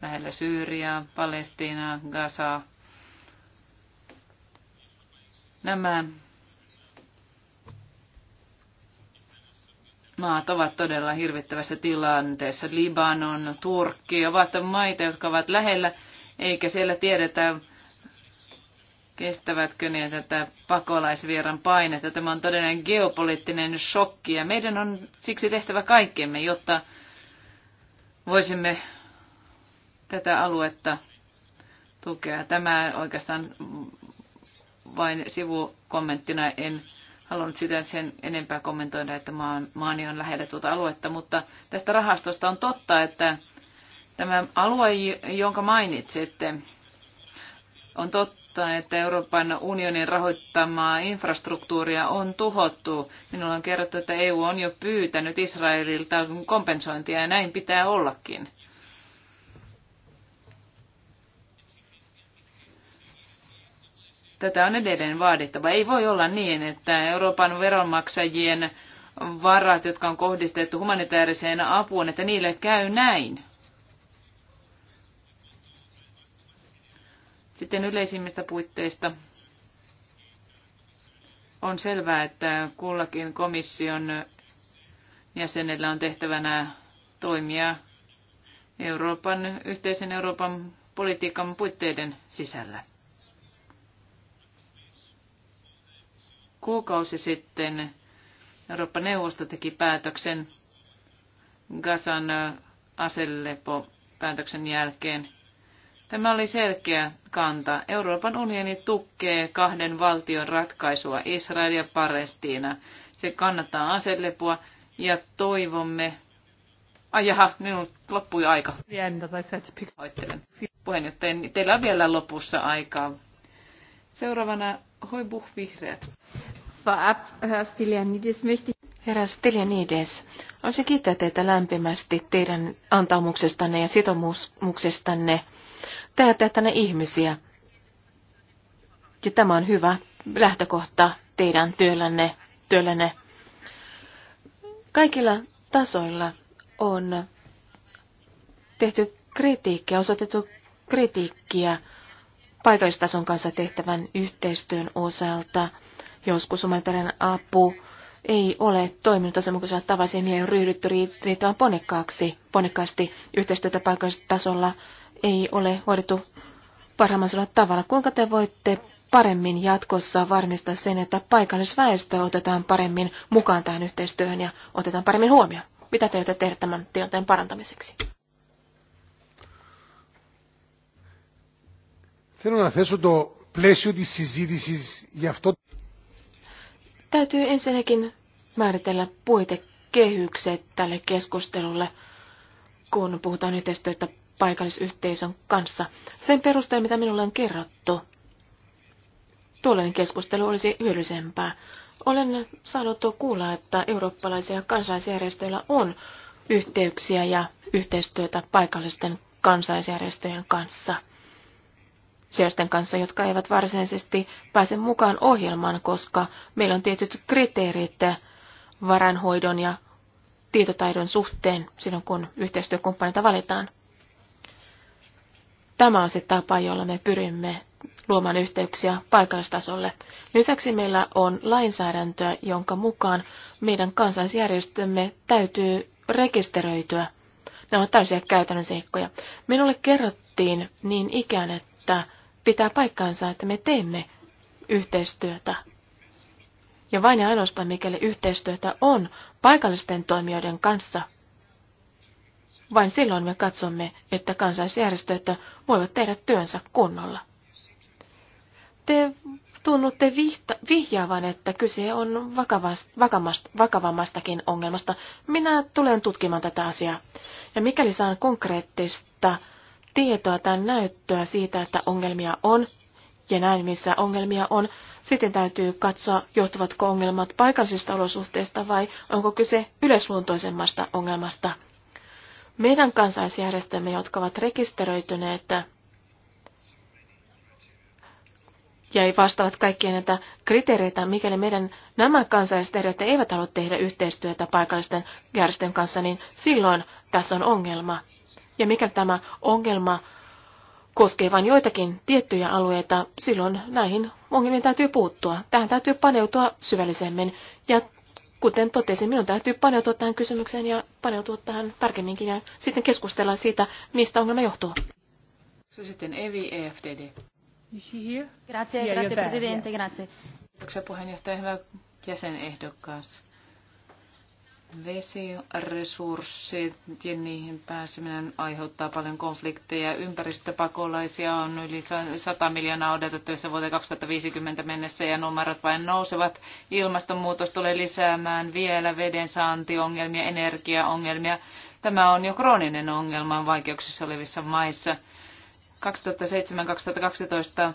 A: Lähellä Syyriaa, Palestiinaa, Gazaa. Nämä maat ovat todella hirvittävässä tilanteessa. Libanon, Turkki ovat maita, jotka ovat lähellä eikä siellä tiedetä, kestävätkö ne tätä pakolaisvieran painetta. Tämä on todellinen geopoliittinen shokki ja meidän on siksi tehtävä kaikkemme, jotta voisimme tätä aluetta tukea. Tämä oikeastaan vain sivukommenttina en halunnut sitä sen enempää kommentoida, että maani on lähellä tuota aluetta, mutta tästä rahastosta on totta, että Tämä alue, jonka mainitsitte, on totta, että Euroopan unionin rahoittamaa infrastruktuuria on tuhottu. Minulla on kerrottu, että EU on jo pyytänyt Israelilta kompensointia ja näin pitää ollakin. Tätä on edelleen vaadittava. Ei voi olla niin, että Euroopan veronmaksajien varat, jotka on kohdistettu humanitaariseen apuun, että niille käy näin. Sitten yleisimmistä puitteista on selvää, että kullakin komission jäsenellä on tehtävänä toimia Euroopan, yhteisen Euroopan politiikan puitteiden sisällä. Kuukausi sitten Euroopan neuvosto teki päätöksen Gazan aselepo päätöksen jälkeen. Tämä oli selkeä kanta. Euroopan unioni tukee kahden valtion ratkaisua, Israel ja Palestiina. Se kannattaa aselepua ja toivomme... Ai jaha, minun loppui aika. Hoittelen. Puheenjohtaja, niin teillä on vielä lopussa aikaa. Seuraavana Hoibuh Vihreät.
D: Herra Stelianides, haluaisin kiittää teitä lämpimästi teidän antamuksestanne ja sitoumuksestanne täältä tänne ihmisiä. Ja tämä on hyvä lähtökohta teidän työllänne. työllänne. Kaikilla tasoilla on tehty kritiikkiä, osoitettu kritiikkiä paikallistason kanssa tehtävän yhteistyön osalta. Joskus humanitaarinen apu ei ole toiminut asianmukaisella tavalla, siihen ei ole ryhdytty riittävän ponekkaaksi, ponekkaasti yhteistyötä tasolla ei ole hoidettu parhaimmaisella tavalla. Kuinka te voitte paremmin jatkossa varmistaa sen, että paikallisväestö otetaan paremmin mukaan tähän yhteistyöhön ja otetaan paremmin huomioon? Mitä te tehdä tämän tilanteen parantamiseksi?
C: Θέλω να θέσω το πλαίσιο της συζήτησης για αυτό
D: Täytyy ensinnäkin määritellä puitekehykset tälle keskustelulle, kun puhutaan yhteistyöstä paikallisyhteisön kanssa. Sen perusteella, mitä minulle on kerrottu, tuollainen keskustelu olisi hyödyllisempää. Olen saanut kuulla, että eurooppalaisilla kansalaisjärjestöillä on yhteyksiä ja yhteistyötä paikallisten kansalaisjärjestöjen kanssa – sellaisten kanssa, jotka eivät varsinaisesti pääse mukaan ohjelmaan, koska meillä on tietyt kriteerit varanhoidon ja tietotaidon suhteen silloin, kun yhteistyökumppanita valitaan. Tämä on se tapa, jolla me pyrimme luomaan yhteyksiä paikallistasolle. Lisäksi meillä on lainsäädäntöä, jonka mukaan meidän kansalaisjärjestömme täytyy rekisteröityä. Nämä ovat täysiä käytännön seikkoja. Minulle kerrottiin niin ikään, että pitää paikkaansa, että me teemme yhteistyötä. Ja vain ja ainoastaan, mikäli yhteistyötä on paikallisten toimijoiden kanssa, vain silloin me katsomme, että kansalaisjärjestöt voivat tehdä työnsä kunnolla. Te tunnutte vihta, vihjaavan, että kyse on vakavammastakin ongelmasta. Minä tulen tutkimaan tätä asiaa. Ja mikäli saan konkreettista tietoa tai näyttöä siitä, että ongelmia on ja näin, missä ongelmia on. Sitten täytyy katsoa, johtuvatko ongelmat paikallisista olosuhteista vai onko kyse yleisluontoisemmasta ongelmasta. Meidän kansalaisjärjestelmä, jotka ovat rekisteröityneet ja ei vastaavat kaikkia näitä kriteereitä, mikäli meidän nämä kansaisjärjestöt eivät halua tehdä yhteistyötä paikallisten järjestöjen kanssa, niin silloin tässä on ongelma. Ja mikäli tämä ongelma koskee vain joitakin tiettyjä alueita, silloin näihin ongelmiin täytyy puuttua. Tähän täytyy paneutua syvällisemmin. Ja kuten totesin, minun täytyy paneutua tähän kysymykseen ja paneutua tähän tarkemminkin ja sitten keskustella siitä, mistä ongelma johtuu.
A: Se sitten Evi EFDD. Grazie, grazie presidente, grazie. Kiitoksia puheenjohtaja, hyvä jäsenehdokkaas vesiresurssit ja niihin pääseminen aiheuttaa paljon konflikteja. Ympäristöpakolaisia on yli 100 miljoonaa odotettavissa vuoteen 2050 mennessä ja numerot vain nousevat. Ilmastonmuutos tulee lisäämään vielä veden saantiongelmia, energiaongelmia. Tämä on jo krooninen ongelma vaikeuksissa olevissa maissa. 2007-2012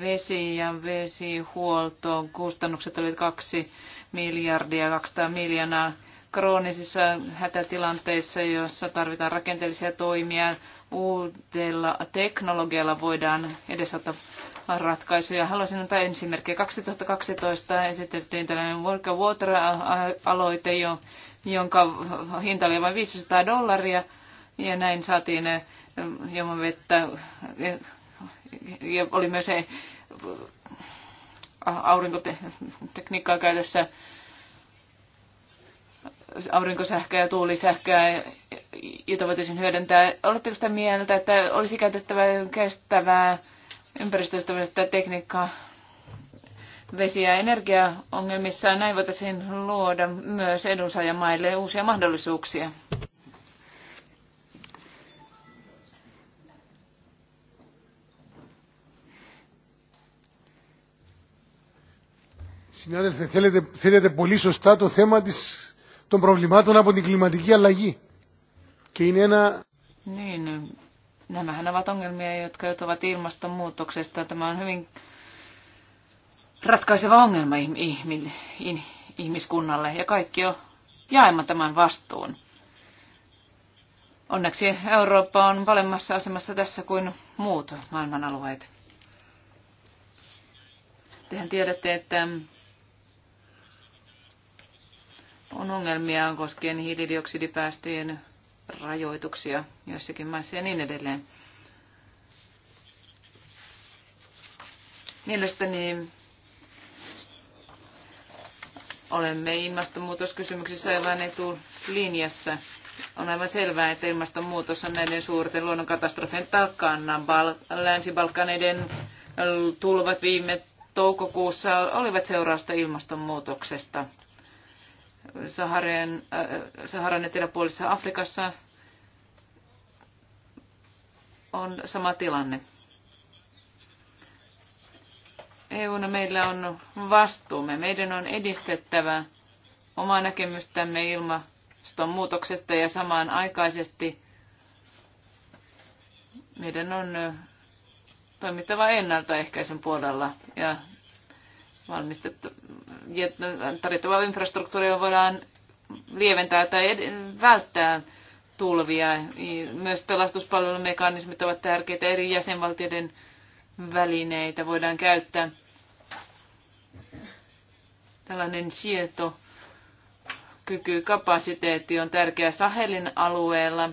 A: vesi ja vesihuolto kustannukset olivat kaksi miljardia, 200 miljoonaa kroonisissa hätätilanteissa, joissa tarvitaan rakenteellisia toimia. Uudella teknologialla voidaan edesauttaa ratkaisuja. Haluaisin antaa esimerkkiä. 2012 esiteltiin tällainen Work and Water-aloite, jonka hinta oli vain 500 dollaria, ja näin saatiin juomavettä, eh, eh, ja oli myös se eh, aurinkotekniikkaa käytössä, aurinkosähköä ja tuulisähköä, jota voitaisiin hyödyntää. Oletteko sitä mieltä, että olisi käytettävä kestävää ympäristöystävällistä tekniikkaa vesi- ja energiaongelmissa? Näin voitaisiin luoda myös edunsaajamaille uusia mahdollisuuksia.
C: Συνάδελφε, θέλετε, θέλετε πολύ σωστά το θέμα της, των προβλημάτων από την κλιματική αλλαγή. Και είναι ένα... Niin,
A: nämähän ovat ongelmia, jotka johtuvat ilmastonmuutoksesta. Tämä on hyvin ratkaiseva ongelma ihmiskunnalle ja kaikki on jaema tämän vastuun. Onneksi Eurooppa on paremmassa asemassa tässä kuin muut maailman alueet. Tehän tiedätte, että on ongelmia koskien hiilidioksidipäästöjen rajoituksia joissakin maissa ja niin edelleen. Mielestäni olemme ilmastonmuutoskysymyksissä aivan etulinjassa. On aivan selvää, että ilmastonmuutos on näiden suurten luonnonkatastrofien takana. Bal- Länsi-Balkaneiden tulvat viime toukokuussa olivat seurausta ilmastonmuutoksesta. Saharien, äh, Saharan eteläpuolisessa Afrikassa on sama tilanne. EUna meillä on vastuumme. Meidän on edistettävä omaa näkemystämme ilmastonmuutoksesta ja samaan aikaisesti meidän on äh, toimittava ennaltaehkäisyn puolella ja valmistettu tarjottava infrastruktuuri, infrastruktuuria voidaan lieventää tai välttää tulvia. Myös pelastuspalvelumekanismit ovat tärkeitä eri jäsenvaltioiden välineitä voidaan käyttää. Tällainen sieto kyky, kapasiteetti on tärkeä Sahelin alueella.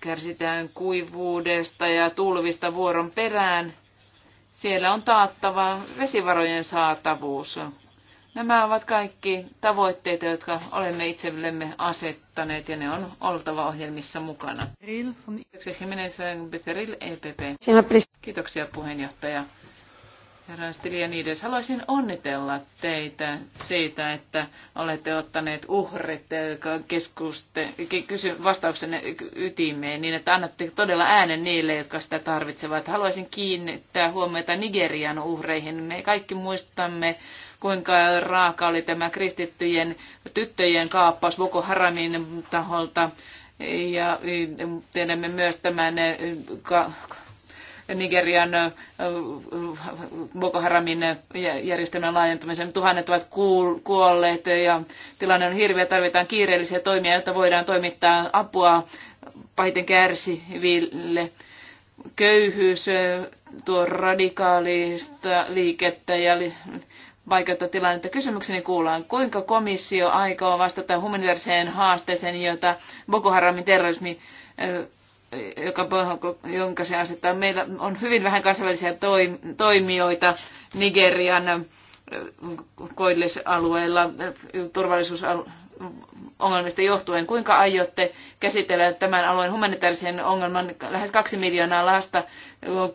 A: Kärsitään kuivuudesta ja tulvista vuoron perään. Siellä on taattava vesivarojen saatavuus. Nämä ovat kaikki tavoitteita, jotka olemme itsellemme asettaneet ja ne on oltava ohjelmissa mukana. Kiitoksia EPP. E Kiitoksia puheenjohtaja. Herra Stylianides, haluaisin onnitella teitä siitä, että olette ottaneet uhrit eh, keskuste, vastauksenne ytimeen niin, että annatte todella äänen niille, jotka sitä tarvitsevat. Haluaisin kiinnittää huomiota Nigerian uhreihin. Me kaikki muistamme, kuinka raaka oli tämä kristittyjen tyttöjen kaappaus Boko Haramin taholta. Ja tiedämme myös tämän eh, Nigerian Boko Haramin järjestelmän laajentumisen. Tuhannet ovat kuolleet ja tilanne on hirveä. Tarvitaan kiireellisiä toimia, jotta voidaan toimittaa apua pahiten kärsiville. Köyhyys tuo radikaalista liikettä ja vaikeuttaa tilannetta. Kysymykseni kuullaan, kuinka komissio aikoo vastata humanitaariseen haasteeseen, jota Boko Haramin terrorismi joka, jonka se asettaa. Meillä on hyvin vähän kansainvälisiä toimijoita Nigerian koillisalueella
E: turvallisuusongelmista
A: johtuen. Kuinka aiotte käsitellä tämän alueen humanitaarisen ongelman? Lähes kaksi miljoonaa lasta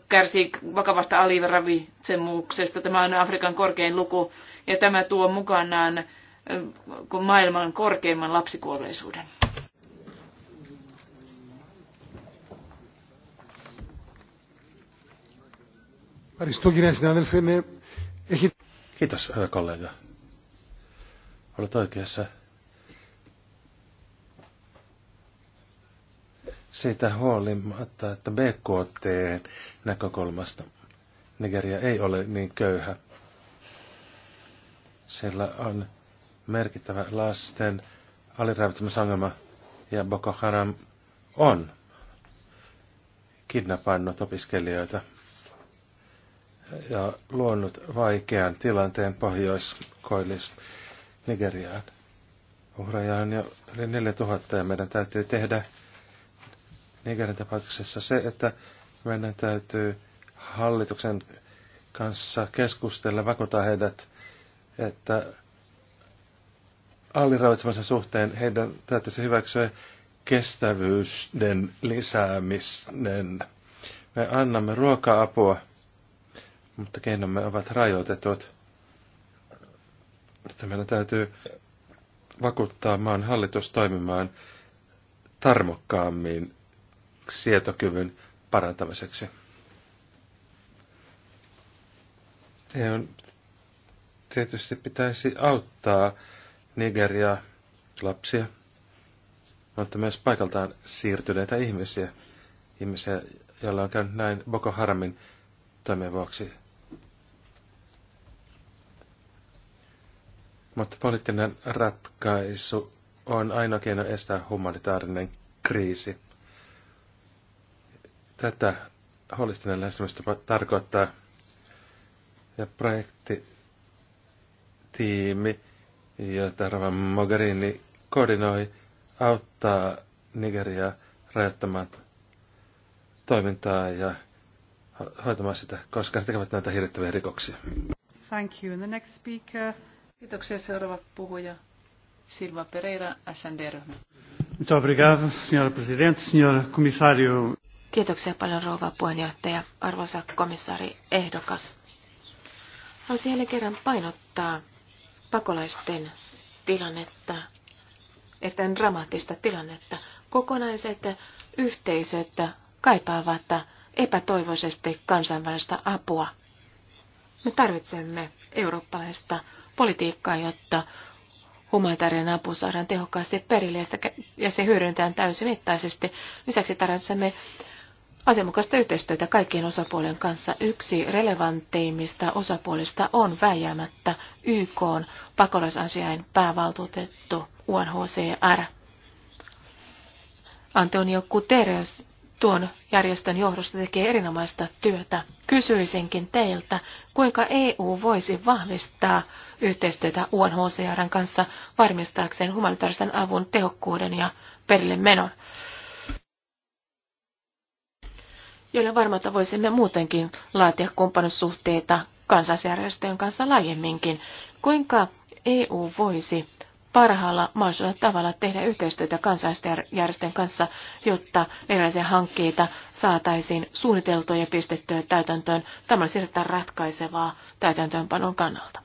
A: kärsii vakavasta aliravitsemuksesta. Tämä on Afrikan korkein luku ja tämä tuo mukanaan maailman korkeimman lapsikuolleisuuden.
C: Kiitos, hyvä kollega. Olet oikeassa.
B: Siitä huolimatta, että BKT näkökulmasta Nigeria ei ole niin köyhä. Sillä on merkittävä lasten aliravitsemusongelma ja Boko Haram on kidnappannut opiskelijoita – ja luonut vaikean tilanteen pohjoiskoillis Nigeriaan. Uhraja on jo yli 4000 ja meidän täytyy tehdä Nigerin tapauksessa se, että meidän täytyy hallituksen kanssa keskustella, vakuuttaa heidät, että alliravitsemisen suhteen heidän täytyisi hyväksyä kestävyyden lisäämisen. Me annamme ruoka-apua mutta keinomme ovat rajoitetut. Että meidän täytyy vakuuttaa maan hallitus toimimaan tarmokkaammin sietokyvyn parantamiseksi. EUn tietysti pitäisi auttaa Nigeria lapsia, mutta myös paikaltaan siirtyneitä ihmisiä, ihmisiä, joilla on käynyt näin Boko Haramin toimien vuoksi. Mutta poliittinen ratkaisu on ainoa keino estää humanitaarinen kriisi. Tätä holistinen lähestymistapa tarkoittaa ja projektitiimi, jota Rava Mogherini koordinoi, auttaa Nigeriaa rajoittamaan toimintaa ja hoitamaan sitä, koska ne tekevät näitä hirvittäviä rikoksia.
D: Thank you. And the next speaker Kiitoksia. Seuraava
A: puhuja Silva Pereira, SND-ryhmä.
D: Kiitoksia paljon rouva puheenjohtaja, arvoisa komissaari ehdokas. Haluaisin jälleen kerran painottaa pakolaisten tilannetta, erittäin dramaattista tilannetta. Kokonaiset yhteisöt kaipaavat epätoivoisesti kansainvälistä apua. Me tarvitsemme eurooppalaista politiikkaa, jotta humanitaarinen apu saadaan tehokkaasti perille ja, sitä, ja se hyödynnetään täysimittaisesti. Lisäksi tarvitsemme asianmukaista yhteistyötä kaikkien osapuolien kanssa. Yksi relevanteimmista osapuolista on väijäämättä YK pakolaisasiain päävaltuutettu UNHCR. Antonio Guterres tuon järjestön johdosta tekee erinomaista työtä. Kysyisinkin teiltä, kuinka EU voisi vahvistaa yhteistyötä UNHCRn kanssa varmistaakseen humanitaarisen avun tehokkuuden ja perille menon. Joilla varmalta voisimme muutenkin laatia kumppanussuhteita kansalaisjärjestöjen kanssa laajemminkin. Kuinka EU voisi parhaalla mahdollisella tavalla tehdä yhteistyötä kansalaisjärjestöjen kanssa, jotta erilaisia hankkeita saataisiin suunniteltua ja pistettyä täytäntöön. Tämä olisi erittäin ratkaisevaa täytäntöönpanon kannalta.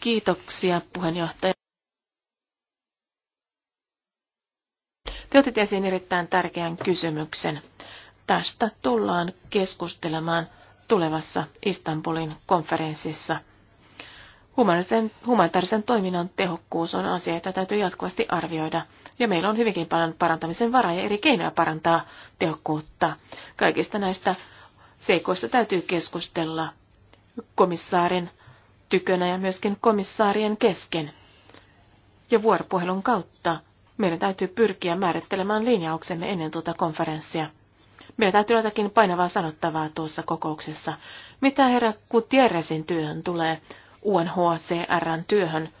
D: Kiitoksia puheenjohtaja. Te otitte esiin erittäin tärkeän kysymyksen. Tästä tullaan keskustelemaan tulevassa Istanbulin konferenssissa. Humanitaarisen, humanitaarisen toiminnan tehokkuus on asia, jota täytyy jatkuvasti arvioida, ja meillä on hyvinkin paljon parantamisen varaa ja eri keinoja parantaa tehokkuutta. Kaikista näistä seikoista täytyy keskustella komissaarin tykönä ja myöskin komissaarien kesken. Ja vuoropuhelun kautta meidän täytyy pyrkiä määrittelemään linjauksemme ennen tuota konferenssia. Meillä täytyy jotakin painavaa sanottavaa tuossa kokouksessa. Mitä herra Gutierrezin työhön tulee, UNHCRn työhön,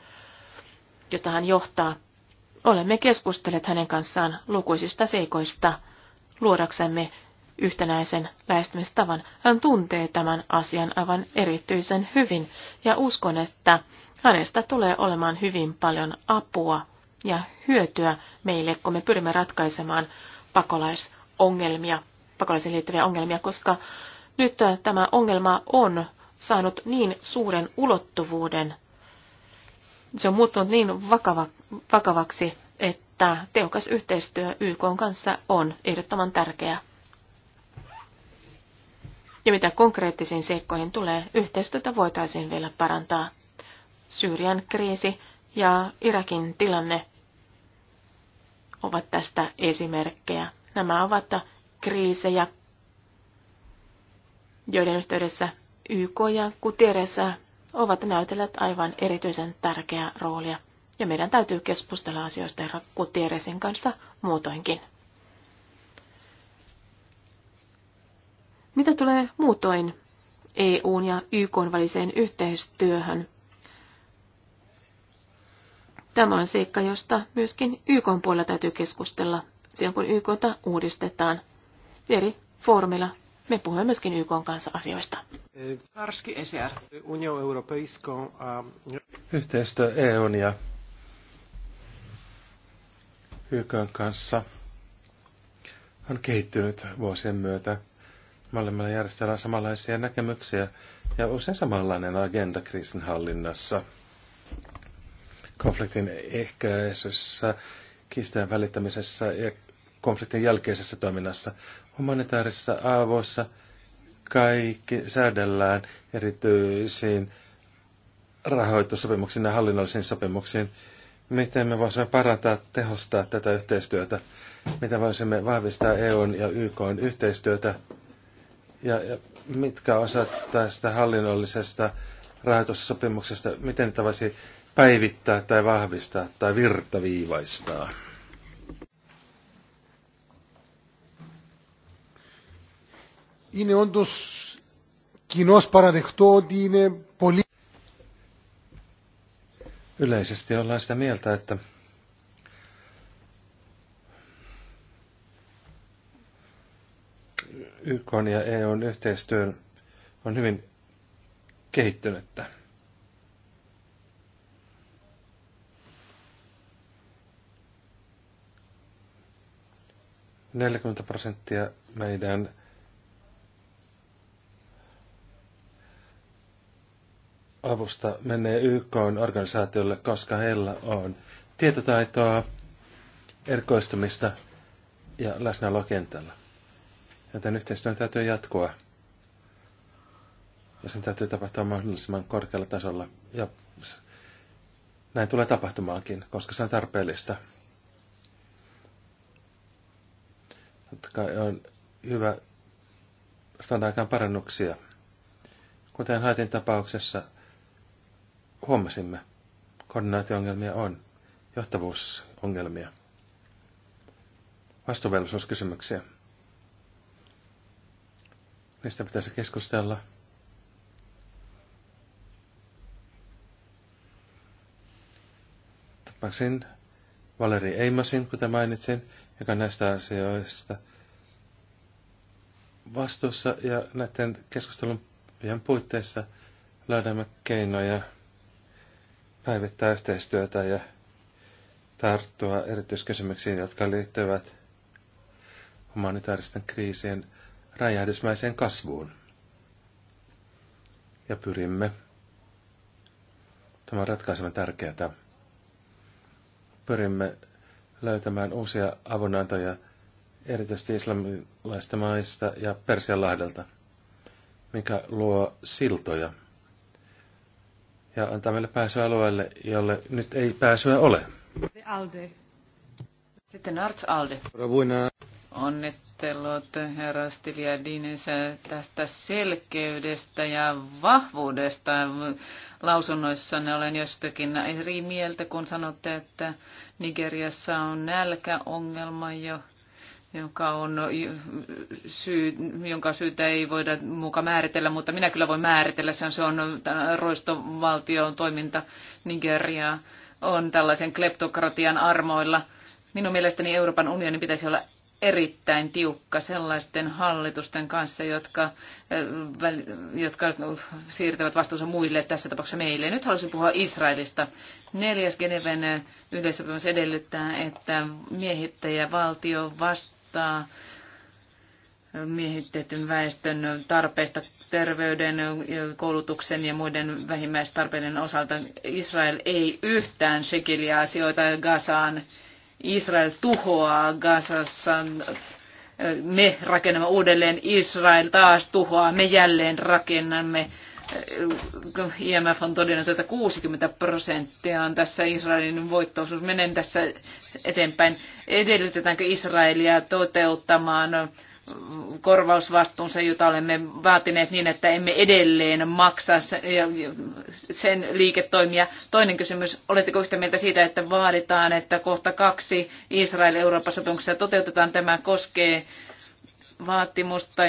D: jota hän johtaa? Olemme keskustelleet hänen kanssaan lukuisista seikoista luodaksemme yhtenäisen lähestymistavan. Hän tuntee tämän asian aivan erityisen hyvin ja uskon, että hänestä tulee olemaan hyvin paljon apua ja hyötyä meille, kun me pyrimme ratkaisemaan pakolaisongelmia pakolaisiin liittyviä ongelmia, koska nyt tämä ongelma on saanut niin suuren ulottuvuuden. Se on muuttunut niin vakava, vakavaksi, että tehokas yhteistyö YK kanssa on ehdottoman tärkeää. Ja mitä konkreettisiin seikkoihin tulee, yhteistyötä voitaisiin vielä parantaa. Syyrian kriisi ja Irakin tilanne ovat tästä esimerkkejä. Nämä ovat kriisejä, joiden yhteydessä YK ja Kutieressä ovat näytelleet aivan erityisen tärkeää roolia. Ja meidän täytyy keskustella asioista herra Gutierrezin kanssa muutoinkin. Mitä tulee muutoin EUn ja YKn väliseen yhteistyöhön? Tämä on seikka, josta myöskin YKn puolella täytyy keskustella silloin, kun YKta uudistetaan – Vieri, foorumilla. Me puhumme myöskin YK kanssa asioista.
C: Karski ECR. Union Europeisko. Yhteistyö
B: EUn ja YK kanssa on kehittynyt vuosien myötä. Molemmilla järjestellään samanlaisia näkemyksiä ja usein samanlainen agenda hallinnassa, konfliktin ehkäisyssä, kiistojen välittämisessä ja konfliktin jälkeisessä toiminnassa. Humanitaarisissa aavoissa kaikki säädellään erityisiin rahoitussopimuksiin ja hallinnollisiin sopimuksiin. Miten me voisimme parantaa, tehostaa tätä yhteistyötä? Miten voisimme vahvistaa EUn ja YKn yhteistyötä? Ja, ja mitkä osat tästä hallinnollisesta rahoitussopimuksesta, miten tavasi päivittää tai vahvistaa tai virtaviivaistaa?
C: είναι όντως κοινώς παραδεχτό ότι είναι πολύ...
B: Yleisesti ollaan sitä mieltä, että YK ja EUn yhteistyö on hyvin kehittynyttä. Neljäkymmentä prosenttia meidän avusta menee YK-organisaatiolle, koska heillä on tietotaitoa, erkoistumista ja läsnäolokentällä. kentällä. Joten yhteistyön täytyy jatkua. Ja sen täytyy tapahtua mahdollisimman korkealla tasolla. Ja näin tulee tapahtumaankin, koska se on tarpeellista. Totta kai on hyvä saada aikaan parannuksia. Kuten Haitin tapauksessa, huomasimme, koordinaatio-ongelmia on, johtavuusongelmia, vastuuvelvollisuuskysymyksiä. Niistä pitäisi keskustella. Tapasin Valeri Eimasin, kuten mainitsin, joka on näistä asioista vastuussa ja näiden keskustelun puitteissa löydämme keinoja päivittää yhteistyötä ja tarttua erityiskysymyksiin, jotka liittyvät humanitaaristen kriisien räjähdysmäiseen kasvuun. Ja pyrimme. Tämä on ratkaisevan tärkeää. Pyrimme löytämään uusia avunantajia erityisesti islamilaista maista ja Persianlahdelta, mikä luo siltoja – ja antaa meille pääsyä alueelle, jolle nyt ei pääsyä
C: ole.
A: Alde. Sitten Arts Alde. Ravuina. Onnittelut herra Stiliadines tästä selkeydestä ja vahvuudesta lausunnoissanne olen jostakin eri mieltä, kun sanotte, että Nigeriassa on nälkäongelma, jo, joka on syy, jonka syytä ei voida muka määritellä, mutta minä kyllä voin määritellä sen. Se on roistovaltion toiminta Nigeria on tällaisen kleptokratian armoilla. Minun mielestäni Euroopan unionin pitäisi olla erittäin tiukka sellaisten hallitusten kanssa, jotka, jotka siirtävät vastuunsa muille, tässä tapauksessa meille. Nyt haluaisin puhua Israelista. Neljäs Geneven yleissopimus edellyttää, että miehittäjä valtio vastaa tota, miehitetyn väestön tarpeista terveyden, koulutuksen ja muiden vähimmäistarpeiden osalta. Israel ei yhtään sekeliä asioita Gazaan. Israel tuhoaa Gazassa. Me rakennamme uudelleen, Israel taas tuhoaa, me jälleen rakennamme IMF on todennut, että 60 prosenttia on tässä Israelin voittoisuus. Menen tässä eteenpäin. Edellytetäänkö Israelia toteuttamaan korvausvastuunsa, jota olemme vaatineet niin, että emme edelleen maksa sen liiketoimia. Toinen kysymys, oletteko yhtä mieltä siitä, että vaaditaan, että kohta kaksi israel euroopan sopimuksessa toteutetaan? Tämä koskee vaatimusta,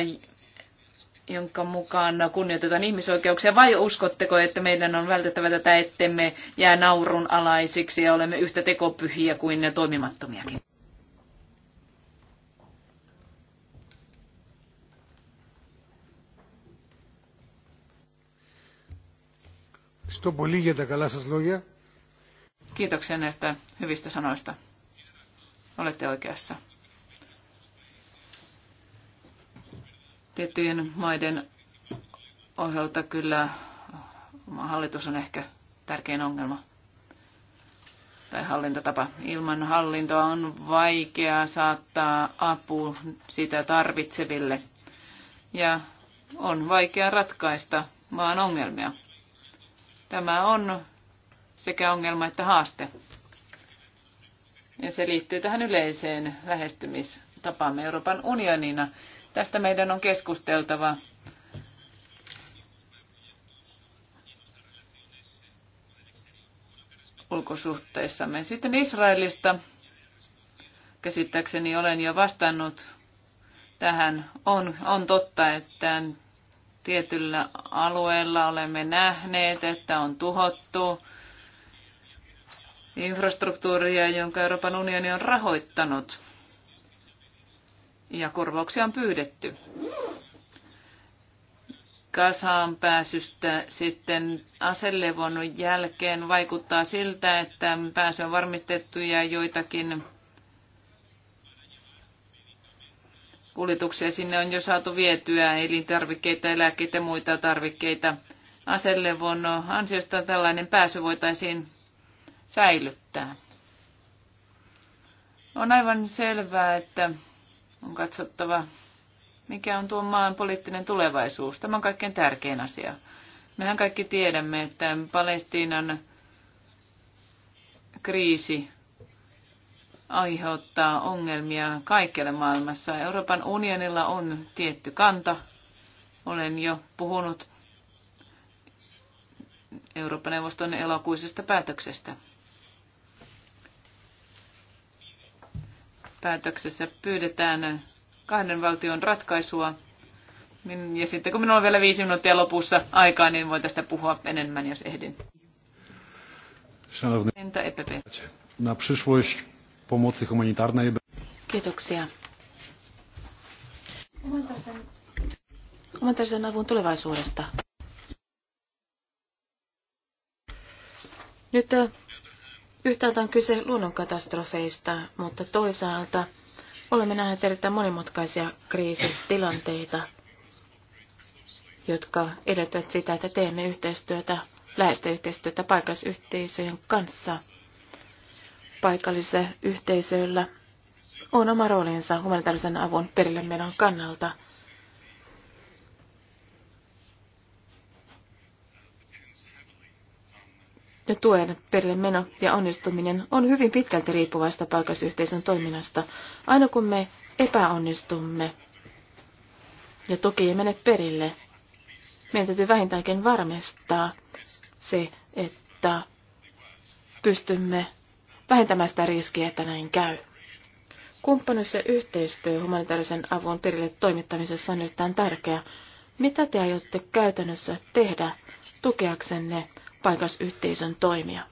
A: jonka mukaan kunnioitetaan ihmisoikeuksia, vai uskotteko, että meidän on vältettävä tätä, ettemme jää naurun alaisiksi ja olemme yhtä tekopyhiä kuin ne toimimattomiakin? Kiitoksia näistä hyvistä sanoista. Olette oikeassa. tiettyjen maiden osalta kyllä oma hallitus on ehkä tärkein ongelma tai hallintatapa. Ilman hallintoa on vaikea saattaa apu sitä tarvitseville ja on vaikea ratkaista maan ongelmia. Tämä on sekä ongelma että haaste. Ja se liittyy tähän yleiseen lähestymistapaamme Euroopan unionina. Tästä meidän on keskusteltava. ulkosuhteissamme. Sitten Israelista käsittääkseni olen jo vastannut tähän. On, on totta, että tietyllä alueella olemme nähneet, että on tuhottu infrastruktuuria, jonka Euroopan unioni on rahoittanut ja korvauksia on pyydetty. Kasaan pääsystä sitten aselevon jälkeen vaikuttaa siltä, että pääsy on varmistettu ja joitakin kuljetuksia sinne on jo saatu vietyä, elintarvikkeita, eläkkeitä ja muita tarvikkeita. Aselevon ansiosta tällainen pääsy voitaisiin säilyttää. On aivan selvää, että on katsottava, mikä on tuon maan poliittinen tulevaisuus. Tämä on kaikkein tärkein asia. Mehän kaikki tiedämme, että Palestiinan kriisi aiheuttaa ongelmia kaikille maailmassa. Euroopan unionilla on tietty kanta. Olen jo puhunut Euroopan neuvoston elokuisesta päätöksestä. päätöksessä pyydetään kahden valtion ratkaisua. Ja sitten kun minulla on vielä viisi minuuttia lopussa aikaa, niin voin tästä puhua enemmän, jos ehdin.
C: Entä EPP? Na przyszłość pomocy humanitarnej.
D: Kiitoksia. Humanitaarisen avun tulevaisuudesta. Nyt Yhtäältä on kyse luonnonkatastrofeista, mutta toisaalta olemme nähneet erittäin monimutkaisia kriisitilanteita, jotka edellyttävät sitä, että teemme yhteistyötä, läheistä yhteistyötä paikallisyhteisöjen kanssa. Paikallisilla yhteisöillä on oma roolinsa humanitaarisen avun perille kannalta. ja tuen perille meno ja onnistuminen on hyvin pitkälti riippuvaista paikallisyhteisön toiminnasta. Aina kun me epäonnistumme ja tuki ei mene perille, meidän täytyy vähintäänkin varmistaa se, että pystymme vähentämään sitä riskiä, että näin käy. Kumppanuus ja yhteistyö humanitaarisen avun perille toimittamisessa on erittäin tärkeää. Mitä te aiotte käytännössä tehdä tukeaksenne paikallisyhteisön toimia.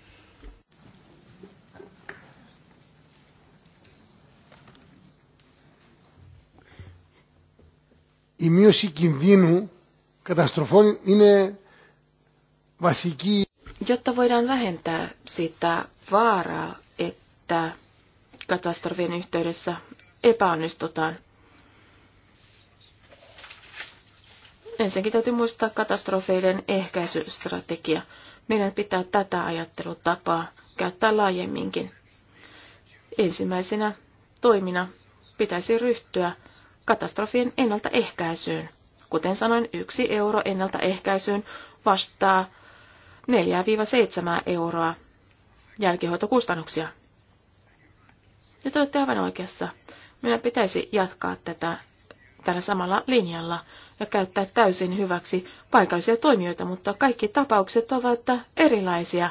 C: η μείωση κινδύνου καταστροφών είναι βασική.
D: Jotta voidaan vähentää sitä vaaraa, että katastrofien yhteydessä epäonnistutaan. Ensinnäkin täytyy muistaa katastrofeiden ehkäisystrategia. Meidän pitää tätä ajattelutapaa käyttää laajemminkin. Ensimmäisenä toimina pitäisi ryhtyä katastrofien ennaltaehkäisyyn. Kuten sanoin, yksi euro ennaltaehkäisyyn vastaa 4-7 euroa jälkihoitokustannuksia. Ja te olette aivan oikeassa. Meidän pitäisi jatkaa tätä tällä samalla linjalla ja käyttää täysin hyväksi paikallisia toimijoita, mutta kaikki tapaukset ovat erilaisia.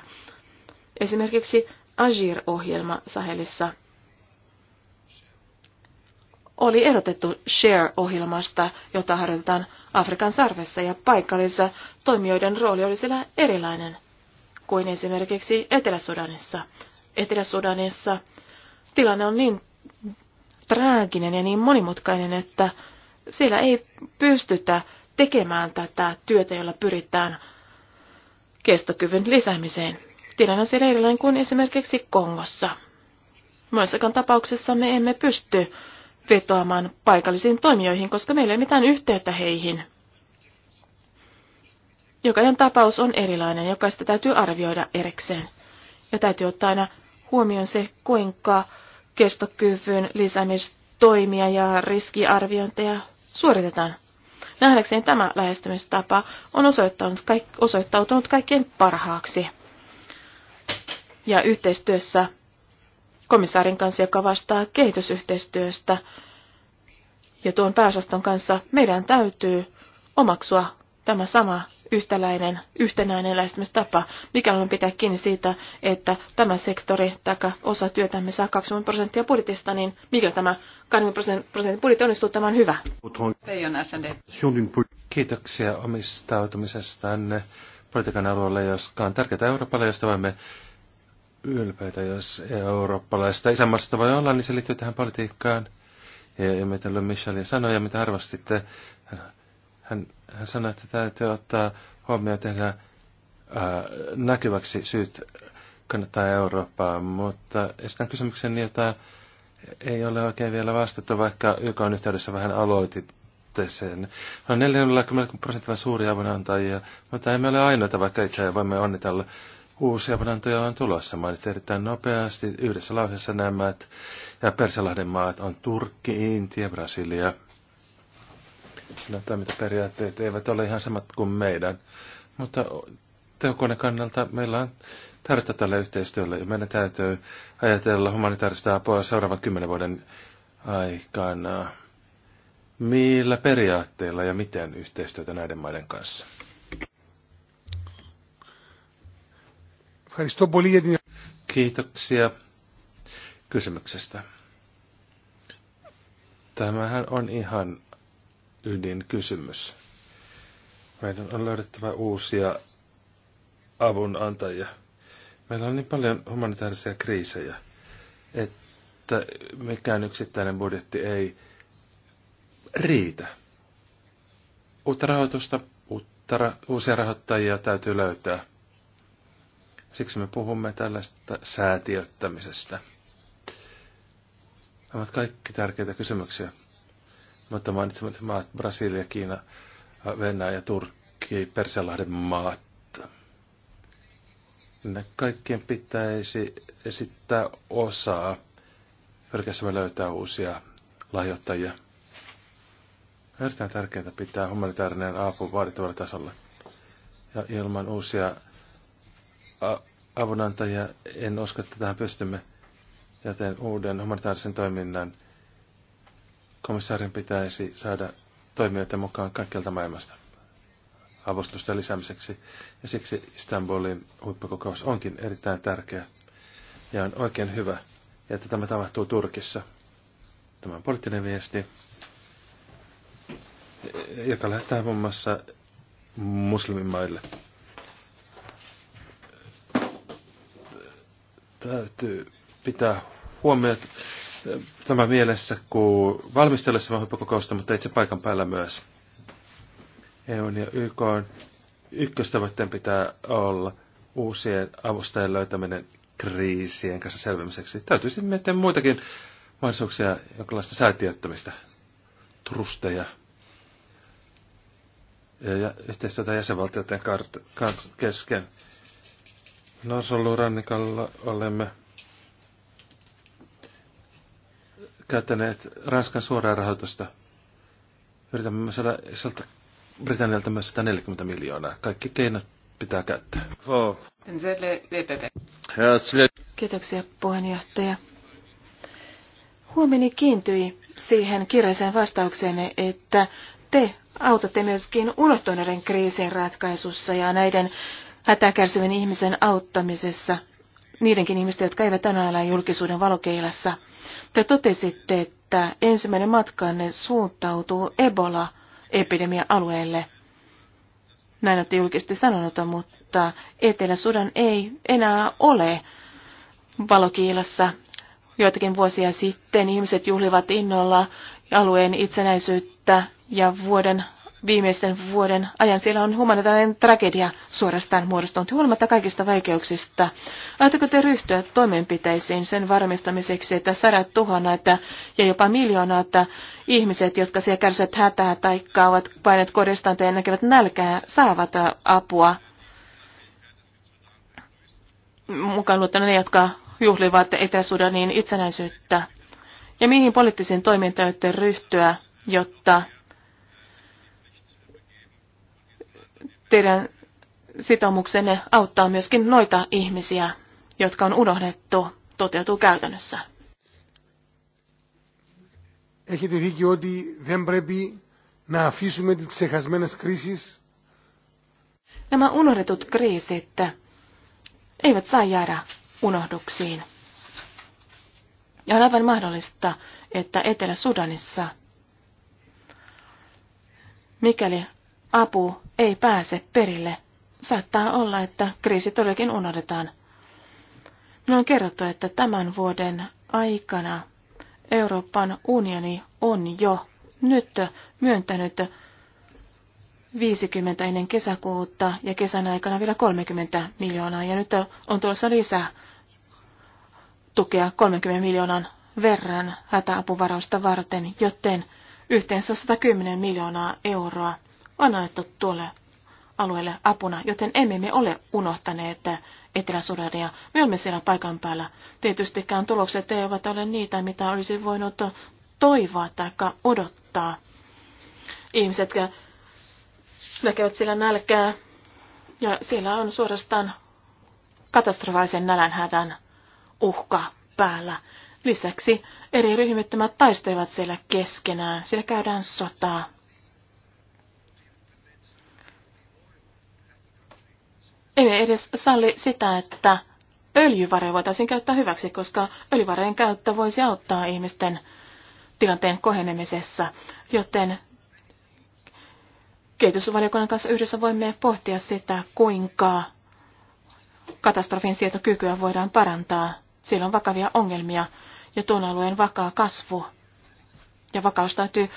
D: Esimerkiksi Azir ohjelma Sahelissa oli erotettu Share-ohjelmasta, jota harjoitetaan Afrikan sarvessa, ja paikallisessa toimijoiden rooli oli siellä erilainen kuin esimerkiksi Etelä-Sudanissa. Etelä-Sudanissa tilanne on niin traaginen ja niin monimutkainen, että siellä ei pystytä tekemään tätä työtä, jolla pyritään kestokyvyn lisäämiseen. Tilanne on siellä erilainen kuin esimerkiksi Kongossa. Moissakaan tapauksessa me emme pysty vetoamaan paikallisiin toimijoihin, koska meillä ei mitään yhteyttä heihin. Jokainen tapaus on erilainen, jokaista täytyy arvioida erikseen. Ja täytyy ottaa aina huomioon se, kuinka kestokyvyn lisäämistoimia ja riskiarviointeja suoritetaan. Nähdäkseni tämä lähestymistapa on osoittautunut, kaik- osoittautunut kaikkein parhaaksi. Ja yhteistyössä komissaarin kanssa, joka vastaa kehitysyhteistyöstä, ja tuon pääosaston kanssa meidän täytyy omaksua tämä sama yhtäläinen, yhtenäinen lähestymistapa, mikä on pitää kiinni siitä, että tämä sektori tai osa työtämme saa 20 prosenttia budjetista, niin mikä tämä 20 prosentin budjetti onnistuu, tämä on hyvä.
B: Kiitoksia omistautumisestanne politiikan alueelle, joka on tärkeää Euroopalle, josta voimme ylpeitä, jos eurooppalaista isänmaasta voi olla, niin se liittyy tähän politiikkaan. Ja, ja mitä Michelin Michel sanoi, ja mitä arvostitte, hän hän sanoi, että täytyy ottaa huomioon tehdä ää, näkyväksi syyt kannattaa Eurooppaa, mutta esitän kysymyksen, jota ei ole oikein vielä vastattu, vaikka YK on yhteydessä vähän aloitit. sen. On 40 prosenttia suuria avunantajia, mutta emme ole ainoita, vaikka itse voimme onnitella. Uusia avunantoja on tulossa. Mainitsin erittäin nopeasti yhdessä lauseessa nämä, ja Persialahden maat on Turkki, Intia, Brasilia, sillä toimintaperiaatteet eivät ole ihan samat kuin meidän. Mutta tehokoneen kannalta meillä on tarvetta tälle yhteistyölle ja meidän täytyy ajatella humanitaarista apua seuraavan kymmenen vuoden aikana. Millä periaatteilla ja miten yhteistyötä näiden maiden kanssa? Kiitoksia kysymyksestä. Tämähän on ihan ydinkysymys. Meidän on löydettävä uusia avunantajia. Meillä on niin paljon humanitaarisia kriisejä, että mikään yksittäinen budjetti ei riitä. Uutta rahoitusta, uutta, uusia rahoittajia täytyy löytää. Siksi me puhumme tällaista säätiöttämisestä. Nämä ovat kaikki tärkeitä kysymyksiä. Mutta mainitsemat maat, Brasilia, Kiina, Venäjä, Turkki, Persialahden maat. Ne kaikkien pitäisi esittää osaa. Pyrkässä me löytää uusia lahjoittajia. Erittäin tärkeää pitää humanitaarinen apu vaadittavalla tasolla. Ja ilman uusia avunantajia en usko, että tähän pystymme, joten uuden humanitaarisen toiminnan komissaarin pitäisi saada toimijoita mukaan kaikkialta maailmasta avustusta lisäämiseksi. Ja siksi Istanbulin huippukokous onkin erittäin tärkeä ja on oikein hyvä, että tämä tapahtuu Turkissa. Tämä on poliittinen viesti, joka lähettää muun muassa muslimimaille. Täytyy pitää huomioon, tämä mielessä, kun valmistellessa huippukokousta, mutta itse paikan päällä myös. EU ja YK on ykköstavoitteen pitää olla uusien avustajien löytäminen kriisien kanssa selvimiseksi. Täytyisi miettiä muitakin mahdollisuuksia, jonkinlaista säätiöttämistä, trusteja ja, yhteistyötä jäsenvaltioiden kesken. Norsolurannikolla olemme käyttäneet Ranskan suoraa rahoitusta. Yritämme saada sieltä Britannialta myös 140 miljoonaa. Kaikki keinot pitää käyttää.
D: Kiitoksia puheenjohtaja. Huomeni kiintyi siihen kirjaiseen vastaukseen, että te autatte myöskin ulottuneiden kriisin ratkaisussa ja näiden hätäkärsivän ihmisen auttamisessa niidenkin ihmisten, jotka eivät tänään elä julkisuuden valokeilassa. Te totesitte, että ensimmäinen matkanne suuntautuu Ebola-epidemia-alueelle. Näin olette julkisesti sanonut, mutta Etelä-Sudan ei enää ole valokiilassa. Joitakin vuosia sitten ihmiset juhlivat innolla alueen itsenäisyyttä ja vuoden viimeisten vuoden ajan. Siellä on humanitaarinen tragedia suorastaan muodostunut huolimatta kaikista vaikeuksista. Ajatteko te ryhtyä toimenpiteisiin sen varmistamiseksi, että sadat tuhannet ja jopa miljoonat ihmiset, jotka siellä kärsivät hätää tai ovat painet kodestaan tai näkevät nälkää, saavat apua? Mukaan luottuna ne, jotka juhlivat Etelä-Sudanin itsenäisyyttä. Ja mihin poliittisiin toimintaan ryhtyä, jotta teidän sitoumuksenne auttaa myöskin noita ihmisiä, jotka on unohdettu, toteutuu käytännössä.
C: Έχετε δίκιο ότι δεν πρέπει να αφήσουμε τις ξεχασμένες κρίσεις.
D: Nämä unohdetut kriisit eivät saa jäädä unohduksiin. Ja on aivan mahdollista, että Etelä-Sudanissa, mikäli apu ei pääse perille. Saattaa olla, että kriisi todellakin unohdetaan. Minulle on kerrottu, että tämän vuoden aikana Euroopan unioni on jo nyt myöntänyt 50 ennen kesäkuuta ja kesän aikana vielä 30 miljoonaa. Ja nyt on tulossa lisää tukea 30 miljoonan verran hätäapuvarausta varten, joten yhteensä 110 miljoonaa euroa on annettu tuolle alueelle apuna, joten emme me ole unohtaneet Etelä-Sudania. Me olemme siellä paikan päällä. Tietystikään tulokset eivät ole niitä, mitä olisi voinut toivoa tai odottaa. Ihmiset näkevät siellä nälkää ja siellä on suorastaan katastrofaalisen nälänhädän uhka päällä. Lisäksi eri ryhmittymät taistelevat siellä keskenään. Siellä käydään sotaa. emme edes salli sitä, että öljyvaroja voitaisiin käyttää hyväksi, koska öljyvarojen käyttö voisi auttaa ihmisten tilanteen kohenemisessa, joten kehitysvaliokunnan kanssa yhdessä voimme pohtia sitä, kuinka katastrofin sietokykyä voidaan parantaa. Siellä on vakavia ongelmia ja tuon alueen vakaa kasvu. Ja vakaus täytyy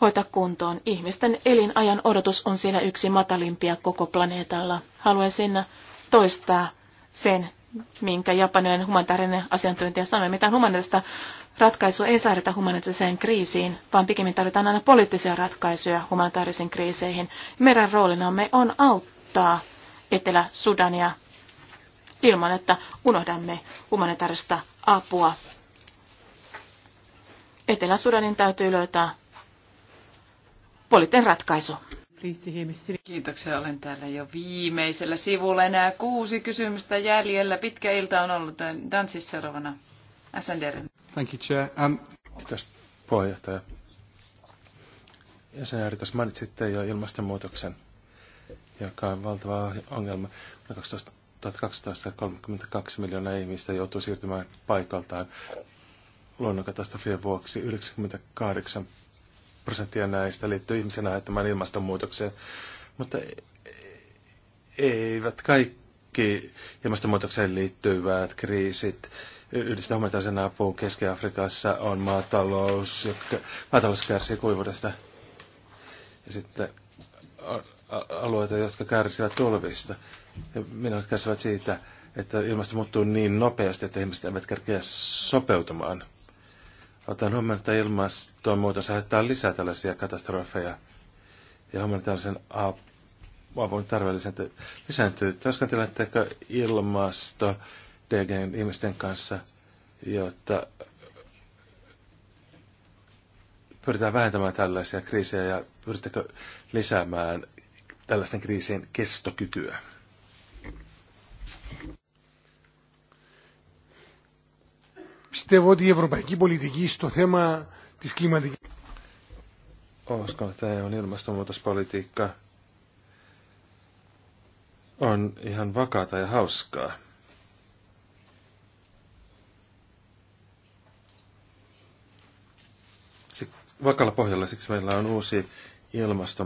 D: hoitaa kuntoon. Ihmisten elinajan odotus on siellä yksi matalimpia koko planeetalla. Haluaisin toistaa sen, minkä japanilainen humanitaarinen asiantuntija sanoi. Mitään humanitaarista ratkaisua ei saada humanitaariseen kriisiin, vaan pikemmin tarvitaan aina poliittisia ratkaisuja humanitaarisiin kriiseihin. Meidän roolinamme on auttaa Etelä-Sudania ilman, että unohdamme humanitaarista apua. Etelä-Sudanin täytyy löytää
A: poliittinen ratkaisu. Kiitoksia, olen täällä jo viimeisellä sivulla. Enää kuusi kysymystä jäljellä. Pitkä ilta on ollut tanssissa seuraavana. SNDR.
B: Thank you, Chair. Um, kiitos, puheenjohtaja. Jäsenerikas, mainitsitte jo ilmastonmuutoksen, joka on valtava ongelma. 2012 miljoonaa ihmistä joutuu siirtymään paikaltaan luonnonkatastrofien vuoksi. 98 prosenttia näistä liittyy ihmisen aiheuttamaan ilmastonmuutokseen, mutta e- eivät kaikki ilmastonmuutokseen liittyvät kriisit yhdistä humanitaarisen apuun Keski-Afrikassa on maatalous, joka, maatalous kärsii kuivuudesta. Ja sitten alueita, jotka kärsivät tulvista. Ja minut kärsivät siitä, että ilmasto muuttuu niin nopeasti, että ihmiset eivät kerkeä sopeutumaan – Otan huomioon, että ilmastonmuutos aiheuttaa lisää tällaisia katastrofeja ja tällaisen avun tarve lisääntyy. Työskenteletteko ilmasto DGn ihmisten kanssa, jotta pyritään vähentämään tällaisia kriisejä ja pyrittekö lisäämään tällaisten kriisien kestokykyä?
C: Πιστεύω ότι η ευρωπαϊκή πολιτική στο θέμα της κλιματικής...
B: Uskon, että EUn ilmastonmuutospolitiikka on ihan vakaata ja hauskaa. vakalla pohjalla, siksi meillä on uusi ilmasto...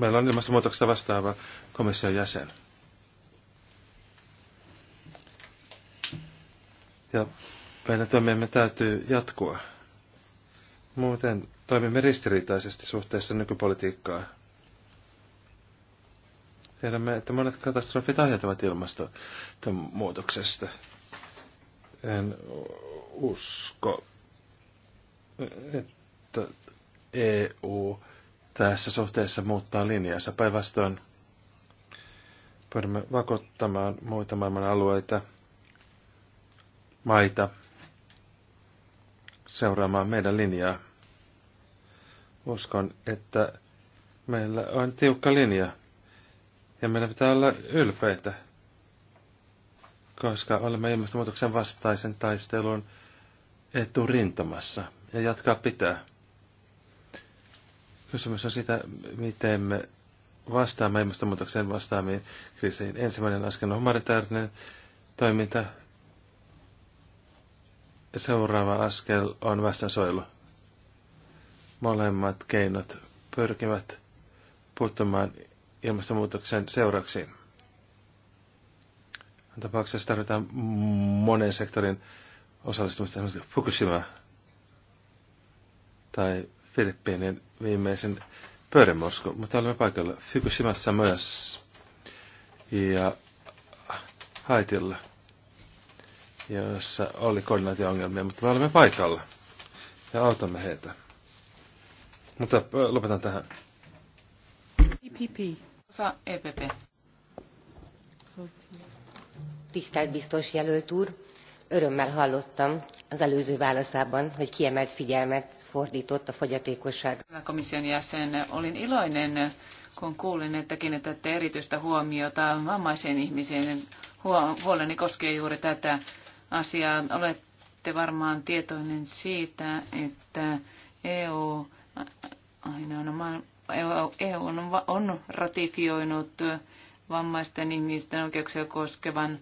B: meillä on ilmastonmuutoksesta vastaava komission jäsen. Ja meidän toimiemme täytyy jatkua. Muuten toimimme ristiriitaisesti suhteessa nykypolitiikkaan. Tiedämme, että monet katastrofit aiheutuvat ilmastonmuutoksesta. En usko, että EU tässä suhteessa muuttaa linjansa. Päinvastoin voimme vakottamaan muita maailman alueita – maita seuraamaan meidän linjaa. Uskon, että meillä on tiukka linja ja meidän pitää olla ylpeitä, koska olemme ilmastonmuutoksen vastaisen taistelun eturintamassa ja jatkaa pitää. Kysymys on sitä, miten me vastaamme ilmastonmuutokseen vastaamiin kriisiin. Ensimmäinen askel on humanitaarinen toiminta, seuraava askel on väestönsuojelu. Molemmat keinot pyrkivät puuttumaan ilmastonmuutoksen seurauksiin. Tapauksessa tarvitaan monen sektorin osallistumista, esimerkiksi Fukushima tai Filippiinien viimeisen pyörimorsku, mutta olemme paikalla Fukushimassa myös ja Haitilla jossa oli koordinaatio-ongelmia, mutta me olemme paikalla ja autamme heitä. Mutta lopetan tähän.
D: EPP. Osa EPP.
C: Tisztelt biztos jelölt úr, örömmel hallottam az előző válaszában, hogy kiemelt figyelmet fordított a fogyatékosság.
A: Komission jäsen, olin iloinen, kun kuulin, että kiinnitätte erityistä huomiota vammaisen ihmisen. Huoleni koskee juuri tätä asiaa. Olette varmaan tietoinen siitä, että EU, aina on, EU on, on ratifioinut vammaisten ihmisten oikeuksia koskevan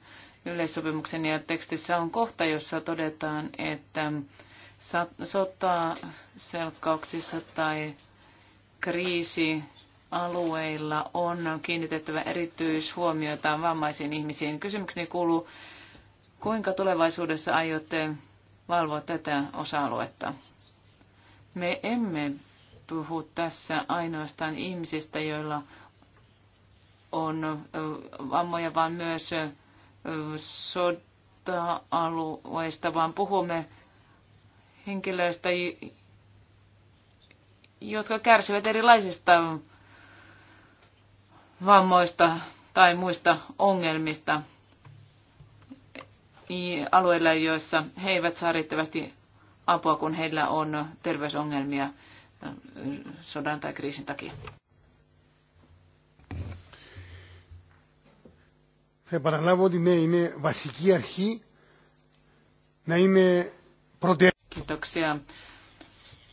A: yleissopimuksen ja tekstissä on kohta, jossa todetaan, että sotaa selkkauksissa tai kriisi alueilla on kiinnitettävä erityishuomiota vammaisiin ihmisiin. Kysymykseni kuuluu, Kuinka tulevaisuudessa aiotte valvoa tätä osa-aluetta? Me emme puhu tässä ainoastaan ihmisistä, joilla on vammoja, vaan myös sota-alueista, vaan puhumme henkilöistä, jotka kärsivät erilaisista vammoista tai muista ongelmista. Niin, alueilla, joissa he eivät saa riittävästi apua, kun heillä on terveysongelmia äh, sodan tai kriisin takia.
C: Θα επαναλάβω ότι ναι, είναι βασική αρχή να είναι Kiitoksia.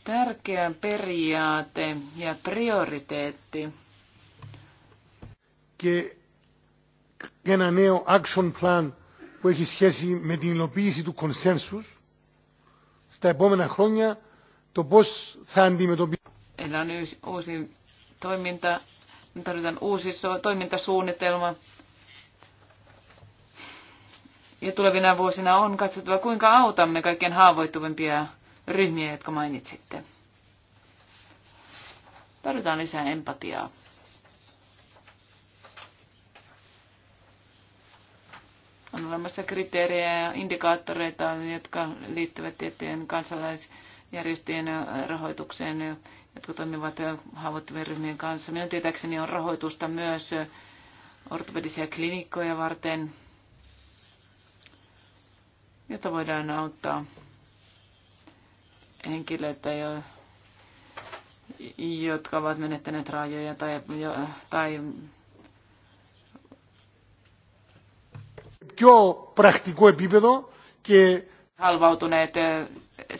C: Tärkeä
A: περιάτε για prioriteetti.
C: Και ένα νέο action plan που έχει σχέση με την υλοποίηση του κονσένσους στα επόμενα χρόνια το πώς θα αντιμετωπίσουμε.
A: uusi toiminta, Ja tulevina vuosina on katsottava, kuinka autamme kaikkein haavoittuvimpia ryhmiä, jotka mainitsitte. Tarvitaan lisää empatiaa. On olemassa kriteerejä ja indikaattoreita, jotka liittyvät tiettyjen kansalaisjärjestöjen rahoitukseen, jotka toimivat haavoittuvien ryhmien kanssa. Minun tietääkseni on rahoitusta myös ortopedisia klinikkoja varten, jota voidaan auttaa henkilöitä, jo, jotka ovat menettäneet rajoja tai, jo, tai
C: πιο πρακτικό επίπεδο και
A: halvautuneet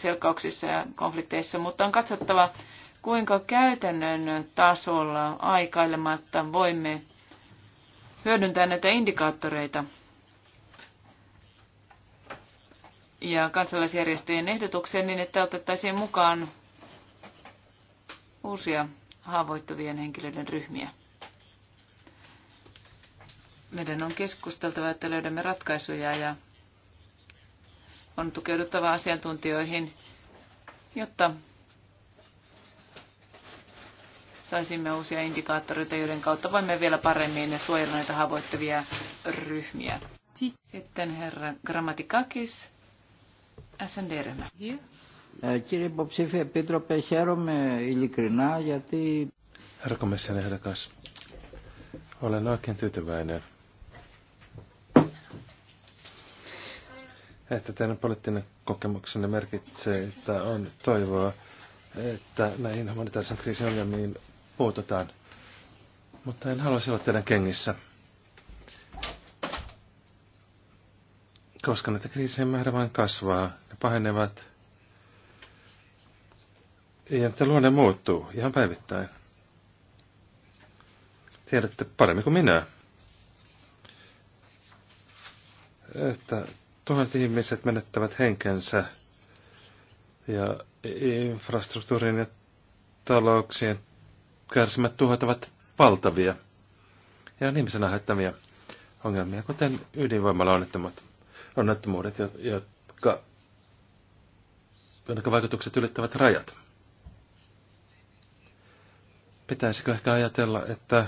A: selkkauksissa ja konflikteissa, mutta on katsottava, kuinka käytännön tasolla aikailematta voimme hyödyntää näitä indikaattoreita ja kansalaisjärjestöjen ehdotukseen niin, että otettaisiin mukaan uusia haavoittuvien henkilöiden ryhmiä. Meidän on keskusteltava, että löydämme ratkaisuja ja on tukeuduttava asiantuntijoihin, jotta saisimme uusia indikaattoreita, joiden kautta voimme vielä paremmin suojella näitä haavoittavia ryhmiä. Sitten herra Grammatikakis, SND-ryhmä.
D: Κύριε υποψήφιε επίτροπε,
A: χαίρομαι ειλικρινά
B: Herra komissaari, olen oikein tyytyväinen, että teidän poliittinen kokemuksenne merkitsee, että on toivoa, että näihin humanitaarisen kriisin ongelmiin puututaan. Mutta en haluaisi olla teidän kengissä. Koska näitä kriisien määrä vain kasvaa, ne pahenevat. Ja että luonne muuttuu ihan päivittäin. Tiedätte paremmin kuin minä. Että Tuhannet ihmiset menettävät henkensä ja infrastruktuurin ja talouksien kärsimät tuhot ovat valtavia ja on ihmisen aiheuttamia ongelmia, kuten ydinvoimalla onnettomat, onnettomuudet, jotka, jotka vaikutukset ylittävät rajat. Pitäisikö ehkä ajatella, että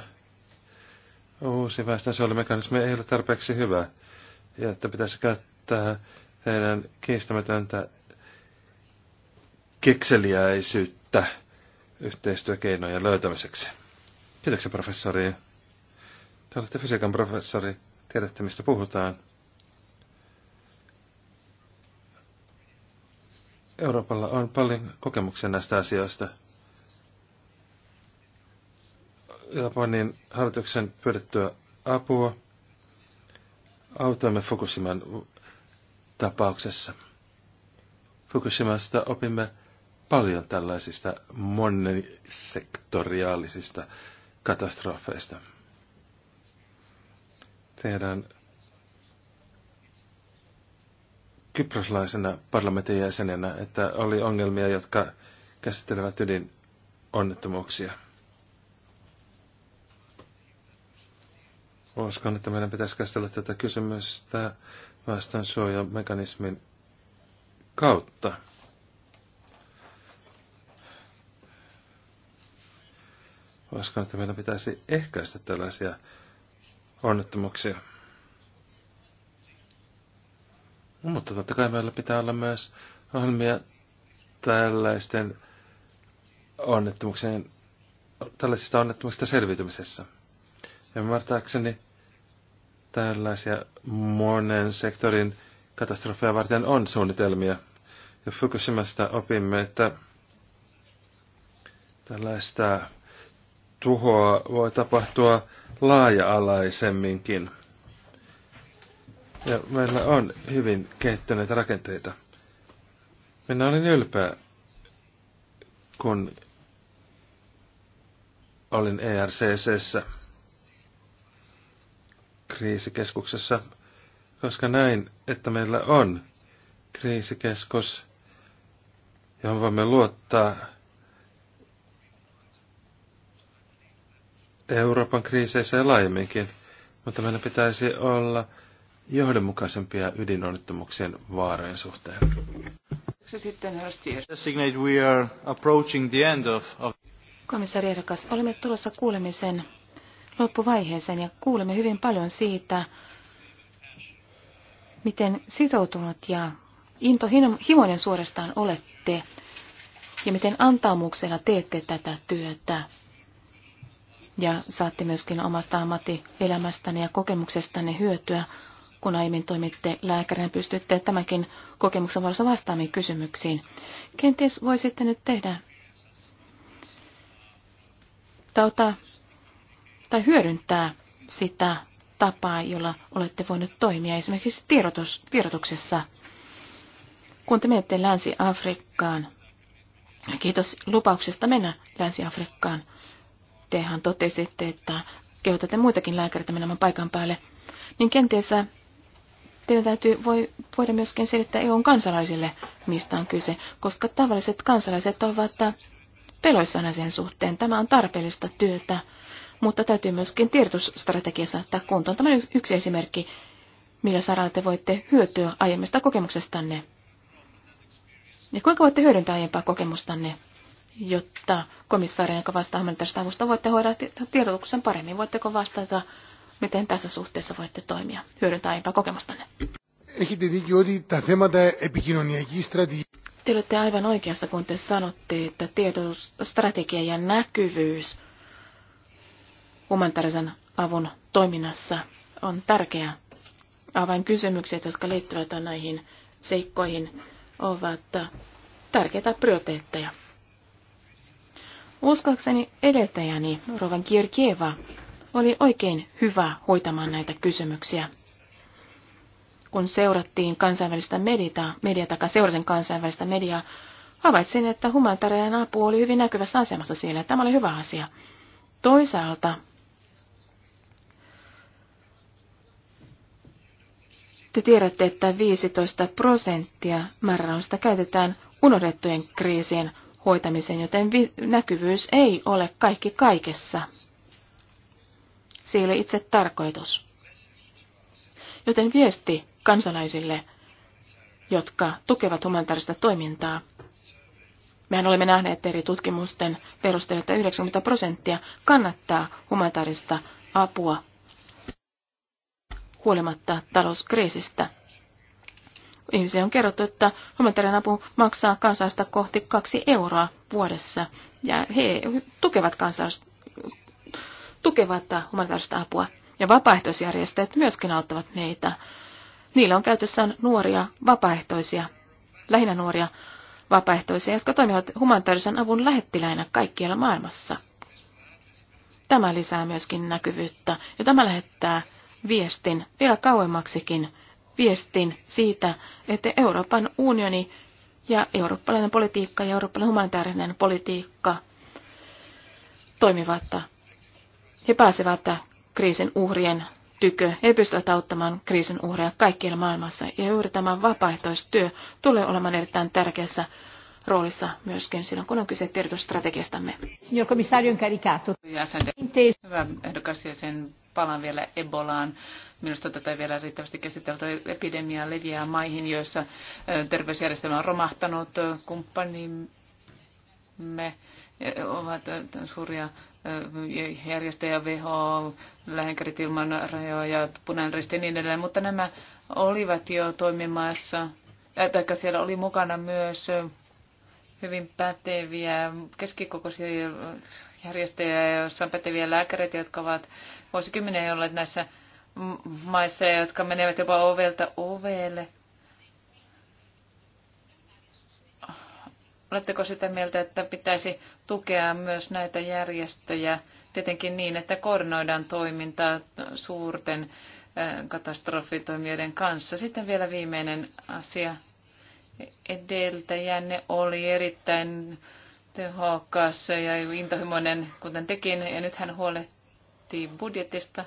B: uusi väestönsuojelumekanismi ei ole tarpeeksi hyvä ja että pitäisi käyttää Tähän, teidän kiistämätöntä kekseliäisyyttä yhteistyökeinojen löytämiseksi. Kiitoksia professori. Te olette fysiikan professori, tiedätte mistä puhutaan. Euroopalla on paljon kokemuksia näistä asioista. Japanin hallituksen pyydettyä apua autoimme Fukushiman tapauksessa. Fukushimasta opimme paljon tällaisista monisektoriaalisista katastrofeista. Tehdään kyproslaisena parlamentin jäsenenä, että oli ongelmia, jotka käsittelevät ydin onnettomuuksia. Uskon, että meidän pitäisi käsitellä tätä kysymystä vastansuojamekanismin kautta. Uskon, että meidän pitäisi ehkäistä tällaisia onnettomuuksia. No, mutta totta kai meillä pitää olla myös ohjelmia tällaisten onnettomuuksien, tällaisista onnettomuuksista selviytymisessä. Ymmärtääkseni Tällaisia monen sektorin katastrofeja varten on suunnitelmia. Ja Fukushimasta opimme, että tällaista tuhoa voi tapahtua laaja-alaisemminkin. Ja meillä on hyvin kehittyneitä rakenteita. Minä olin ylpeä, kun olin ERCCssä kriisikeskuksessa, koska näin, että meillä on kriisikeskus, johon voimme luottaa Euroopan kriiseissä ja laajemminkin, mutta meidän pitäisi olla johdonmukaisempia ydinonnettomuuksien vaarojen suhteen. Sitten we
D: Komissaari olemme tulossa kuulemisen loppuvaiheeseen ja kuulemme hyvin paljon siitä, miten sitoutunut ja intohimoinen suorastaan olette ja miten antaumuksena teette tätä työtä. Ja saatte myöskin omasta ammattielämästänne ja kokemuksestanne hyötyä, kun aiemmin toimitte lääkärinä, pystytte tämänkin kokemuksen valossa vastaamiin kysymyksiin. Kenties voisitte nyt tehdä tai ottaa tai hyödyntää sitä tapaa, jolla olette voineet toimia esimerkiksi tiedotus, tiedotuksessa, kun te menette Länsi-Afrikkaan. Kiitos lupauksesta mennä Länsi-Afrikkaan. Tehän totesitte, että kehotatte muitakin lääkäreitä menemään paikan päälle. Niin kenties teidän täytyy voi, voida myöskin selittää EUn kansalaisille, mistä on kyse, koska tavalliset kansalaiset ovat peloissaan sen suhteen. Tämä on tarpeellista työtä mutta täytyy myöskin tiedotusstrategia saattaa kuntoon. Tämä on yksi esimerkki, millä saralla te voitte hyötyä aiemmista kokemuksestanne. Ja kuinka voitte hyödyntää aiempaa kokemustanne, jotta komissaarin, joka vastaa humanitaarista avusta, voitte hoidaa tiedotuksen paremmin? Voitteko vastata, miten tässä suhteessa voitte toimia, hyödyntää aiempaa kokemustanne? Te olette aivan oikeassa, kun te sanotte, että tiedotusstrategia ja näkyvyys – humanitaarisen avun toiminnassa on tärkeä. Avainkysymykset, jotka liittyvät näihin seikkoihin, ovat tärkeitä prioriteetteja. Uskoakseni edeltäjäni Rovan Georgieva oli oikein hyvä hoitamaan näitä kysymyksiä. Kun seurattiin kansainvälistä mediaa, mediata tai seurasin kansainvälistä mediaa, havaitsin, että humanitaarinen apu oli hyvin näkyvässä asemassa siellä. Tämä oli hyvä asia. Toisaalta Te tiedätte, että 15 prosenttia määrärahoista käytetään unohdettujen kriisien hoitamiseen, joten näkyvyys ei ole kaikki kaikessa. Siellä itse tarkoitus. Joten viesti kansalaisille, jotka tukevat humanitaarista toimintaa. Mehän olemme nähneet eri tutkimusten perusteella, että 90 prosenttia kannattaa humanitaarista apua huolimatta talouskriisistä. Ihmisiä on kerrottu, että humanitaarinen apu maksaa kansalaista kohti kaksi euroa vuodessa, ja he tukevat, tukevat humanitaarista apua. Ja vapaaehtoisjärjestöt myöskin auttavat meitä. Niillä on käytössään nuoria vapaaehtoisia, lähinnä nuoria vapaaehtoisia, jotka toimivat humanitaarisen avun lähettiläinä kaikkialla maailmassa. Tämä lisää myöskin näkyvyyttä ja tämä lähettää viestin, vielä kauemmaksikin viestin siitä, että Euroopan unioni ja eurooppalainen politiikka ja eurooppalainen humanitaarinen politiikka toimivat. He pääsevät kriisin uhrien tykö. He pystyvät auttamaan kriisin uhreja kaikkialla maailmassa. Ja juuri tämä vapaaehtoistyö tulee olemaan erittäin tärkeässä roolissa myöskin silloin, kun on kyse tiedotusstrategiastamme.
A: Signor commissario incaricato. Hyvä ehdokas ja sen palaan vielä Ebolaan. Minusta tätä ei vielä riittävästi käsitelty. Epidemia leviää maihin, joissa terveysjärjestelmä on romahtanut. Kumppanimme ovat suuria järjestöjä, WHO, lähenkärit ilman rajoja ja punainen risti ja niin edelleen, mutta nämä olivat jo toimimassa, tai siellä oli mukana myös hyvin päteviä keskikokoisia järjestöjä, joissa on päteviä lääkäreitä, jotka ovat vuosikymmeniä ei olleet näissä maissa, jotka menevät jopa ovelta ovelle. Oletteko sitä mieltä, että pitäisi tukea myös näitä järjestöjä tietenkin niin, että koordinoidaan toimintaa suurten katastrofitoimijoiden kanssa? Sitten vielä viimeinen asia. Edeltäjänne oli erittäin tehokas ja intohimoinen, kuten tekin, ja nyt hän huolehtii päätettiin budjetista.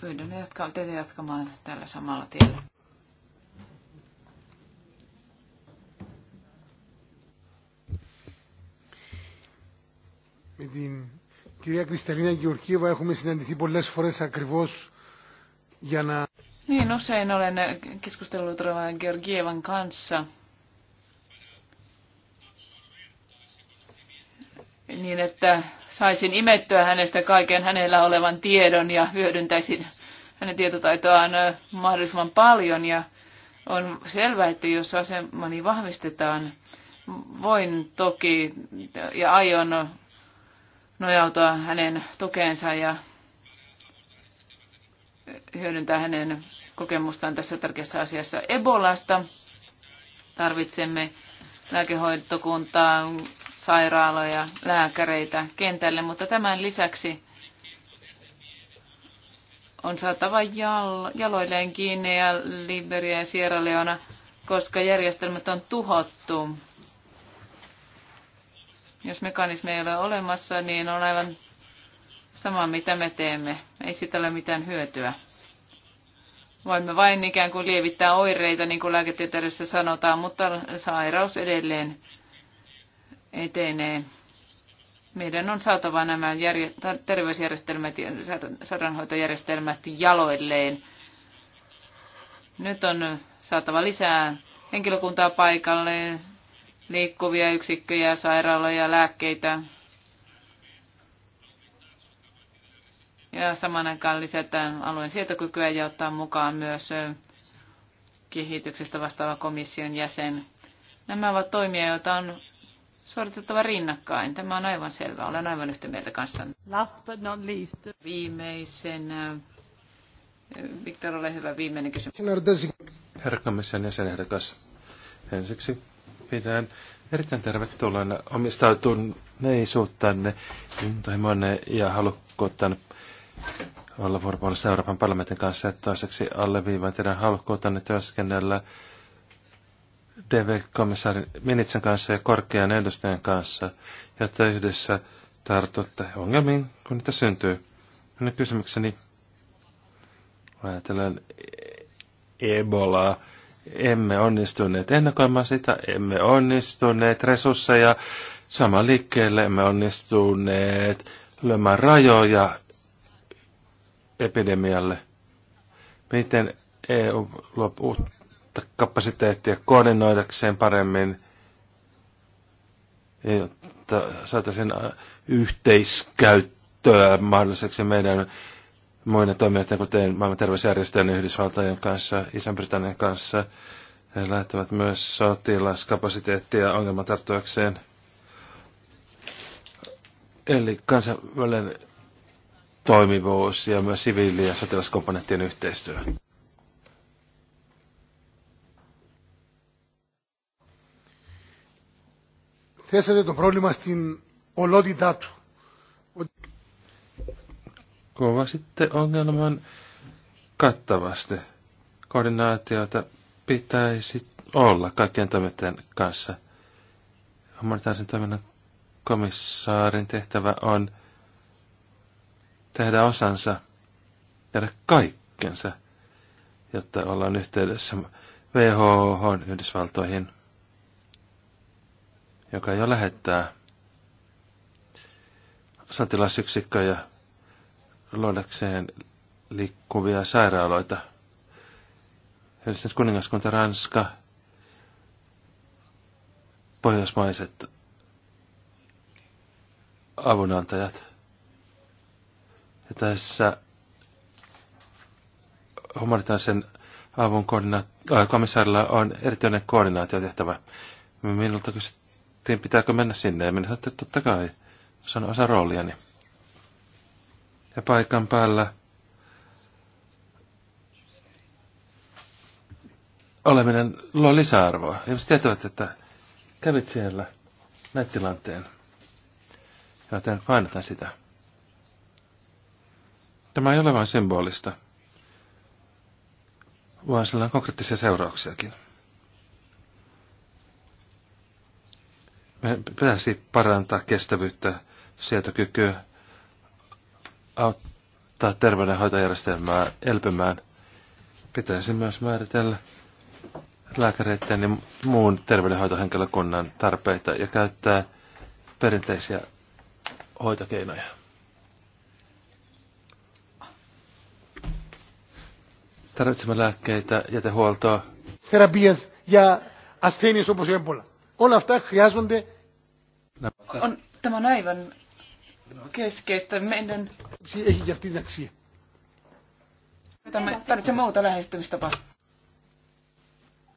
A: Pyydän ne jatkaa, teitä jatkamaan tällä samalla
C: tiellä. Με την κυρία Κρυσταλίνα Γεωργίευα έχουμε συναντηθεί πολλές φορές ακριβώς για να...
A: Niin, usein olen keskustellut Rovan Georgievan kanssa niin, että saisin imettyä hänestä kaiken hänellä olevan tiedon ja hyödyntäisin hänen tietotaitoaan mahdollisimman paljon. Ja on selvää, että jos asemani vahvistetaan, voin toki ja aion nojautua hänen tukeensa ja hyödyntää hänen kokemustaan tässä tärkeässä asiassa Ebolasta. Tarvitsemme lääkehoitokuntaa, sairaaloja, lääkäreitä kentälle, mutta tämän lisäksi on saatava jal- jaloilleen kiinni ja Liberia ja Sierra Leona, koska järjestelmät on tuhottu. Jos mekanismi ei ole olemassa, niin on aivan sama, mitä me teemme. Ei siitä ole mitään hyötyä. Voimme vain ikään kuin lievittää oireita, niin kuin lääketieteellisessä sanotaan, mutta sairaus edelleen etenee. Meidän on saatava nämä järje- terveysjärjestelmät ja sairaanhoitojärjestelmät jaloilleen. Nyt on saatava lisää henkilökuntaa paikalle, liikkuvia yksikköjä, sairaaloja, lääkkeitä. Ja saman aikaan lisätään alueen sietokykyä ja ottaa mukaan myös kehityksestä vastaava komission jäsen. Nämä ovat toimia, joita on suoritettava rinnakkain. Tämä on aivan selvä. Olen aivan yhtä mieltä kanssa Last but not least. Viimeisen. Äh, Viktor, ole hyvä. Viimeinen kysymys.
B: Herra komission jäsenehdokas, ensiksi pidän erittäin tervetulleena omistautuneisuuttanne, intohimoanne ja halukkuuttanne olla vuoropuolessa Euroopan parlamentin kanssa toiseksi alleviivaan teidän halukkuuttanne työskennellä TV-komissaari Minitsen kanssa ja korkean edustajan kanssa, jotta yhdessä tartutte ongelmiin, kun niitä syntyy. Minun kysymykseni ajatellaan Ebolaa. Emme onnistuneet ennakoimaan sitä, emme onnistuneet resursseja sama liikkeelle, emme onnistuneet lyömään rajoja epidemialle. Miten EU luo kapasiteettia koordinoidakseen paremmin, jotta saataisiin äh, yhteiskäyttöä mahdolliseksi meidän muiden toimijoiden, kuten maailman terveysjärjestöjen Yhdysvaltojen kanssa, Iso-Britannian kanssa. He lähettävät myös sotilaskapasiteettia ongelman tarttuakseen. Eli kansainvälinen toimivuus ja myös siviili- ja sotilaskomponenttien yhteistyö.
C: θέσατε το πρόβλημα στην ολότητά του. Kuvasitte ongelman
B: kattavasti. Koordinaatiota pitäisi olla kaikkien toimittajien kanssa. Humanitaarisen toiminnan komissaarin tehtävä on tehdä osansa, tehdä kaikkensa, jotta ollaan yhteydessä WHO, Yhdysvaltoihin – joka jo lähettää sotilasyksikköjä luodakseen liikkuvia sairaaloita. Helsingin kuningaskunta Ranska, pohjoismaiset avunantajat. Ja tässä humanitaarisen avun koordinaat- äh, komissaarilla on erityinen koordinaatiotehtävä. Minulta kysyt, kysyttiin, pitääkö mennä sinne, ja minä sanoin, että totta kai, se on osa rooliani. Ja paikan päällä oleminen luo lisäarvoa. Ihmiset tietävät, että kävit siellä, näin tilanteen, joten painetaan sitä. Tämä ei ole vain symbolista, vaan sillä on konkreettisia seurauksiakin. Me pitäisi parantaa kestävyyttä, sietokykyä, auttaa terveydenhoitojärjestelmää elpymään. Pitäisi myös määritellä lääkäreiden ja muun terveydenhoitohenkilökunnan tarpeita ja käyttää perinteisiä hoitokeinoja. Tarvitsemme lääkkeitä,
C: jätehuoltoa. Terapias ja asteenis opus embola. Όλα αυτά χρειάζονται να on,
A: Tämä on aivan keskeistä. Meidän...
C: Έχει για αυτή την αξία. Tarvitsemme muuta lähestymistapaa.